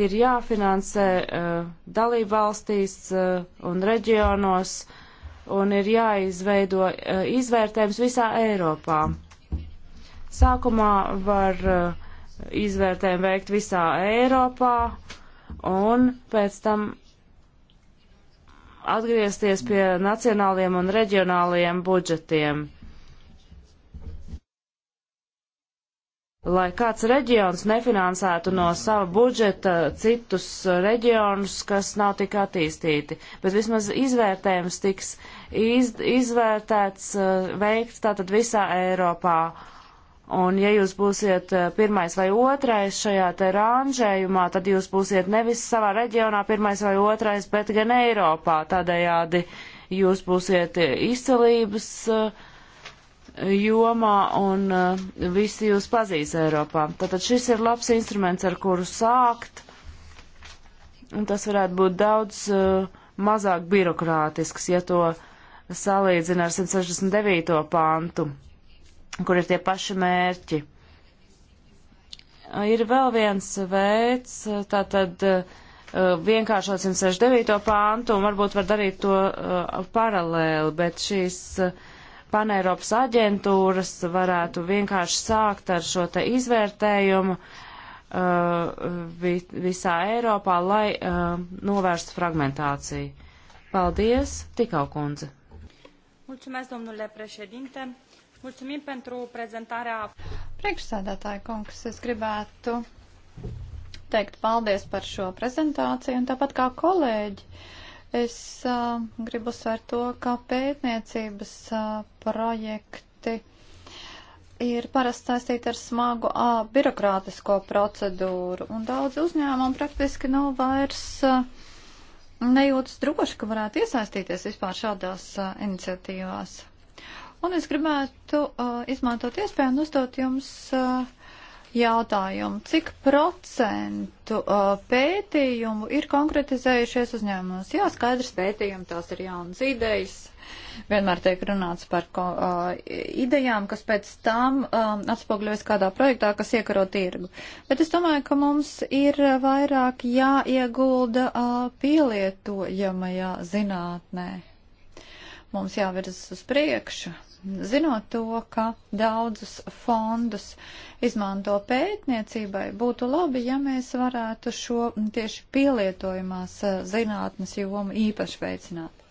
Ir jāfinansē uh, dalību valstīs uh, un reģionos, un ir jāizveido uh, izvērtējums visā Eiropā. Sākumā var uh, izvērtējumu veikt visā Eiropā, un pēc tam atgriezties pie nacionāliem un reģionāliem budžetiem. Lai kāds reģions nefinansētu no sava budžeta citus reģionus, kas nav tik attīstīti, bet vismaz izvērtējums tiks iz, izvērtēts, uh, veikts tātad visā Eiropā Un ja jūs būsiet eh, pirmais vai otrais šajā te rāņģējumā, tad jūs būsiet nevis savā reģionā pirmais vai otrais, bet gan Eiropā. Tādējādi jūs būsiet eh, izcelības eh, jomā un visi jūs pazīs Eiropā. Tātad šis ir labs instruments, ar kuru sākt. Un tas varētu būt daudz mazāk birokrātisks, ja to salīdzina ar 169. pāntu kur ir tie paši mērķi. Ir vēl viens veids, tātad uh, vienkāršot 169. pāntu, un varbūt var darīt to uh, paralēli, bet šīs uh, paneiropas aģentūras varētu vienkārši sākt ar šo te izvērtējumu visā Eiropā, lai novērstu fragmentāciju. Paldies, tikau kundze. Mulțumesc, domnule președinte. Mulțumim pentru prezentarea. Priekšsēdētāja kungs, es gribētu teikt paldies par šo prezentāciju un tāpat kā kolēģi. Es uh, gribu uzsvērt to, ka pētniecības uh, projekti ir parasti saistīti ar smagu uh, birokrātisko procedūru, un daudz uzņēmumu praktiski nav vairs uh, nejūtas droši, ka varētu iesaistīties vispār šādās uh, iniciatīvās. Un es gribētu uh, izmantot iespēju un uzdot jums uh, jautājumu, cik procentu uh, pētījumu ir konkretizējušies uzņēmumos? Jā, skaidrs pētījumi, tās ir jaunas idejas. Vienmēr tiek runāts par ko, uh, idejām, kas pēc tam um, atspogļojas kādā projektā, kas iekaro tirgu. Bet es domāju, ka mums ir vairāk jāiegulda uh, pielietojamajā zinātnē. Mums jāvirzas uz priekšu. Zinot to, ka daudzus fondus izmanto pētniecībai, būtu labi, ja mēs varētu šo tieši pielietojumās eh, zinātnes jomu īpaši veicināt.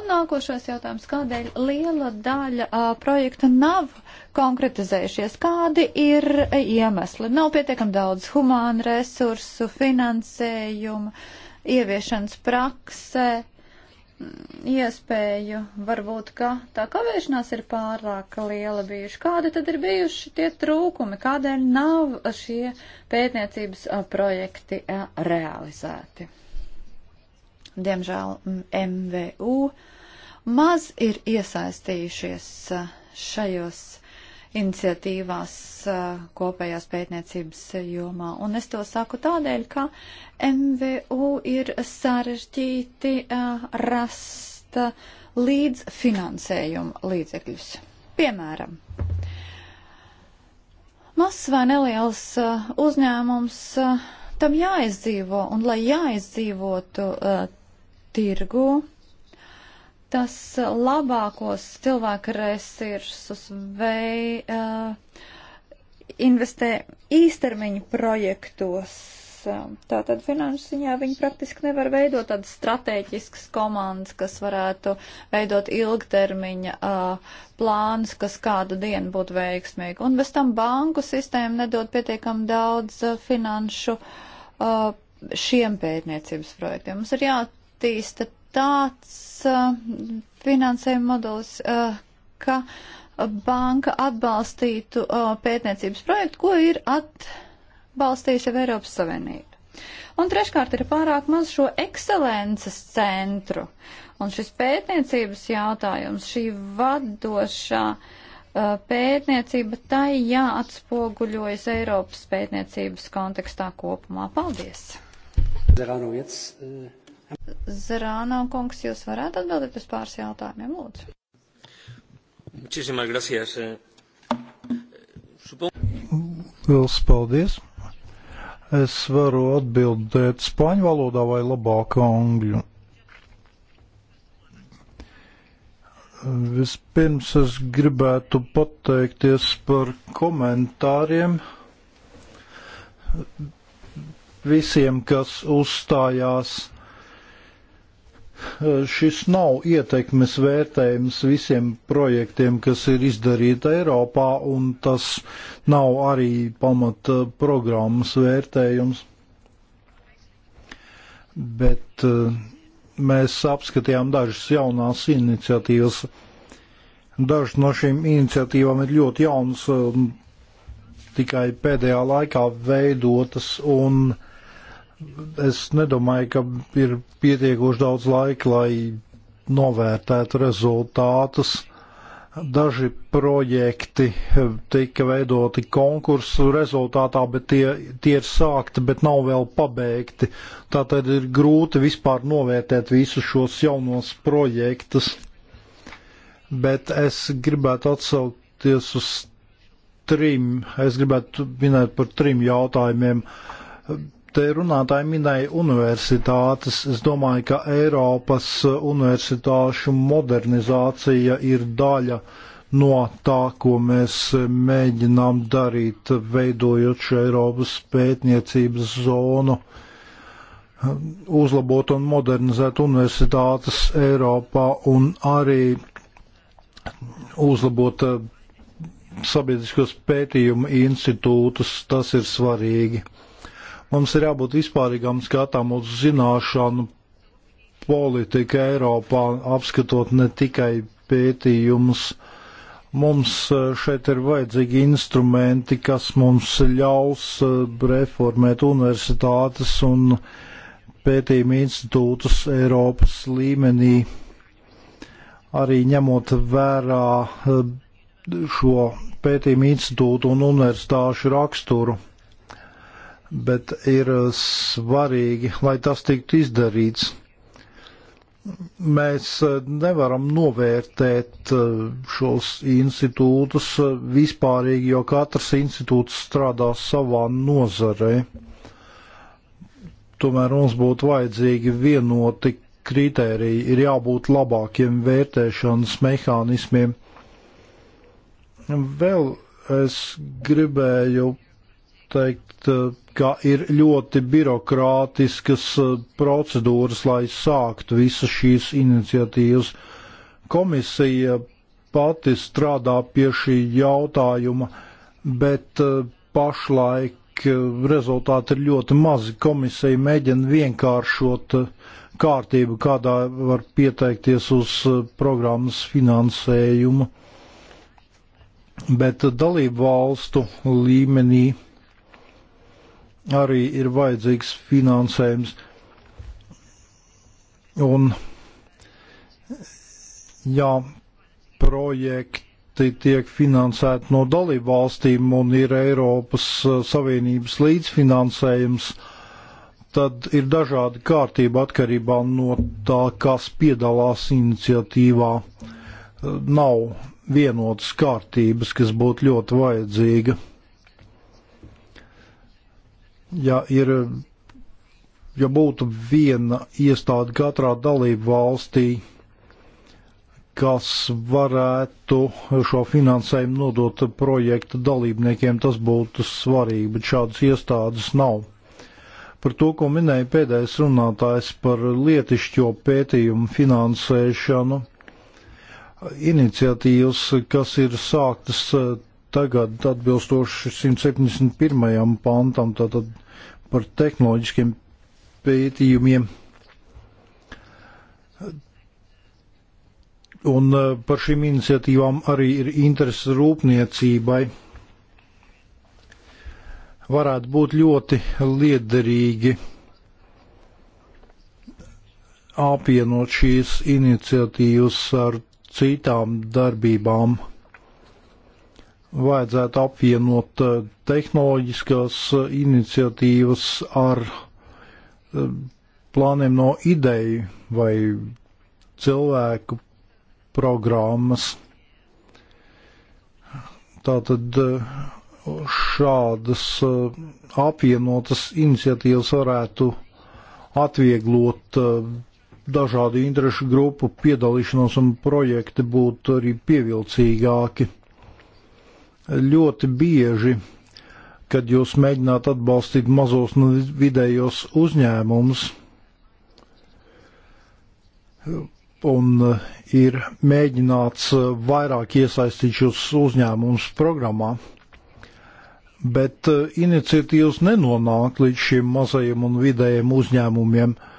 Un nākošais jautājums, kādēļ liela daļa a, eh, projekta nav konkretizējušies? Kādi ir eh, iemesli? Nav pietiekam daudz humānu resursu, finansējumu, ieviešanas praksē. A, iespēju, varbūt, ka tā kavēšanās ir pārāk liela bijuši. Kādi tad ir bijuši tie trūkumi, kādēļ nav šie pētniecības projekti realizēti? Diemžēl MVU maz ir iesaistījušies šajos iniciatīvās eh, kopējās pētniecības jomā. Un es to saku tādēļ, ka MVU ir sarežģīti eh, rast līdz finansējuma līdzekļus. Piemēram, mazs vai neliels eh, uzņēmums tam jāizdzīvo, un lai jāizdzīvotu tirgu, tas labākos cilvēku resursus vai uh, investē īstermiņu projektos. Um, tātad finanšu ziņā viņi praktiski nevar veidot tādas strateģiskas komandas, kas varētu veidot ilgtermiņa uh, plānus, kas kādu dienu būtu veiksmīgi. Un bez tam banku sistēma nedod pietiekam daudz uh, finanšu uh, šiem pētniecības projektiem. Mums ir jātīsta tāds uh, finansējuma modelis, uh, ka banka atbalstītu uh, pētniecības projektu, ko ir atbalstījusi jau Eiropas Savienība. Un treškārt ir pārāk maz šo ekscelences centru. Un šis pētniecības jautājums, šī vadošā uh, pētniecība, tai jāatspoguļojas Eiropas pētniecības kontekstā kopumā. Paldies! Derano, jetzt, uh... Zerāna kungs, jūs varētu atbildēt uz pāris jautājumiem, lūdzu. Muchísimas gracias. Eh. Liels paldies. Es varu atbildēt spāņu valodā vai labāk angļu. Vispirms es gribētu pateikties par komentāriem visiem, kas uzstājās Eh, šis nav ietekmes vērtējums visiem projektiem, kas ir izdarīta Eiropā, un tas nav arī pamata programmas vērtējums. Bet eh, mēs apskatījām dažas jaunās iniciatīvas. Dažas no šīm iniciatīvām ir ļoti jaunas, eh, tikai pēdējā laikā veidotas un uh, es nedomāju, ka ir pietiekoši daudz laika, lai novērtētu rezultātus. Daži projekti tika veidoti konkursu rezultātā, bet tie, tie ir sākti, bet nav vēl pabeigti. Tātad ir grūti vispār novērtēt visus šos jaunos projektus. Bet es gribētu atsaukties uz trim, es gribētu minēt par trim jautājumiem Te runātāji minēja universitātes. Es domāju, ka Eiropas uh, universitāšu modernizācija ir daļa no tā, ko mēs uh, mēģinām darīt, veidojot šo Eiropas pētniecības zonu, um, uzlabot un modernizēt universitātes Eiropā un arī uzlabot uh, sabiedriskos pētījumu institūtus. Tas ir svarīgi Mums ir jābūt vispārīgam skatām uz zināšanu politiku Eiropā, apskatot ne tikai pētījumus. Mums eh, šeit ir vajadzīgi instrumenti, kas mums ļaus eh, reformēt universitātes un pētījuma institūtus Eiropas līmenī, arī ņemot vērā eh, šo pētījuma institūtu un universitāšu raksturu bet ir uh, svarīgi, lai tas tiktu izdarīts. Mēs uh, nevaram novērtēt uh, šos institūtus vispārīgi, jo katrs institūts strādā savā nozarē. Tomēr mums būtu vajadzīgi vienoti kritēriji, ir jābūt labākiem vērtēšanas mehānismiem. Vēl es gribēju teikt, eh, ka ir ļoti birokrātiskas eh, procedūras, lai sāktu visas šīs iniciatīvas. Komisija pati strādā pie šī jautājuma, bet eh, pašlaik rezultāti ir ļoti mazi. Komisija mēģina vienkāršot kārtību, kādā var pieteikties uz programmas finansējumu. Bet dalību valstu līmenī arī ir vajadzīgs finansējums. Un, ja projekti tiek finansēti no dalību valstīm un ir Eiropas uh, Savienības līdzfinansējums, tad ir dažādi kārtība atkarībā no tā, kas piedalās iniciatīvā. Uh, nav vienotas kārtības, kas būtu ļoti vajadzīga ja ir, ja būtu viena iestāde katrā dalību valstī, kas varētu šo finansējumu nodot projekta dalībniekiem, tas būtu svarīgi, bet šādas iestādes nav. Par to, ko minēja pēdējais runātājs par lietišķo pētījumu finansēšanu, iniciatīvas, kas ir sāktas tagad atbilstoši 171. pantam, tātad par tehnoloģiskiem pētījumiem. Un eh, par šīm iniciatīvām arī ir interesi rūpniecībai. Varētu būt ļoti liederīgi apvienot šīs iniciatīvas ar citām darbībām vajadzētu apvienot eh, tehnoloģiskās eh, iniciatīvas ar eh, plāniem no ideju vai cilvēku programmas. Tātad šādas apvienotas iniciatīvas varētu atvieglot dažādu interešu grupu piedalīšanos un projekti būtu arī pievilcīgāki ļoti bieži, kad jūs mēģināt atbalstīt mazos un vidējos uzņēmumus, un eh, ir mēģināts eh, vairāk iesaistīt šos uzņēmumus programmā, bet eh, iniciatīvas nenonāk līdz šiem mazajiem un vidējiem uzņēmumiem. Uh,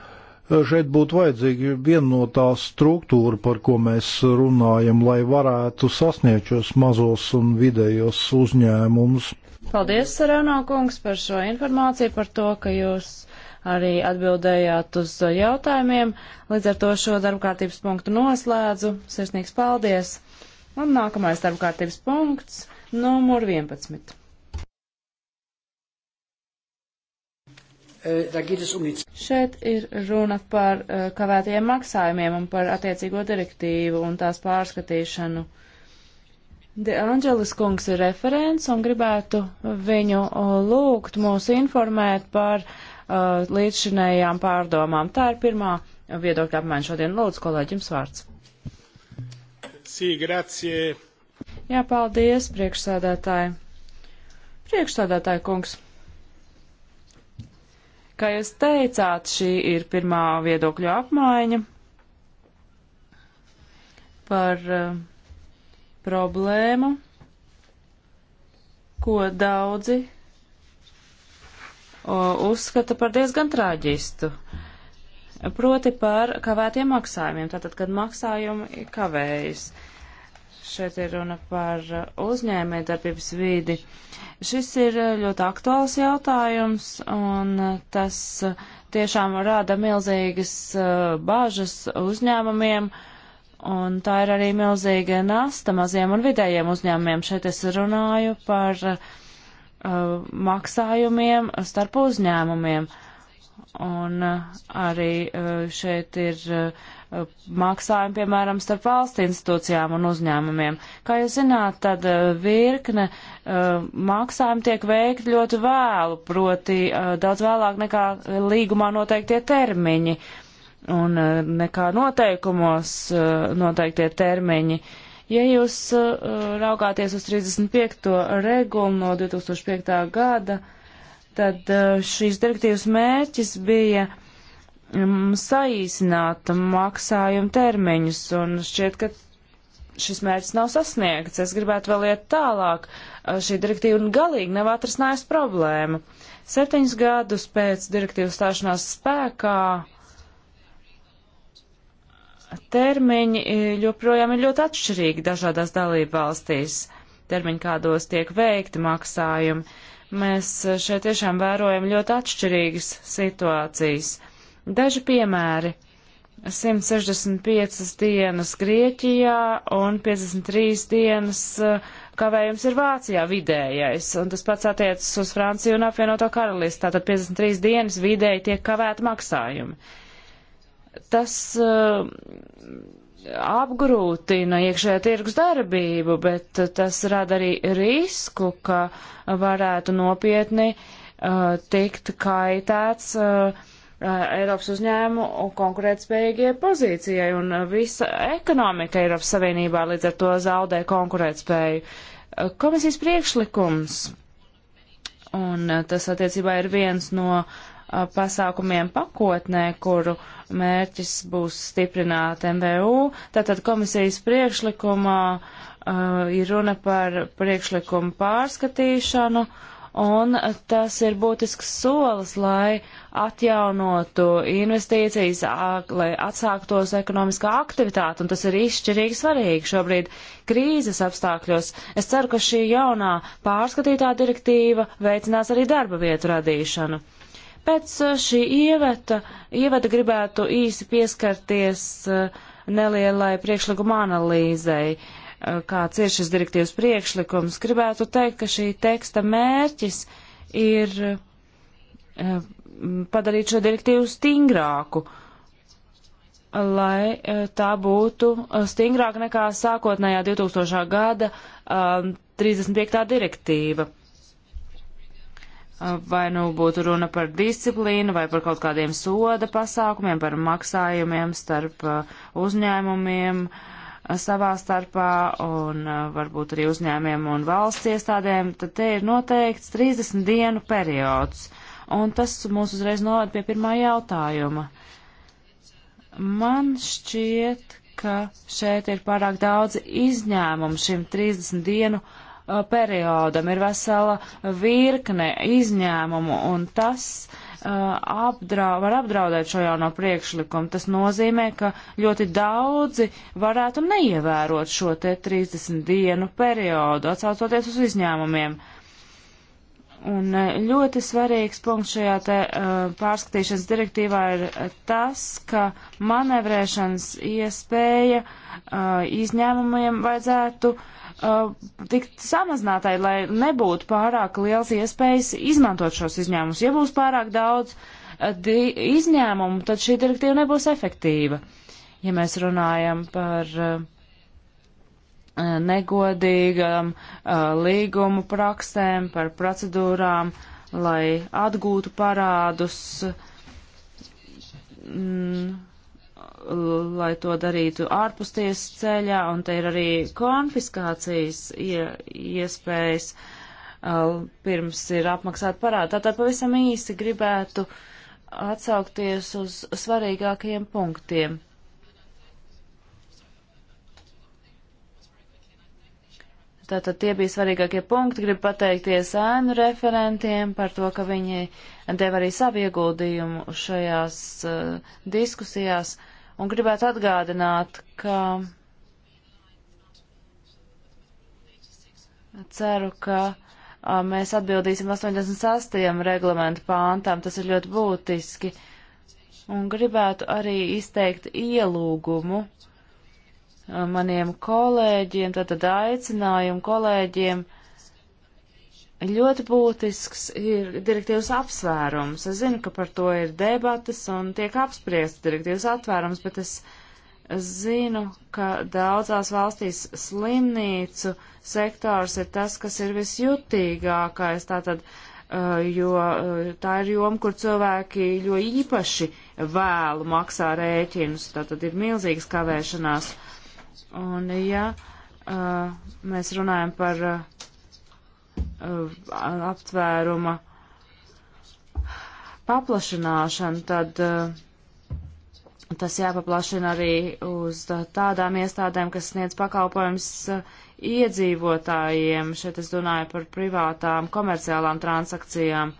šeit būtu vajadzīga viena no tā struktūra, par ko mēs runājam, lai varētu sasniegt šos mazos un vidējos uzņēmumus. Paldies, Sarēnā kungs, par šo informāciju, par to, ka jūs arī atbildējāt uz jautājumiem. Līdz ar to šo darbkārtības punktu noslēdzu. Sirsnīgs paldies! Un nākamais darbkārtības punkts, numur 11. Eh, um Šeit ir runa par eh, kavētajiem maksājumiem un par attiecīgo direktīvu un tās pārskatīšanu. De Angelis kungs ir referents un gribētu viņu eh, lūgt mūs informēt par uh, līdzšinējām pārdomām. Tā ir pirmā viedokļa apmaiņa šodien. Lūdzu, kolēģim svārds. Sī, grazie. Jā, paldies, priekšsādātāji. Priekšsādātāji kungs. Kā jūs teicāt, šī ir pirmā viedokļu apmaiņa par uh, problēmu, ko daudzi uh, uzskata par diezgan traģistu. Proti par kavētiem maksājumiem, tātad, kad maksājumi kavējas. Uh, Šeit ir runa par uh, uzņēmējdarbības vīdi. Šis ir uh, ļoti aktuāls jautājums, un uh, tas tiešām rada milzīgas bāžas uzņēmumiem, un tā ir arī milzīga nasta maziem un vidējiem uzņēmumiem. Šeit es runāju par uh, maksājumiem starp uzņēmumiem. Uh, Un uh, arī uh, šeit ir uh, maksājumi, piemēram, starp valsts institūcijām un uzņēmumiem. Kā jūs zināt, tad virkne maksājumi tiek veikti ļoti vēlu, proti daudz vēlāk nekā līgumā noteiktie termiņi un nekā noteikumos noteiktie termiņi. Ja jūs raugāties uz 35. regulu no 2005. gada, tad uh, šīs direktīvas mērķis bija um, saīsināt maksājumu termiņus, un šķiet, ka šis mērķis nav sasniegts. Es gribētu vēl iet tālāk. Uh, šī direktīva galīgi nav atrisinājusi problēmu. Septiņus gadus pēc direktīvas stāšanās spēkā termiņi eh, joprojām ir ļoti atšķirīgi dažādās dalību valstīs. Termiņi, kādos tiek veikti maksājumi. Uh, Mēs eh, šeit tiešām vērojam ļoti atšķirīgas situācijas. Daži piemēri. 165 dienas Grieķijā un 53 dienas eh, kavējums ir Vācijā vidējais, un tas pats attiecas uz Franciju un apvienoto karalisti, tātad 53 dienas vidēji tiek kavēti maksājumi. Tas uh, apgrūtina iekšējā tirgus darbību, bet tas rada arī risku, ka varētu nopietni uh, tikt kaitēts uh, Eiropas uzņēmumu konkurētspējīgie pozīcijai, un visa ekonomika Eiropas Savienībā līdz ar to zaudē konkurētspēju. Uh, komisijas priekšlikums, un uh, tas attiecībā ir viens no uh, pasākumiem pakotnē, kuru mērķis būs stiprināt MVU. Tātad komisijas priekšlikumā uh, ir runa par priekšlikumu pārskatīšanu, un tas ir būtisks solis, lai atjaunotu investīcijas, lai atsāktos ekonomiskā aktivitāte, un tas ir izšķirīgi svarīgi šobrīd krīzes apstākļos. Es ceru, ka šī jaunā pārskatītā direktīva veicinās arī darba vietu radīšanu. Pēc uh, šī ieveta, ieveta gribētu īsi pieskarties uh, nelielai priekšlikuma analīzei, uh, kāds ir šis direktīvas priekšlikums. Gribētu teikt, ka šī teksta mērķis ir padarīt šo direktīvu stingrāku, lai tā būtu stingrāka nekā sākotnējā 2000. gada 35. Um, direktīva vai nu būtu runa par disciplīnu vai par kaut kādiem soda pasākumiem, par maksājumiem starp uh, uzņēmumiem uh, savā starpā un uh, varbūt arī uzņēmiem un valsts iestādēm, tad te ir noteikts 30 dienu periods. Un tas mūs uzreiz novad pie pirmā jautājuma. Man šķiet, ka šeit ir pārāk daudz izņēmumu šim 30 dienu periodam Uh, periodam. Ir vesela virkne izņēmumu, un tas uh, apdraud, var apdraudēt šo jauno priekšlikumu. Tas nozīmē, ka ļoti daudzi varētu neievērot šo te 30 dienu periodu, atsaucoties uz izņēmumiem. Un uh, ļoti svarīgs punkts šajā te, uh, pārskatīšanas direktīvā ir tas, ka manevrēšanas iespēja uh, izņēmumiem vajadzētu uh, uh, tikt samazinātai, lai nebūtu pārāk liels iespējas izmantot šos izņēmumus. Ja būs pārāk daudz uh, izņēmumu, tad šī direktīva nebūs efektīva. Ja mēs runājam par uh, uh negodīgam uh, līgumu praksēm, par procedūrām, lai atgūtu parādus. Mm, lai to darītu ārpus tiesas ceļā, un te ir arī konfiskācijas ie, iespējas uh, pirms ir apmaksāt parādu. Tātad pavisam īsi gribētu atsaukties uz svarīgākajiem punktiem. Tātad tie bija svarīgākie punkti. Gribu pateikties ēnu referentiem par to, ka viņi deva arī savu ieguldījumu šajās uh, diskusijās. Uh, Un gribētu atgādināt, ka ceru, ka mēs atbildīsim 86. reglamentu pāntām, tas ir ļoti būtiski. Un gribētu arī izteikt ielūgumu maniem kolēģiem, tātad aicinājumu kolēģiem uh, Ļoti būtisks ir direktīvas apsvērums. Es zinu, ka par to ir debatas un tiek apspriests direktīvas apsvērums, bet es zinu, ka daudzās valstīs slimnīcu sektors ir tas, kas ir visjutīgākais, tātad, uh, jo uh, tā ir joma, kur cilvēki ļoti īpaši vēlu maksā rēķinus, tātad ir milzīgas kavēšanās. Un, ja uh, mēs runājam par Uh, aptvēruma paplašināšanu, tad uh, tas jāpaplašina arī uz tādām iestādēm, kas sniedz pakalpojums uh, iedzīvotājiem. Šeit es runāju par privātām komerciālām transakcijām.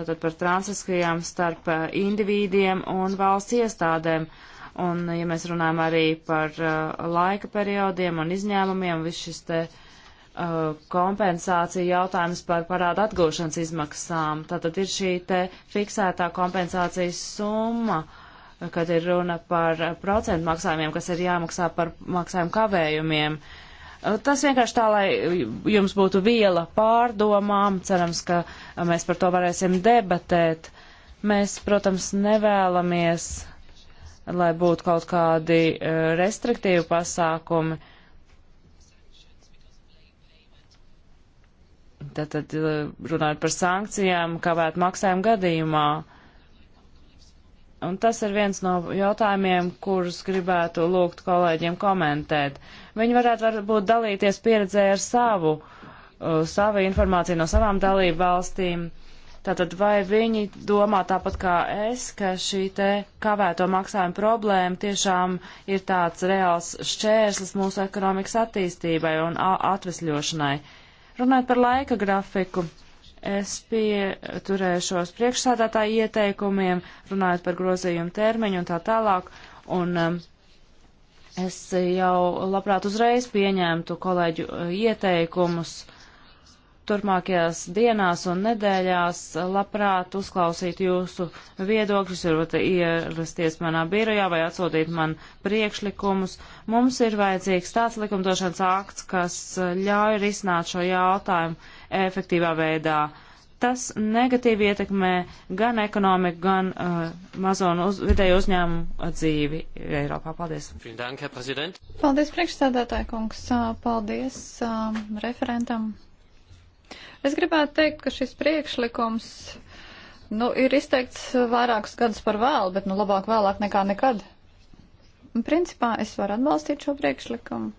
Tātad par transakcijām starp individiem un valsts iestādēm. Un, ja mēs runājam arī par laika periodiem un izņēmumiem, viss šis te uh, Uh, kompensāciju jautājums par parādu atgūšanas izmaksām. Tātad ir šī te fiksētā kompensācijas summa, kad ir runa par procentu maksājumiem, kas ir jāmaksā par maksājumu kavējumiem. Uh, tas vienkārši tā, lai jums būtu viela pārdomām, cerams, ka mēs par to varēsim debatēt. Mēs, protams, nevēlamies, lai būtu kaut kādi uh, restriktīvi pasākumi Tātad eh, runājot par sankcijām, kavēt maksājumu gadījumā. Un tas ir viens no jautājumiem, kurus gribētu lūgt kolēģiem komentēt. Viņi varētu varbūt dalīties pieredzē ar savu, eh, savu informāciju no savām dalību valstīm. Tātad vai viņi domā tāpat kā es, ka šī te kavēto maksājumu problēma tiešām ir tāds reāls šķērslis mūsu ekonomikas attīstībai un atvesļošanai? Runājot par laika grafiku, es pieturēšos priekšsādātāju ieteikumiem, runājot par grozījumu termiņu un tā tālāk. Un, um, es jau labprāt uzreiz pieņemtu kolēģu uh, ieteikumus turpmākajās dienās un nedēļās labprāt uzklausītu jūsu viedokļus, varbūt ierasties manā birojā vai atsūtīt man priekšlikumus. Mums ir vajadzīgs tāds likumdošanas akts, kas ļauj risināt šo jautājumu efektīvā veidā. Tas negatīvi ietekmē gan ekonomiku, gan uh, mazo un uz, vidēju uzņēmumu dzīvi Eiropā. Paldies. Paldies, priekšstādātāja kungs. Paldies uh, referentam Es gribētu teikt, ka šis priekšlikums nu, ir izteikts vairākus gadus par vēlu, bet nu, labāk vēlāk nekā nekad. Principā es varu atbalstīt šo priekšlikumu.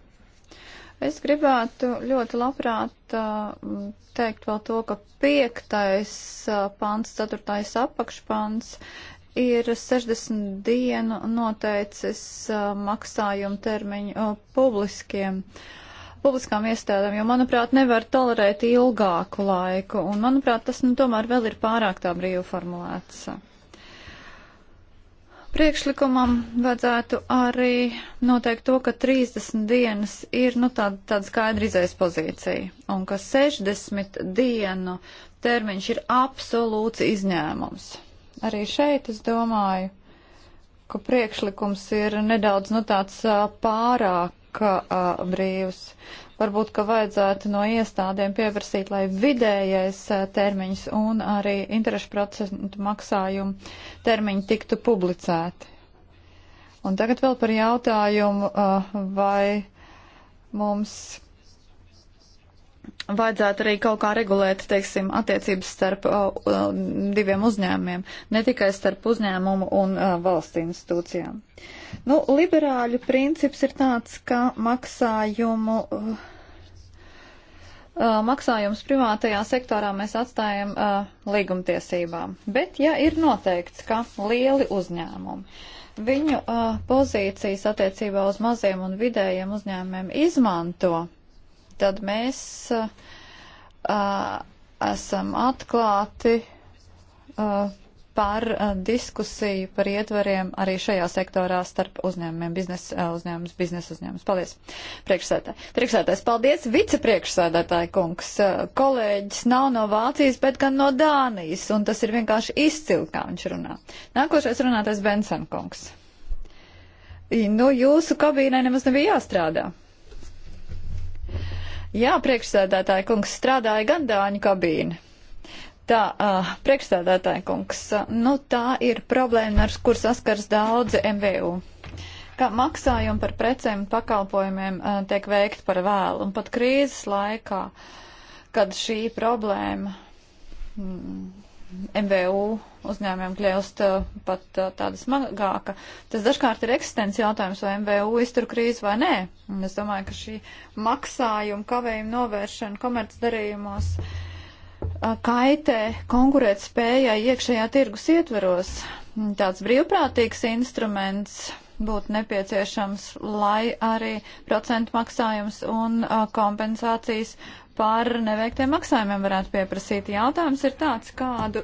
Es gribētu ļoti labprāt uh, teikt vēl to, ka piektais uh, pants, ceturtais apakšpants ir 60 dienu noteicis uh, maksājumu termiņu publiskiem. Uh, publiskām iestādēm, jo, manuprāt, nevar tolerēt ilgāku laiku, un, manuprāt, tas nu, tomēr vēl ir pārāk tā brīvi formulēts. Priekšlikumam vajadzētu arī noteikt to, ka 30 dienas ir nu, tāda, tāda skaidra izējas pozīcija, un ka 60 dienu termiņš ir absolūts izņēmums. Arī šeit es domāju, ka priekšlikums ir nedaudz nu, tāds pārāk uh, brīvs. Varbūt, ka vajadzētu no iestādēm pieprasīt, lai vidējais uh, termiņš un arī interešu procentu maksājumu termiņi tiktu publicēti. Un tagad vēl par jautājumu, uh, vai mums vajadzētu arī kaut kā regulēt, teiksim, attiecības starp uh, uh, diviem uzņēmumiem, ne tikai starp uzņēmumu un uh, valsts institūcijām. Nu, liberāļu princips ir tāds, ka maksājumu. Uh, uh, Maksājums privātajā sektorā mēs atstājam uh, līgumtiesībām, bet ja ir noteikts, ka lieli uzņēmumi viņu uh, pozīcijas attiecībā uz maziem un vidējiem uzņēmumiem izmanto uh, tad mēs uh, uh, esam atklāti uh, par uh, diskusiju par ietvariem arī šajā sektorā starp uzņēmumiem, biznesa uh, uzņēmums, biznesa uzņēmums. Paldies, priekšsēdētāji. Priekšsēdētājs, paldies, vicepriekšsēdētāji kungs. Uh, kolēģis nav no Vācijas, bet gan no Dānijas, un tas ir vienkārši izcili, kā viņš runā. Nākošais runātais Bensen kungs. Nu, jūsu kabīnē nemaz nebija jāstrādā. Jā, priekšsēdētāja kungs strādāja gan dāņu kabīne. Tā, uh, ah, priekšstādātāja kungs, nu tā ir problēma, ar kur saskars daudzi MVU. Kā maksājumi par precēm un pakalpojumiem uh, tiek veikti par vēlu, un pat krīzes laikā, kad šī problēma mm, MVU uzņēmumiem kļūst uh, pat uh, tāda smagāka. Tas dažkārt ir eksistenci jautājums, vai MVU iztur krīzi vai nē. Un es domāju, ka šī maksājuma kavējuma novēršana komercdarījumos uh, kaitē konkurēt spējai iekšējā tirgus ietveros. Tāds brīvprātīgs instruments būtu nepieciešams, lai arī procentu maksājums un kompensācijas par neveiktiem maksājumiem varētu pieprasīt. Jautājums ir tāds, kādu,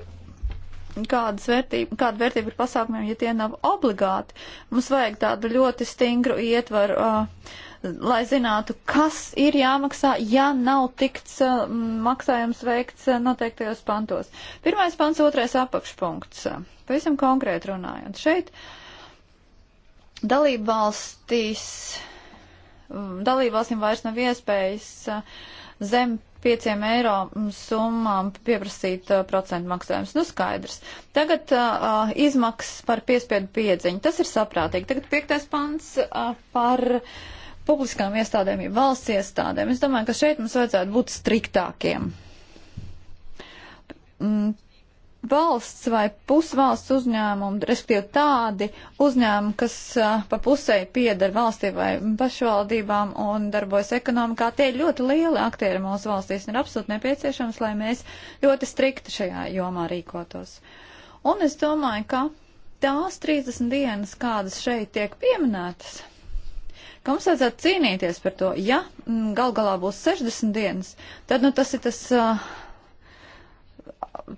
kādas vērtība, kāda vērtība ir pasākumiem, ja tie nav obligāti. Mums vajag tādu ļoti stingru ietvaru, uh, lai zinātu, kas ir jāmaksā, ja nav tikts uh, maksājums veikts uh, noteiktajos pantos. Pirmais pants, otrais apakšpunkts. Pavisam konkrēti runājot. Šeit dalībvalstīs, mm, dalībvalstīm vairs nav iespējas. Uh, zem 5 eiro summām pieprasīt uh, procentu maksājumus. Nu, skaidrs. Tagad uh, uh izmaksas par piespiedu piedziņu. Tas ir saprātīgi. Tagad 5. pants uh, par publiskām iestādēm, ja valsts iestādēm. Es domāju, ka šeit mums vajadzētu būt striktākiem. Mm valsts vai pusvalsts uzņēmumi, respektīvi tādi uzņēmumi, kas uh, pa pusēji pieder valstī vai pašvaldībām un darbojas ekonomikā, tie ir ļoti lieli aktieri mūsu valstīs un ir absolūti nepieciešams, lai mēs ļoti strikti šajā jomā rīkotos. Un es domāju, ka tās 30 dienas, kādas šeit tiek pieminētas, ka mums vajadzētu cīnīties par to. Ja mm, gal galā būs 60 dienas, tad nu, tas ir tas. Uh,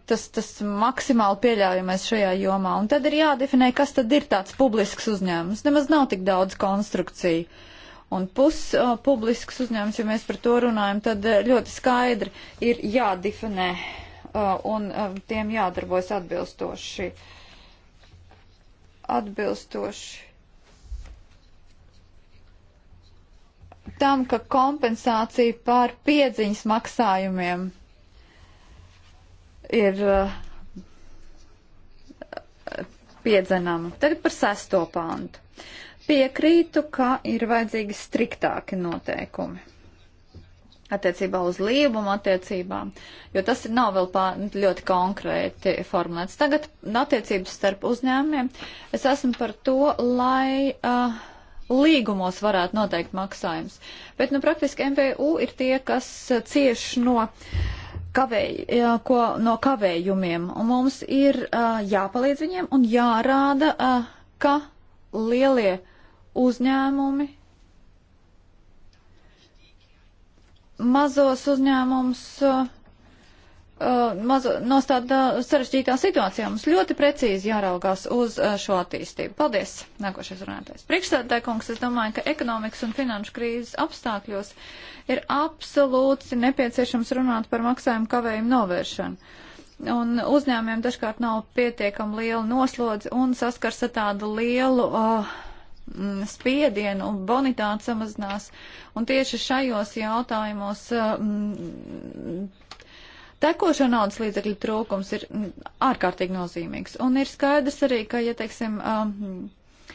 tas, tas maksimāli pieļaujamais šajā jomā. Un tad ir jādefinē, kas tad ir tāds publisks uzņēmums. Nemaz nav tik daudz konstrukciju. Un puspublisks uh, uzņēmums, ja mēs par to runājam, tad uh, ļoti skaidri ir jādefinē uh, un uh, tiem jādarbojas atbilstoši. Atbilstoši. Tam, ka kompensācija par piedziņas maksājumiem ir uh, piedzenama. Tagad par sesto pāntu. Piekrītu, ka ir vajadzīgi striktāki noteikumi attiecībā uz līgumu attiecībām, jo tas nav vēl pā, ļoti konkrēti formulēts. Tagad attiecības starp uzņēmumiem. Es esmu par to, lai uh, līgumos varētu noteikt maksājums. Bet, nu, praktiski MVU ir tie, kas cieš no uh, kavēj, ko, no kavējumiem. Un mums ir uh, jāpalīdz viņiem un jārāda, uh, ka lielie uzņēmumi mazos uzņēmumus uh, Uh, maz, nostāda uh, sarežģītā situācijā. Mums ļoti precīzi jāraugās uz uh, šo attīstību. Paldies, nākošais runātais. Priekšstādātāj kungs, es domāju, ka ekonomikas un finanšu krīzes apstākļos ir absolūti nepieciešams runāt par maksājumu kavējumu novēršanu. Un uzņēmiem dažkārt nav pietiekam liela noslodze un saskars ar tādu lielu. Uh, mm, spiedienu un bonitāte samazinās. Un tieši šajos jautājumos m, mm, Tekošo naudas līdzekļu trūkums ir mm, ārkārtīgi nozīmīgs. Un ir skaidrs arī, ka, ja teiksim, um,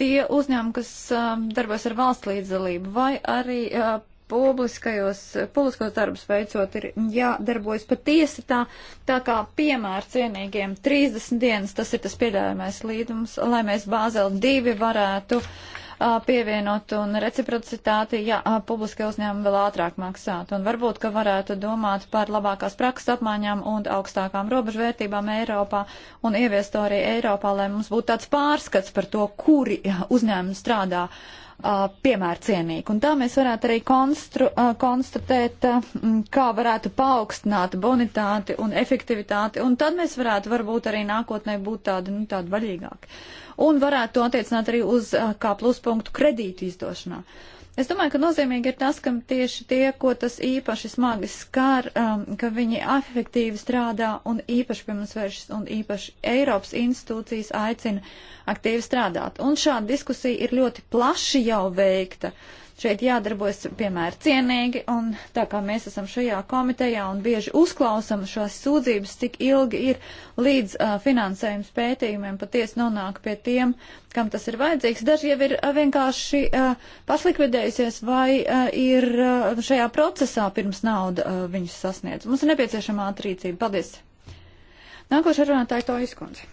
tie uzņēmumi, kas um, darbojas ar valsts līdzdalību vai arī uh, publiskajos, publiskos darbus veicot, ir jādarbojas patiesi tā, tā kā piemēra cienīgiem 30 dienas, tas ir tas piedāvājumais līdums, lai mēs Bāzeli 2 varētu uh, pievienot un reciprocitāti, ja publiskie uzņēmumi vēl ātrāk maksātu. Un varbūt, ka varētu domāt par labākās prakses apmaiņām un augstākām robežvērtībām Eiropā un ieviest to arī Eiropā, lai mums būtu tāds pārskats par to, kuri uzņēmumi strādā uh, piemērcienīgi. Un tā mēs varētu arī konstru, konstatēt, kā varētu paaugstināt bonitāti un efektivitāti, un tad mēs varētu varbūt arī nākotnē būt tādi, nu, tādi vaļīgāki. Un varētu to attiecināt arī uz kā pluspunktu kredītu izdošanā. Uh, Es domāju, ka nozīmīgi ir tas, ka tieši tie, ko tas īpaši smagi skar, um, ka viņi efektīvi strādā un īpaši pie mums vēršas un īpaši Eiropas institūcijas aicina aktīvi strādāt. Un šāda diskusija ir ļoti plaši jau veikta. Uh, Šeit jādarbojas, piemēram, cienīgi, un tā kā mēs esam šajā komitejā un bieži uzklausam šās sūdzības, cik ilgi ir līdz uh, finansējums pētījumiem patiesi nonāk pie tiem, kam tas ir vajadzīgs. Daži jau ir uh, vienkārši uh, pašlikvidējusies vai uh, ir uh, šajā procesā pirms nauda uh, viņus sasniedz. Mums ir nepieciešama ātrīcība. Paldies! Nākošais runātājs to izkundze.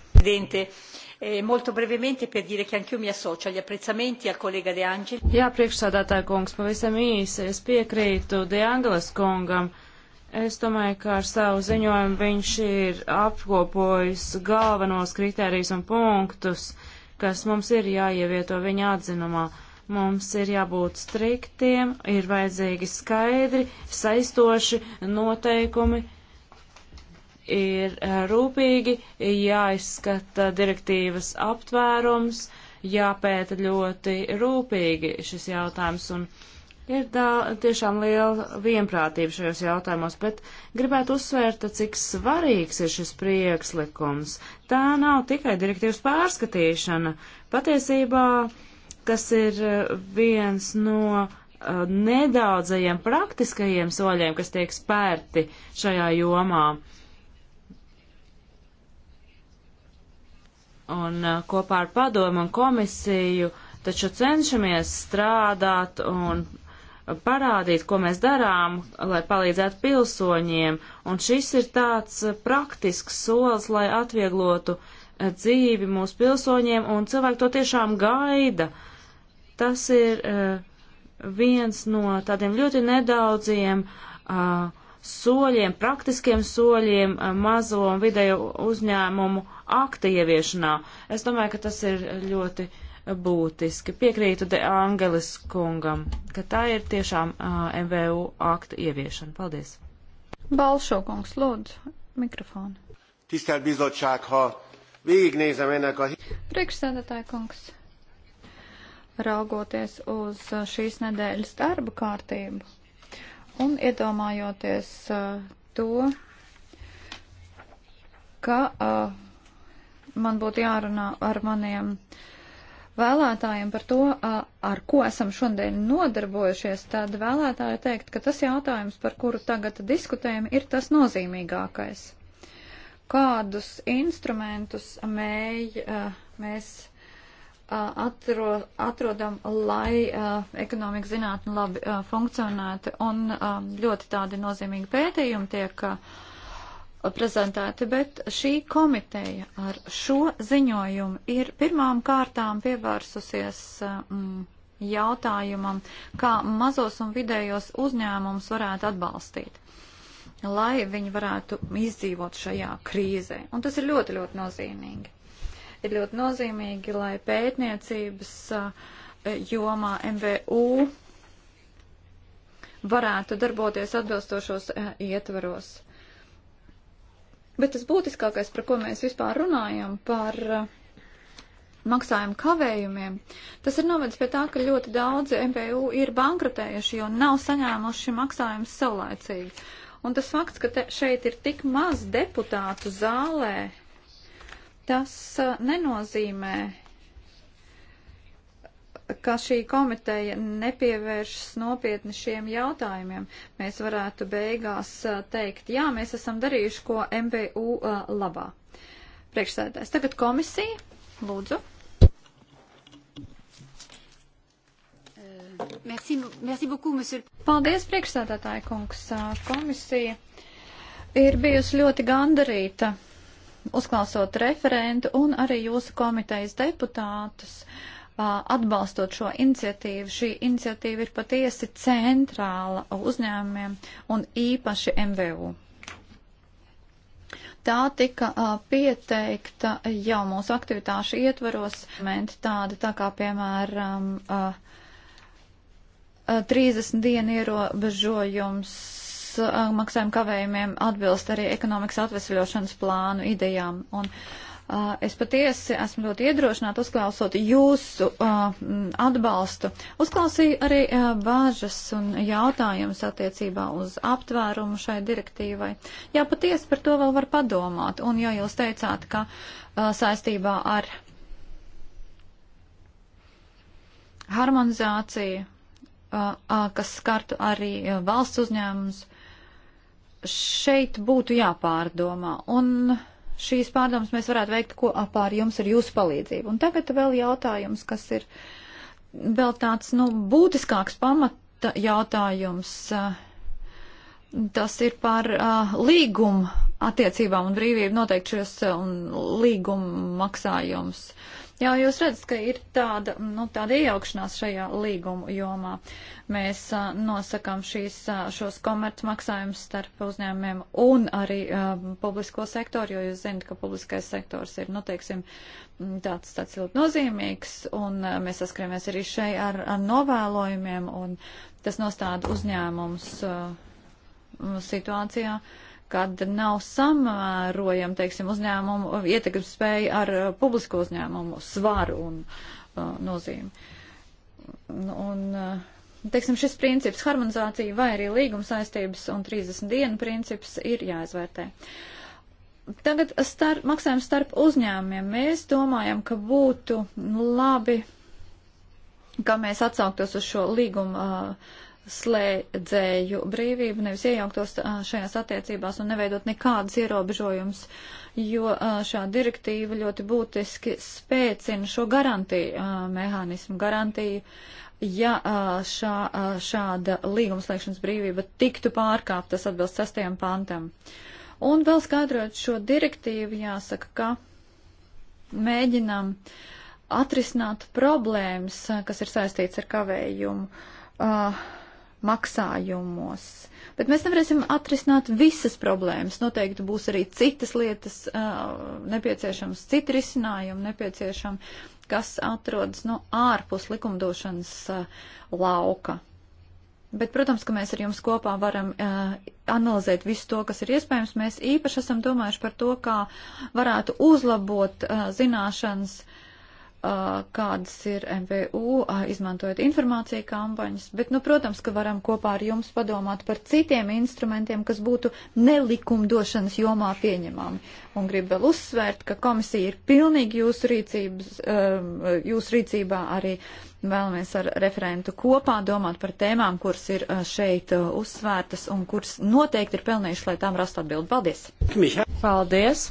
E molto brevemente per dire che anch'io mi associo agli apprezzamenti al collega De Angelis. Jā, priekšsādātāja kungs, pavisam īsi, es piekrītu De Angelis kungam. Es domāju, ka ar savu ziņojumu viņš ir apkopojis galvenos kritērijus un punktus, kas mums ir jāievieto viņa atzinumā. Mums ir jābūt striktiem, ir vajadzīgi skaidri, saistoši noteikumi ir eh, rūpīgi jāizskata direktīvas aptvērums, jāpēta ļoti rūpīgi šis jautājums. Un ir tā, tiešām liela vienprātība šajos jautājumos, bet gribētu uzsvērt, cik svarīgs ir šis priekšlikums. Tā nav tikai direktīvas pārskatīšana. Patiesībā tas ir eh, viens no eh, nedaudzajiem praktiskajiem soļiem, kas tiek spērti šajā jomā. Uh, Un kopā ar padomu un komisiju taču cenšamies strādāt un parādīt, ko mēs darām, lai palīdzētu pilsoņiem. Un šis ir tāds praktisks solis, lai atvieglotu dzīvi mūsu pilsoņiem, un cilvēki to tiešām gaida. Tas ir uh, viens no tādiem ļoti nedaudziem uh, soļiem, praktiskiem soļiem eh, mazo un vidējo uzņēmumu akta ieviešanā. Es domāju, ka tas ir ļoti eh, būtiski. Piekrītu De Angelis kungam, ka tā ir tiešām uh, eh, MVU akta ieviešana. Paldies. Balšo kungs, lūdzu, mikrofonu. Tisztelt bizottság, ha végignézem ennek a... Priekšsēdētāja kungs, raugoties uz šīs nedēļas darba kārtību, Un iedomājoties uh, to, ka uh, man būtu jārunā ar maniem vēlētājiem par to, uh, ar ko esam šodien nodarbojušies, tad vēlētāji teikt, ka tas jautājums, par kuru tagad diskutējam, ir tas nozīmīgākais. Kādus instrumentus mēj, uh, mēs atro, atrodam, lai uh, ekonomika zinātne labi uh, funkcionētu. Un um, ļoti tādi nozīmīgi pētījumi tiek uh, prezentēti, bet šī komiteja ar šo ziņojumu ir pirmām kārtām pievērsusies mm, jautājumam, kā mazos un vidējos uzņēmumus varētu atbalstīt lai viņi varētu izdzīvot šajā krīzē. Un tas ir ļoti, ļoti nozīmīgi ir ļoti nozīmīgi, lai pētniecības e, jomā MVU varētu darboties atbilstošos e, ietvaros. Bet tas būtiskākais, par ko mēs vispār runājam, par maksājumu kavējumiem, tas ir novedis pie tā, ka ļoti daudzi MPU ir bankrotējuši, jo nav saņēmuši maksājumus saulēcīgi. Un tas fakts, ka te, šeit ir tik maz deputātu zālē, Tas uh, nenozīmē, ka šī komiteja nepievēršas nopietni šiem jautājumiem. Mēs varētu beigās uh, teikt, jā, mēs esam darījuši ko MBU uh, labā. Priekšsēdētājs. Tagad komisija. Lūdzu. Merci, merci beaucoup, monsieur. Paldies, priekšsēdētāja kungs. Komisija ir bijusi ļoti gandarīta uzklausot referentu un arī jūsu komitejas deputātus, atbalstot šo iniciatīvu. Šī iniciatīva ir patiesi centrāla uzņēmumiem un īpaši MVU. Tā tika pieteikta jau mūsu aktivitāšu ietvaros, tāda tā kā piemēram 30 dienu ierobežojums uh, maksājuma kavējumiem atbilst arī ekonomikas atvesļošanas plānu idejām. Un, uh, Es patiesi esmu ļoti iedrošināta uzklausot jūsu uh, atbalstu. Uzklausīju arī uh, bāžas un jautājumus attiecībā uz aptvērumu šai direktīvai. Jā, patiesi par to vēl var padomāt. Un jau jūs teicāt, ka uh, saistībā ar harmonizāciju uh, uh, kas skartu arī uh, valsts uzņēmums šeit būtu jāpārdomā. Un šīs pārdomas mēs varētu veikt kopā ar jums, ar jūsu palīdzību. Un tagad vēl jautājums, kas ir vēl tāds, nu, būtiskāks pamata jautājums. Tas ir par uh, līgumu attiecībām un brīvību noteikšos un līgumu maksājums. Uh, Jā, jūs redzat, ka ir tāda, nu, tāda iejaukšanās šajā līgumu jomā. Mēs a, nosakām šīs, a, šos komercmaksājumus starp uzņēmumiem un arī a, publisko sektoru, jo jūs zinat, ka publiskais sektors ir, nu, teiksim, tāds, tāds ļoti nozīmīgs, un a, mēs saskaramies arī šeit ar, ar novēlojumiem, un tas nostāda uzņēmums a, situācijā. A, kad nav samērojama, teiksim, uzņēmumu ietekmes spēja ar uh, publisko uzņēmumu svaru un uh, nozīmi. Un, nu, un uh, teiksim, šis princips harmonizācija vai arī līguma saistības un 30 dienu princips ir jāizvērtē. Tagad starp, maksājums starp uzņēmumiem. Mēs domājam, ka būtu labi, ka mēs atsauktos uz šo līgumu uh, slēdzēju brīvību, nevis iejauktos šajās attiecībās un neveidot nekādas ierobežojumus, jo šā direktīva ļoti būtiski spēcina šo garantiju mehānismu, garantiju, ja šā, šāda līgumslēgšanas brīvība tiktu pārkāpta, tas atbilst sastajam pantam. Un vēl skaidrot šo direktīvu, jāsaka, ka mēģinam atrisināt problēmas, kas ir saistīts ar kavējumu. Uh, maksājumos. Bet mēs nevarēsim atrisināt visas problēmas. Noteikti būs arī citas lietas uh, nepieciešams, citi risinājumi nepieciešami, kas atrodas no nu, ārpus likumdošanas uh, lauka. Bet, protams, ka mēs ar jums kopā varam uh, analizēt visu to, kas ir iespējams. Mēs īpaši esam domājuši par to, kā varētu uzlabot uh, zināšanas uh, kādas ir MVU, izmantojot informāciju kampaņas, bet, nu, protams, ka varam kopā ar jums padomāt par citiem instrumentiem, kas būtu nelikumdošanas jomā pieņemami. Un gribu vēl uzsvērt, ka komisija ir pilnīgi jūsu, rīcības, jūsu rīcībā arī vēlamies ar referentu kopā domāt par tēmām, kuras ir šeit uzsvērtas un kuras noteikti ir pelnījuši, lai tām rastu atbildi. Paldies! Paldies!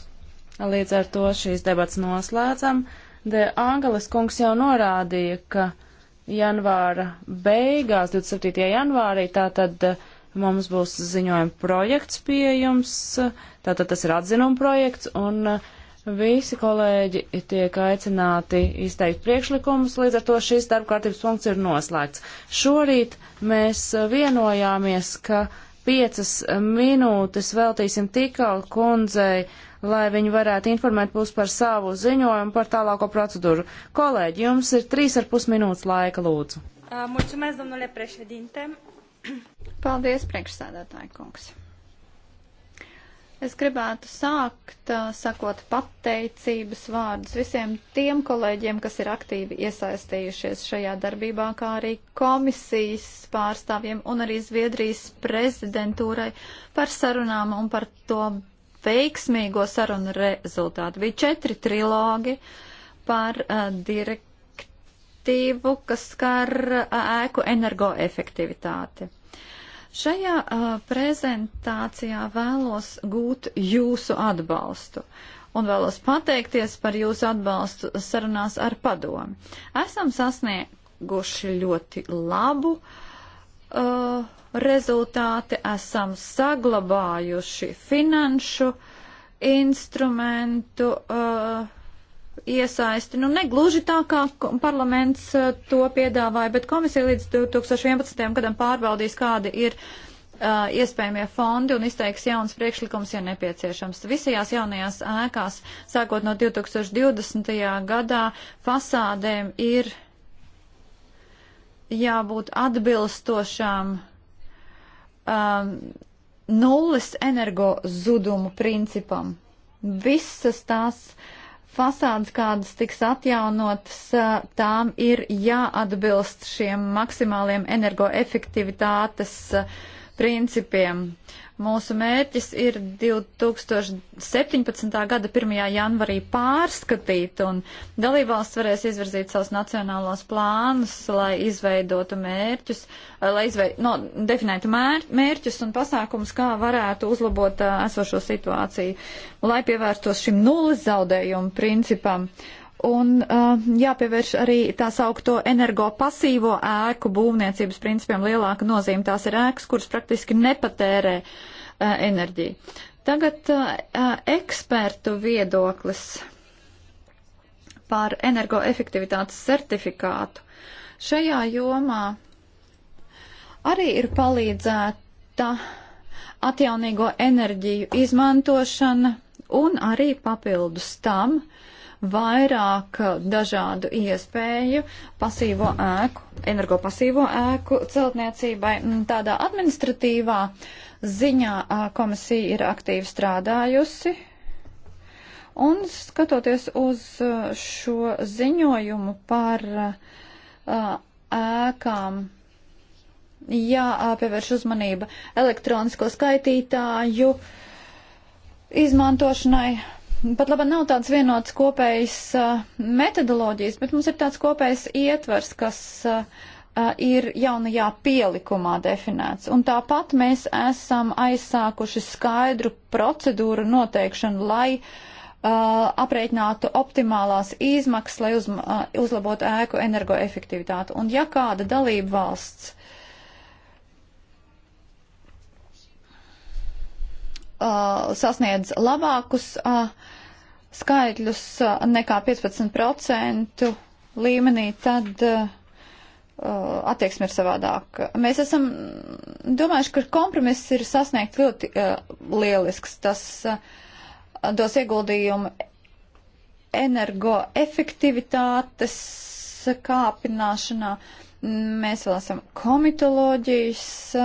Līdz ar to šīs debats noslēdzam. De Angeles kungs jau norādīja, ka janvāra beigās, 27. janvārī, tātad eh, mums būs ziņojuma projekts pieejams, eh, tātad tas ir atzinuma projekts, un eh, visi kolēģi tiek aicināti izteikt priekšlikumus, līdz ar to šīs darba kārtības punkts ir noslēgts. Šorīt mēs vienojāmies, ka piecas minūtes veltīsim tikau kundzei, lai viņi varētu informēt būs par savu ziņojumu par tālāko procedūru. Kolēģi, jums ir trīs ar pus minūtes laika, lūdzu. Uh, mulțumesc, domnule președinte. Paldies, priekšsēdētāji kungs. Es gribētu sākt, uh, sakot pateicības vārdus visiem tiem kolēģiem, kas ir aktīvi iesaistījušies šajā darbībā, kā arī komisijas pārstāvjiem un arī Zviedrijas prezidentūrai par sarunām un par to veiksmīgo sarunu rezultātu. Bija četri trilogi par uh, direktīvu, kas skar uh, ēku energoefektivitāti. Šajā uh, prezentācijā vēlos gūt jūsu atbalstu un vēlos pateikties par jūsu atbalstu sarunās ar padomu. Esam sasnieguši ļoti labu uh, rezultāti esam saglabājuši finanšu instrumentu uh, iesaisti. Nu, negluži tā, kā parlaments uh, to piedāvāja, bet komisija līdz 2011. gadam pārbaudīs, kādi ir uh, iespējamie fondi un izteiks jauns priekšlikums, ja nepieciešams. Visajās jaunajās ēkās, sākot no 2020. gadā, fasādēm ir jābūt atbilstošām uh, um, nulles energo zudumu principam. Visas tās fasādes, kādas tiks atjaunotas, uh, tām ir jāatbilst šiem maksimāliem energoefektivitātes uh, principiem. Uh, Mūsu mērķis ir 2017. gada 1. janvarī pārskatīt, un dalībvalsts varēs izvirzīt savus nacionālos plānus, lai izveidotu mērķus, lai izveid, no, definētu mēr, mērķus un pasākums, kā varētu uzlabot uh, esošo situāciju, lai pievērstos šim nulles zaudējumu principam. Uh, un uh, jāpievērš arī tā saukto energopasīvo ēku būvniecības principiem lielāka nozīme. Tās ir ēkas, kuras praktiski nepatērē uh, enerģiju. Tagad uh, uh ekspertu viedoklis par energoefektivitātes certifikātu. Šajā jomā arī ir palīdzēta atjaunīgo enerģiju izmantošana un arī papildus tam uh, vairāk dažādu iespēju pasīvo ēku, energopasīvo ēku celtniecībai. Mm, Tādā administratīvā ziņā komisija ir aktīvi strādājusi. Un skatoties uz šo ziņojumu par ēkām, jāpievērš uzmanība elektronisko skaitītāju izmantošanai pat labi nav tāds vienots kopējs metodoloģijas, bet mums ir tāds kopējs ietvers, kas ir jaunajā pielikumā definēts. Un tāpat mēs esam aizsākuši skaidru procedūru noteikšanu, lai uh, aprēķinātu optimālās izmaksas, lai uz, uh, uzlabotu ēku energoefektivitāti. Un ja kāda dalība valsts uh, uh, sasniedz labākus uh, skaitļus uh, nekā 15% līmenī, tad uh, attieksme ir savādāk. Mēs esam domājuši, ka kompromiss ir sasniegt ļoti uh, lielisks. Tas uh, dos ieguldījumu energoefektivitātes kāpināšanā. Mēs vēl esam komitoloģijas. Uh,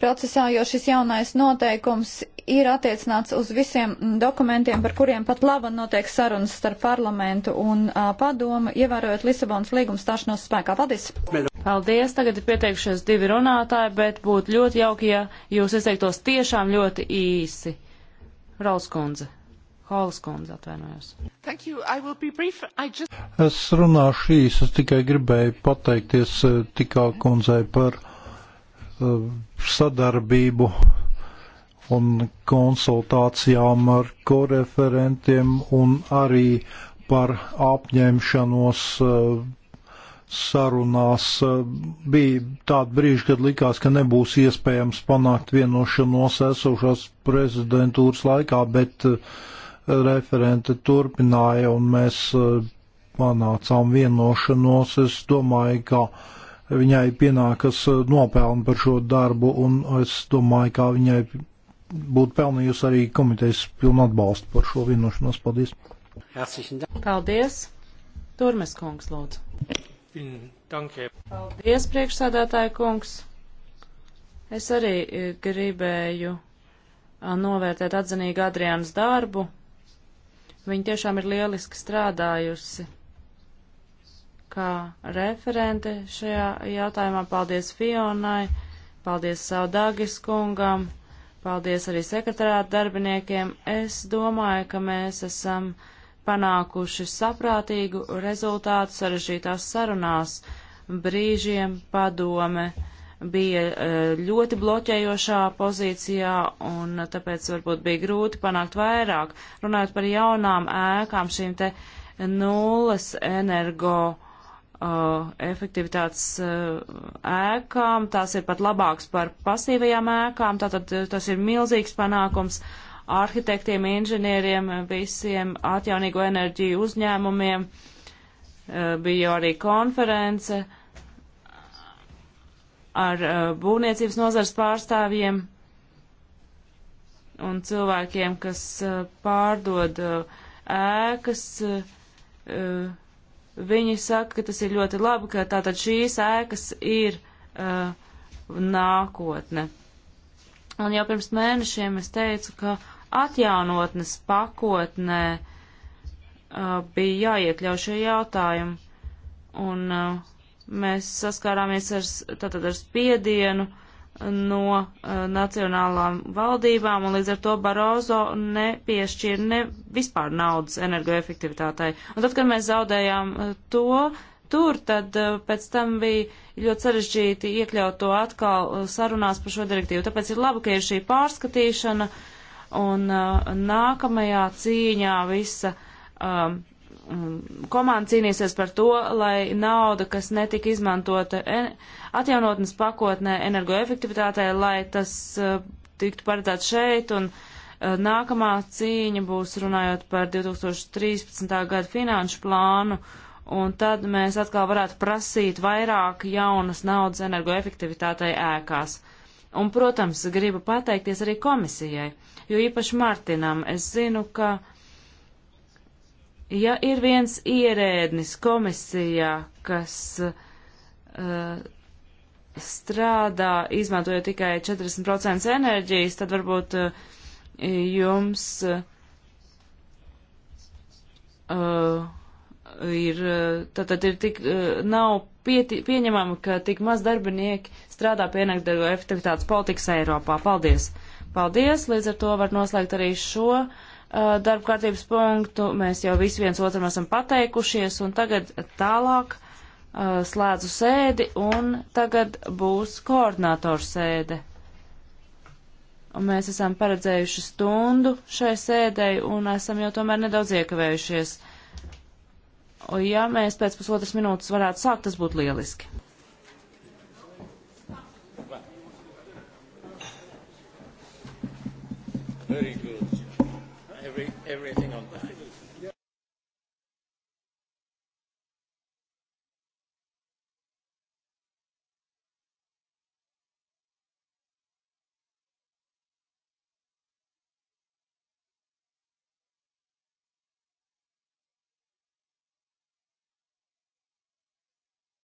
procesā, jo šis jaunais noteikums ir attiecināts uz visiem dokumentiem, par kuriem pat laba notiek sarunas starp parlamentu un uh, padomu, ievērojot Lisabonas līgumu stāšanos spēkā. Paldies! Paldies! Tagad ir pieteikušies divi runātāji, bet būtu ļoti jauki, ja jūs izteiktos tiešām ļoti īsi. Rauskundze. Holas kundze atvainojos. Just... Es runāšu īsi, es tikai gribēju pateikties tikā kundzei par Uh, sadarbību un konsultācijām ar koreferentiem un arī par apņemšanos uh, sarunās. Uh, bija tādi brīži, kad likās, ka nebūs iespējams panākt vienošanos esošās prezidentūras laikā, bet referente turpināja un mēs panācām vienošanos. Es domāju, ka viņai pienākas uh, nopelni par šo darbu, un es domāju, kā viņai būtu pelnījusi arī komitejas pilnu atbalstu par šo vienošanos. Paldies! Paldies! Turmes kungs, lūdzu. Paldies, priekšsādātāja kungs. Es arī eh, gribēju eh, novērtēt atzinīgi Adriānas darbu. Viņa tiešām ir lieliski strādājusi kā referente šajā jautājumā. Paldies Fionai, paldies Saudāgis kungam, paldies arī sekretārāta darbiniekiem. Es domāju, ka mēs esam panākuši saprātīgu rezultātu sarežģītās sarunās. Brīžiem padome bija eh, ļoti bloķējošā pozīcijā, un tāpēc varbūt bija grūti panākt vairāk. Runājot par jaunām ēkām, šīm te nulles energo uh, uh, efektivitātes uh, ēkām, tās ir pat labāks par pasīvajām ēkām, tātad uh, tas ir milzīgs panākums arhitektiem, inženieriem, uh, visiem atjaunīgo enerģiju uzņēmumiem, uh, bija arī konference ar uh, būvniecības nozars pārstāvjiem un cilvēkiem, kas uh, pārdod uh, ēkas. Uh, uh, Viņi saka, ka tas ir ļoti labi, ka tātad šīs ēkas ir uh, nākotne. Un jau pirms mēnešiem es teicu, ka atjaunotnes pakotnē uh, bija jāiekļauj šie jautājumi. Un uh, mēs saskārāmies ar, tātad ar spiedienu uh, no uh, nacionālām valdībām, un līdz ar to Barozo nepiešķīra ne vispār naudas energoefektivitātei. Un tad, kad mēs zaudējām uh, to tur, tad uh, pēc tam bija ļoti sarežģīti iekļaut to atkal uh, sarunās par šo direktīvu. Tāpēc ir labi, ka ir šī pārskatīšana, un uh, nākamajā cīņā visa. Um, Mm, komanda cīnīsies par to, lai nauda, kas netika izmantota atjaunotnes pakotnē energoefektivitātē, lai tas e, tiktu paredzēts šeit, un e, nākamā cīņa būs runājot par 2013. gada finanšu plānu, un tad mēs atkal varētu prasīt vairāk jaunas naudas energoefektivitātei ēkās. Un, protams, gribu pateikties arī komisijai, jo īpaši Martinam es zinu, ka uh, ja ir viens ierēdnis komisijā, kas uh, strādā, izmantojot tikai 40% enerģijas, tad varbūt uh, jums uh, ir, tātad ir tik, uh, nav pieti, pieņemama, ka tik maz darbinieki strādā pie energo efektivitātes politikas Eiropā. Paldies! Paldies! Līdz ar to var noslēgt arī šo. Uh, Uh, darba kārtības punktu. Mēs jau visi viens otram esam pateikušies, un tagad tālāk uh, slēdzu sēdi, un tagad būs koordinātors sēde. Un mēs esam paredzējuši stundu šai sēdei, un esam jau tomēr nedaudz iekavējušies. Un, ja mēs pēc pusotras minūtes varētu sākt, tas būtu lieliski. Very good everything.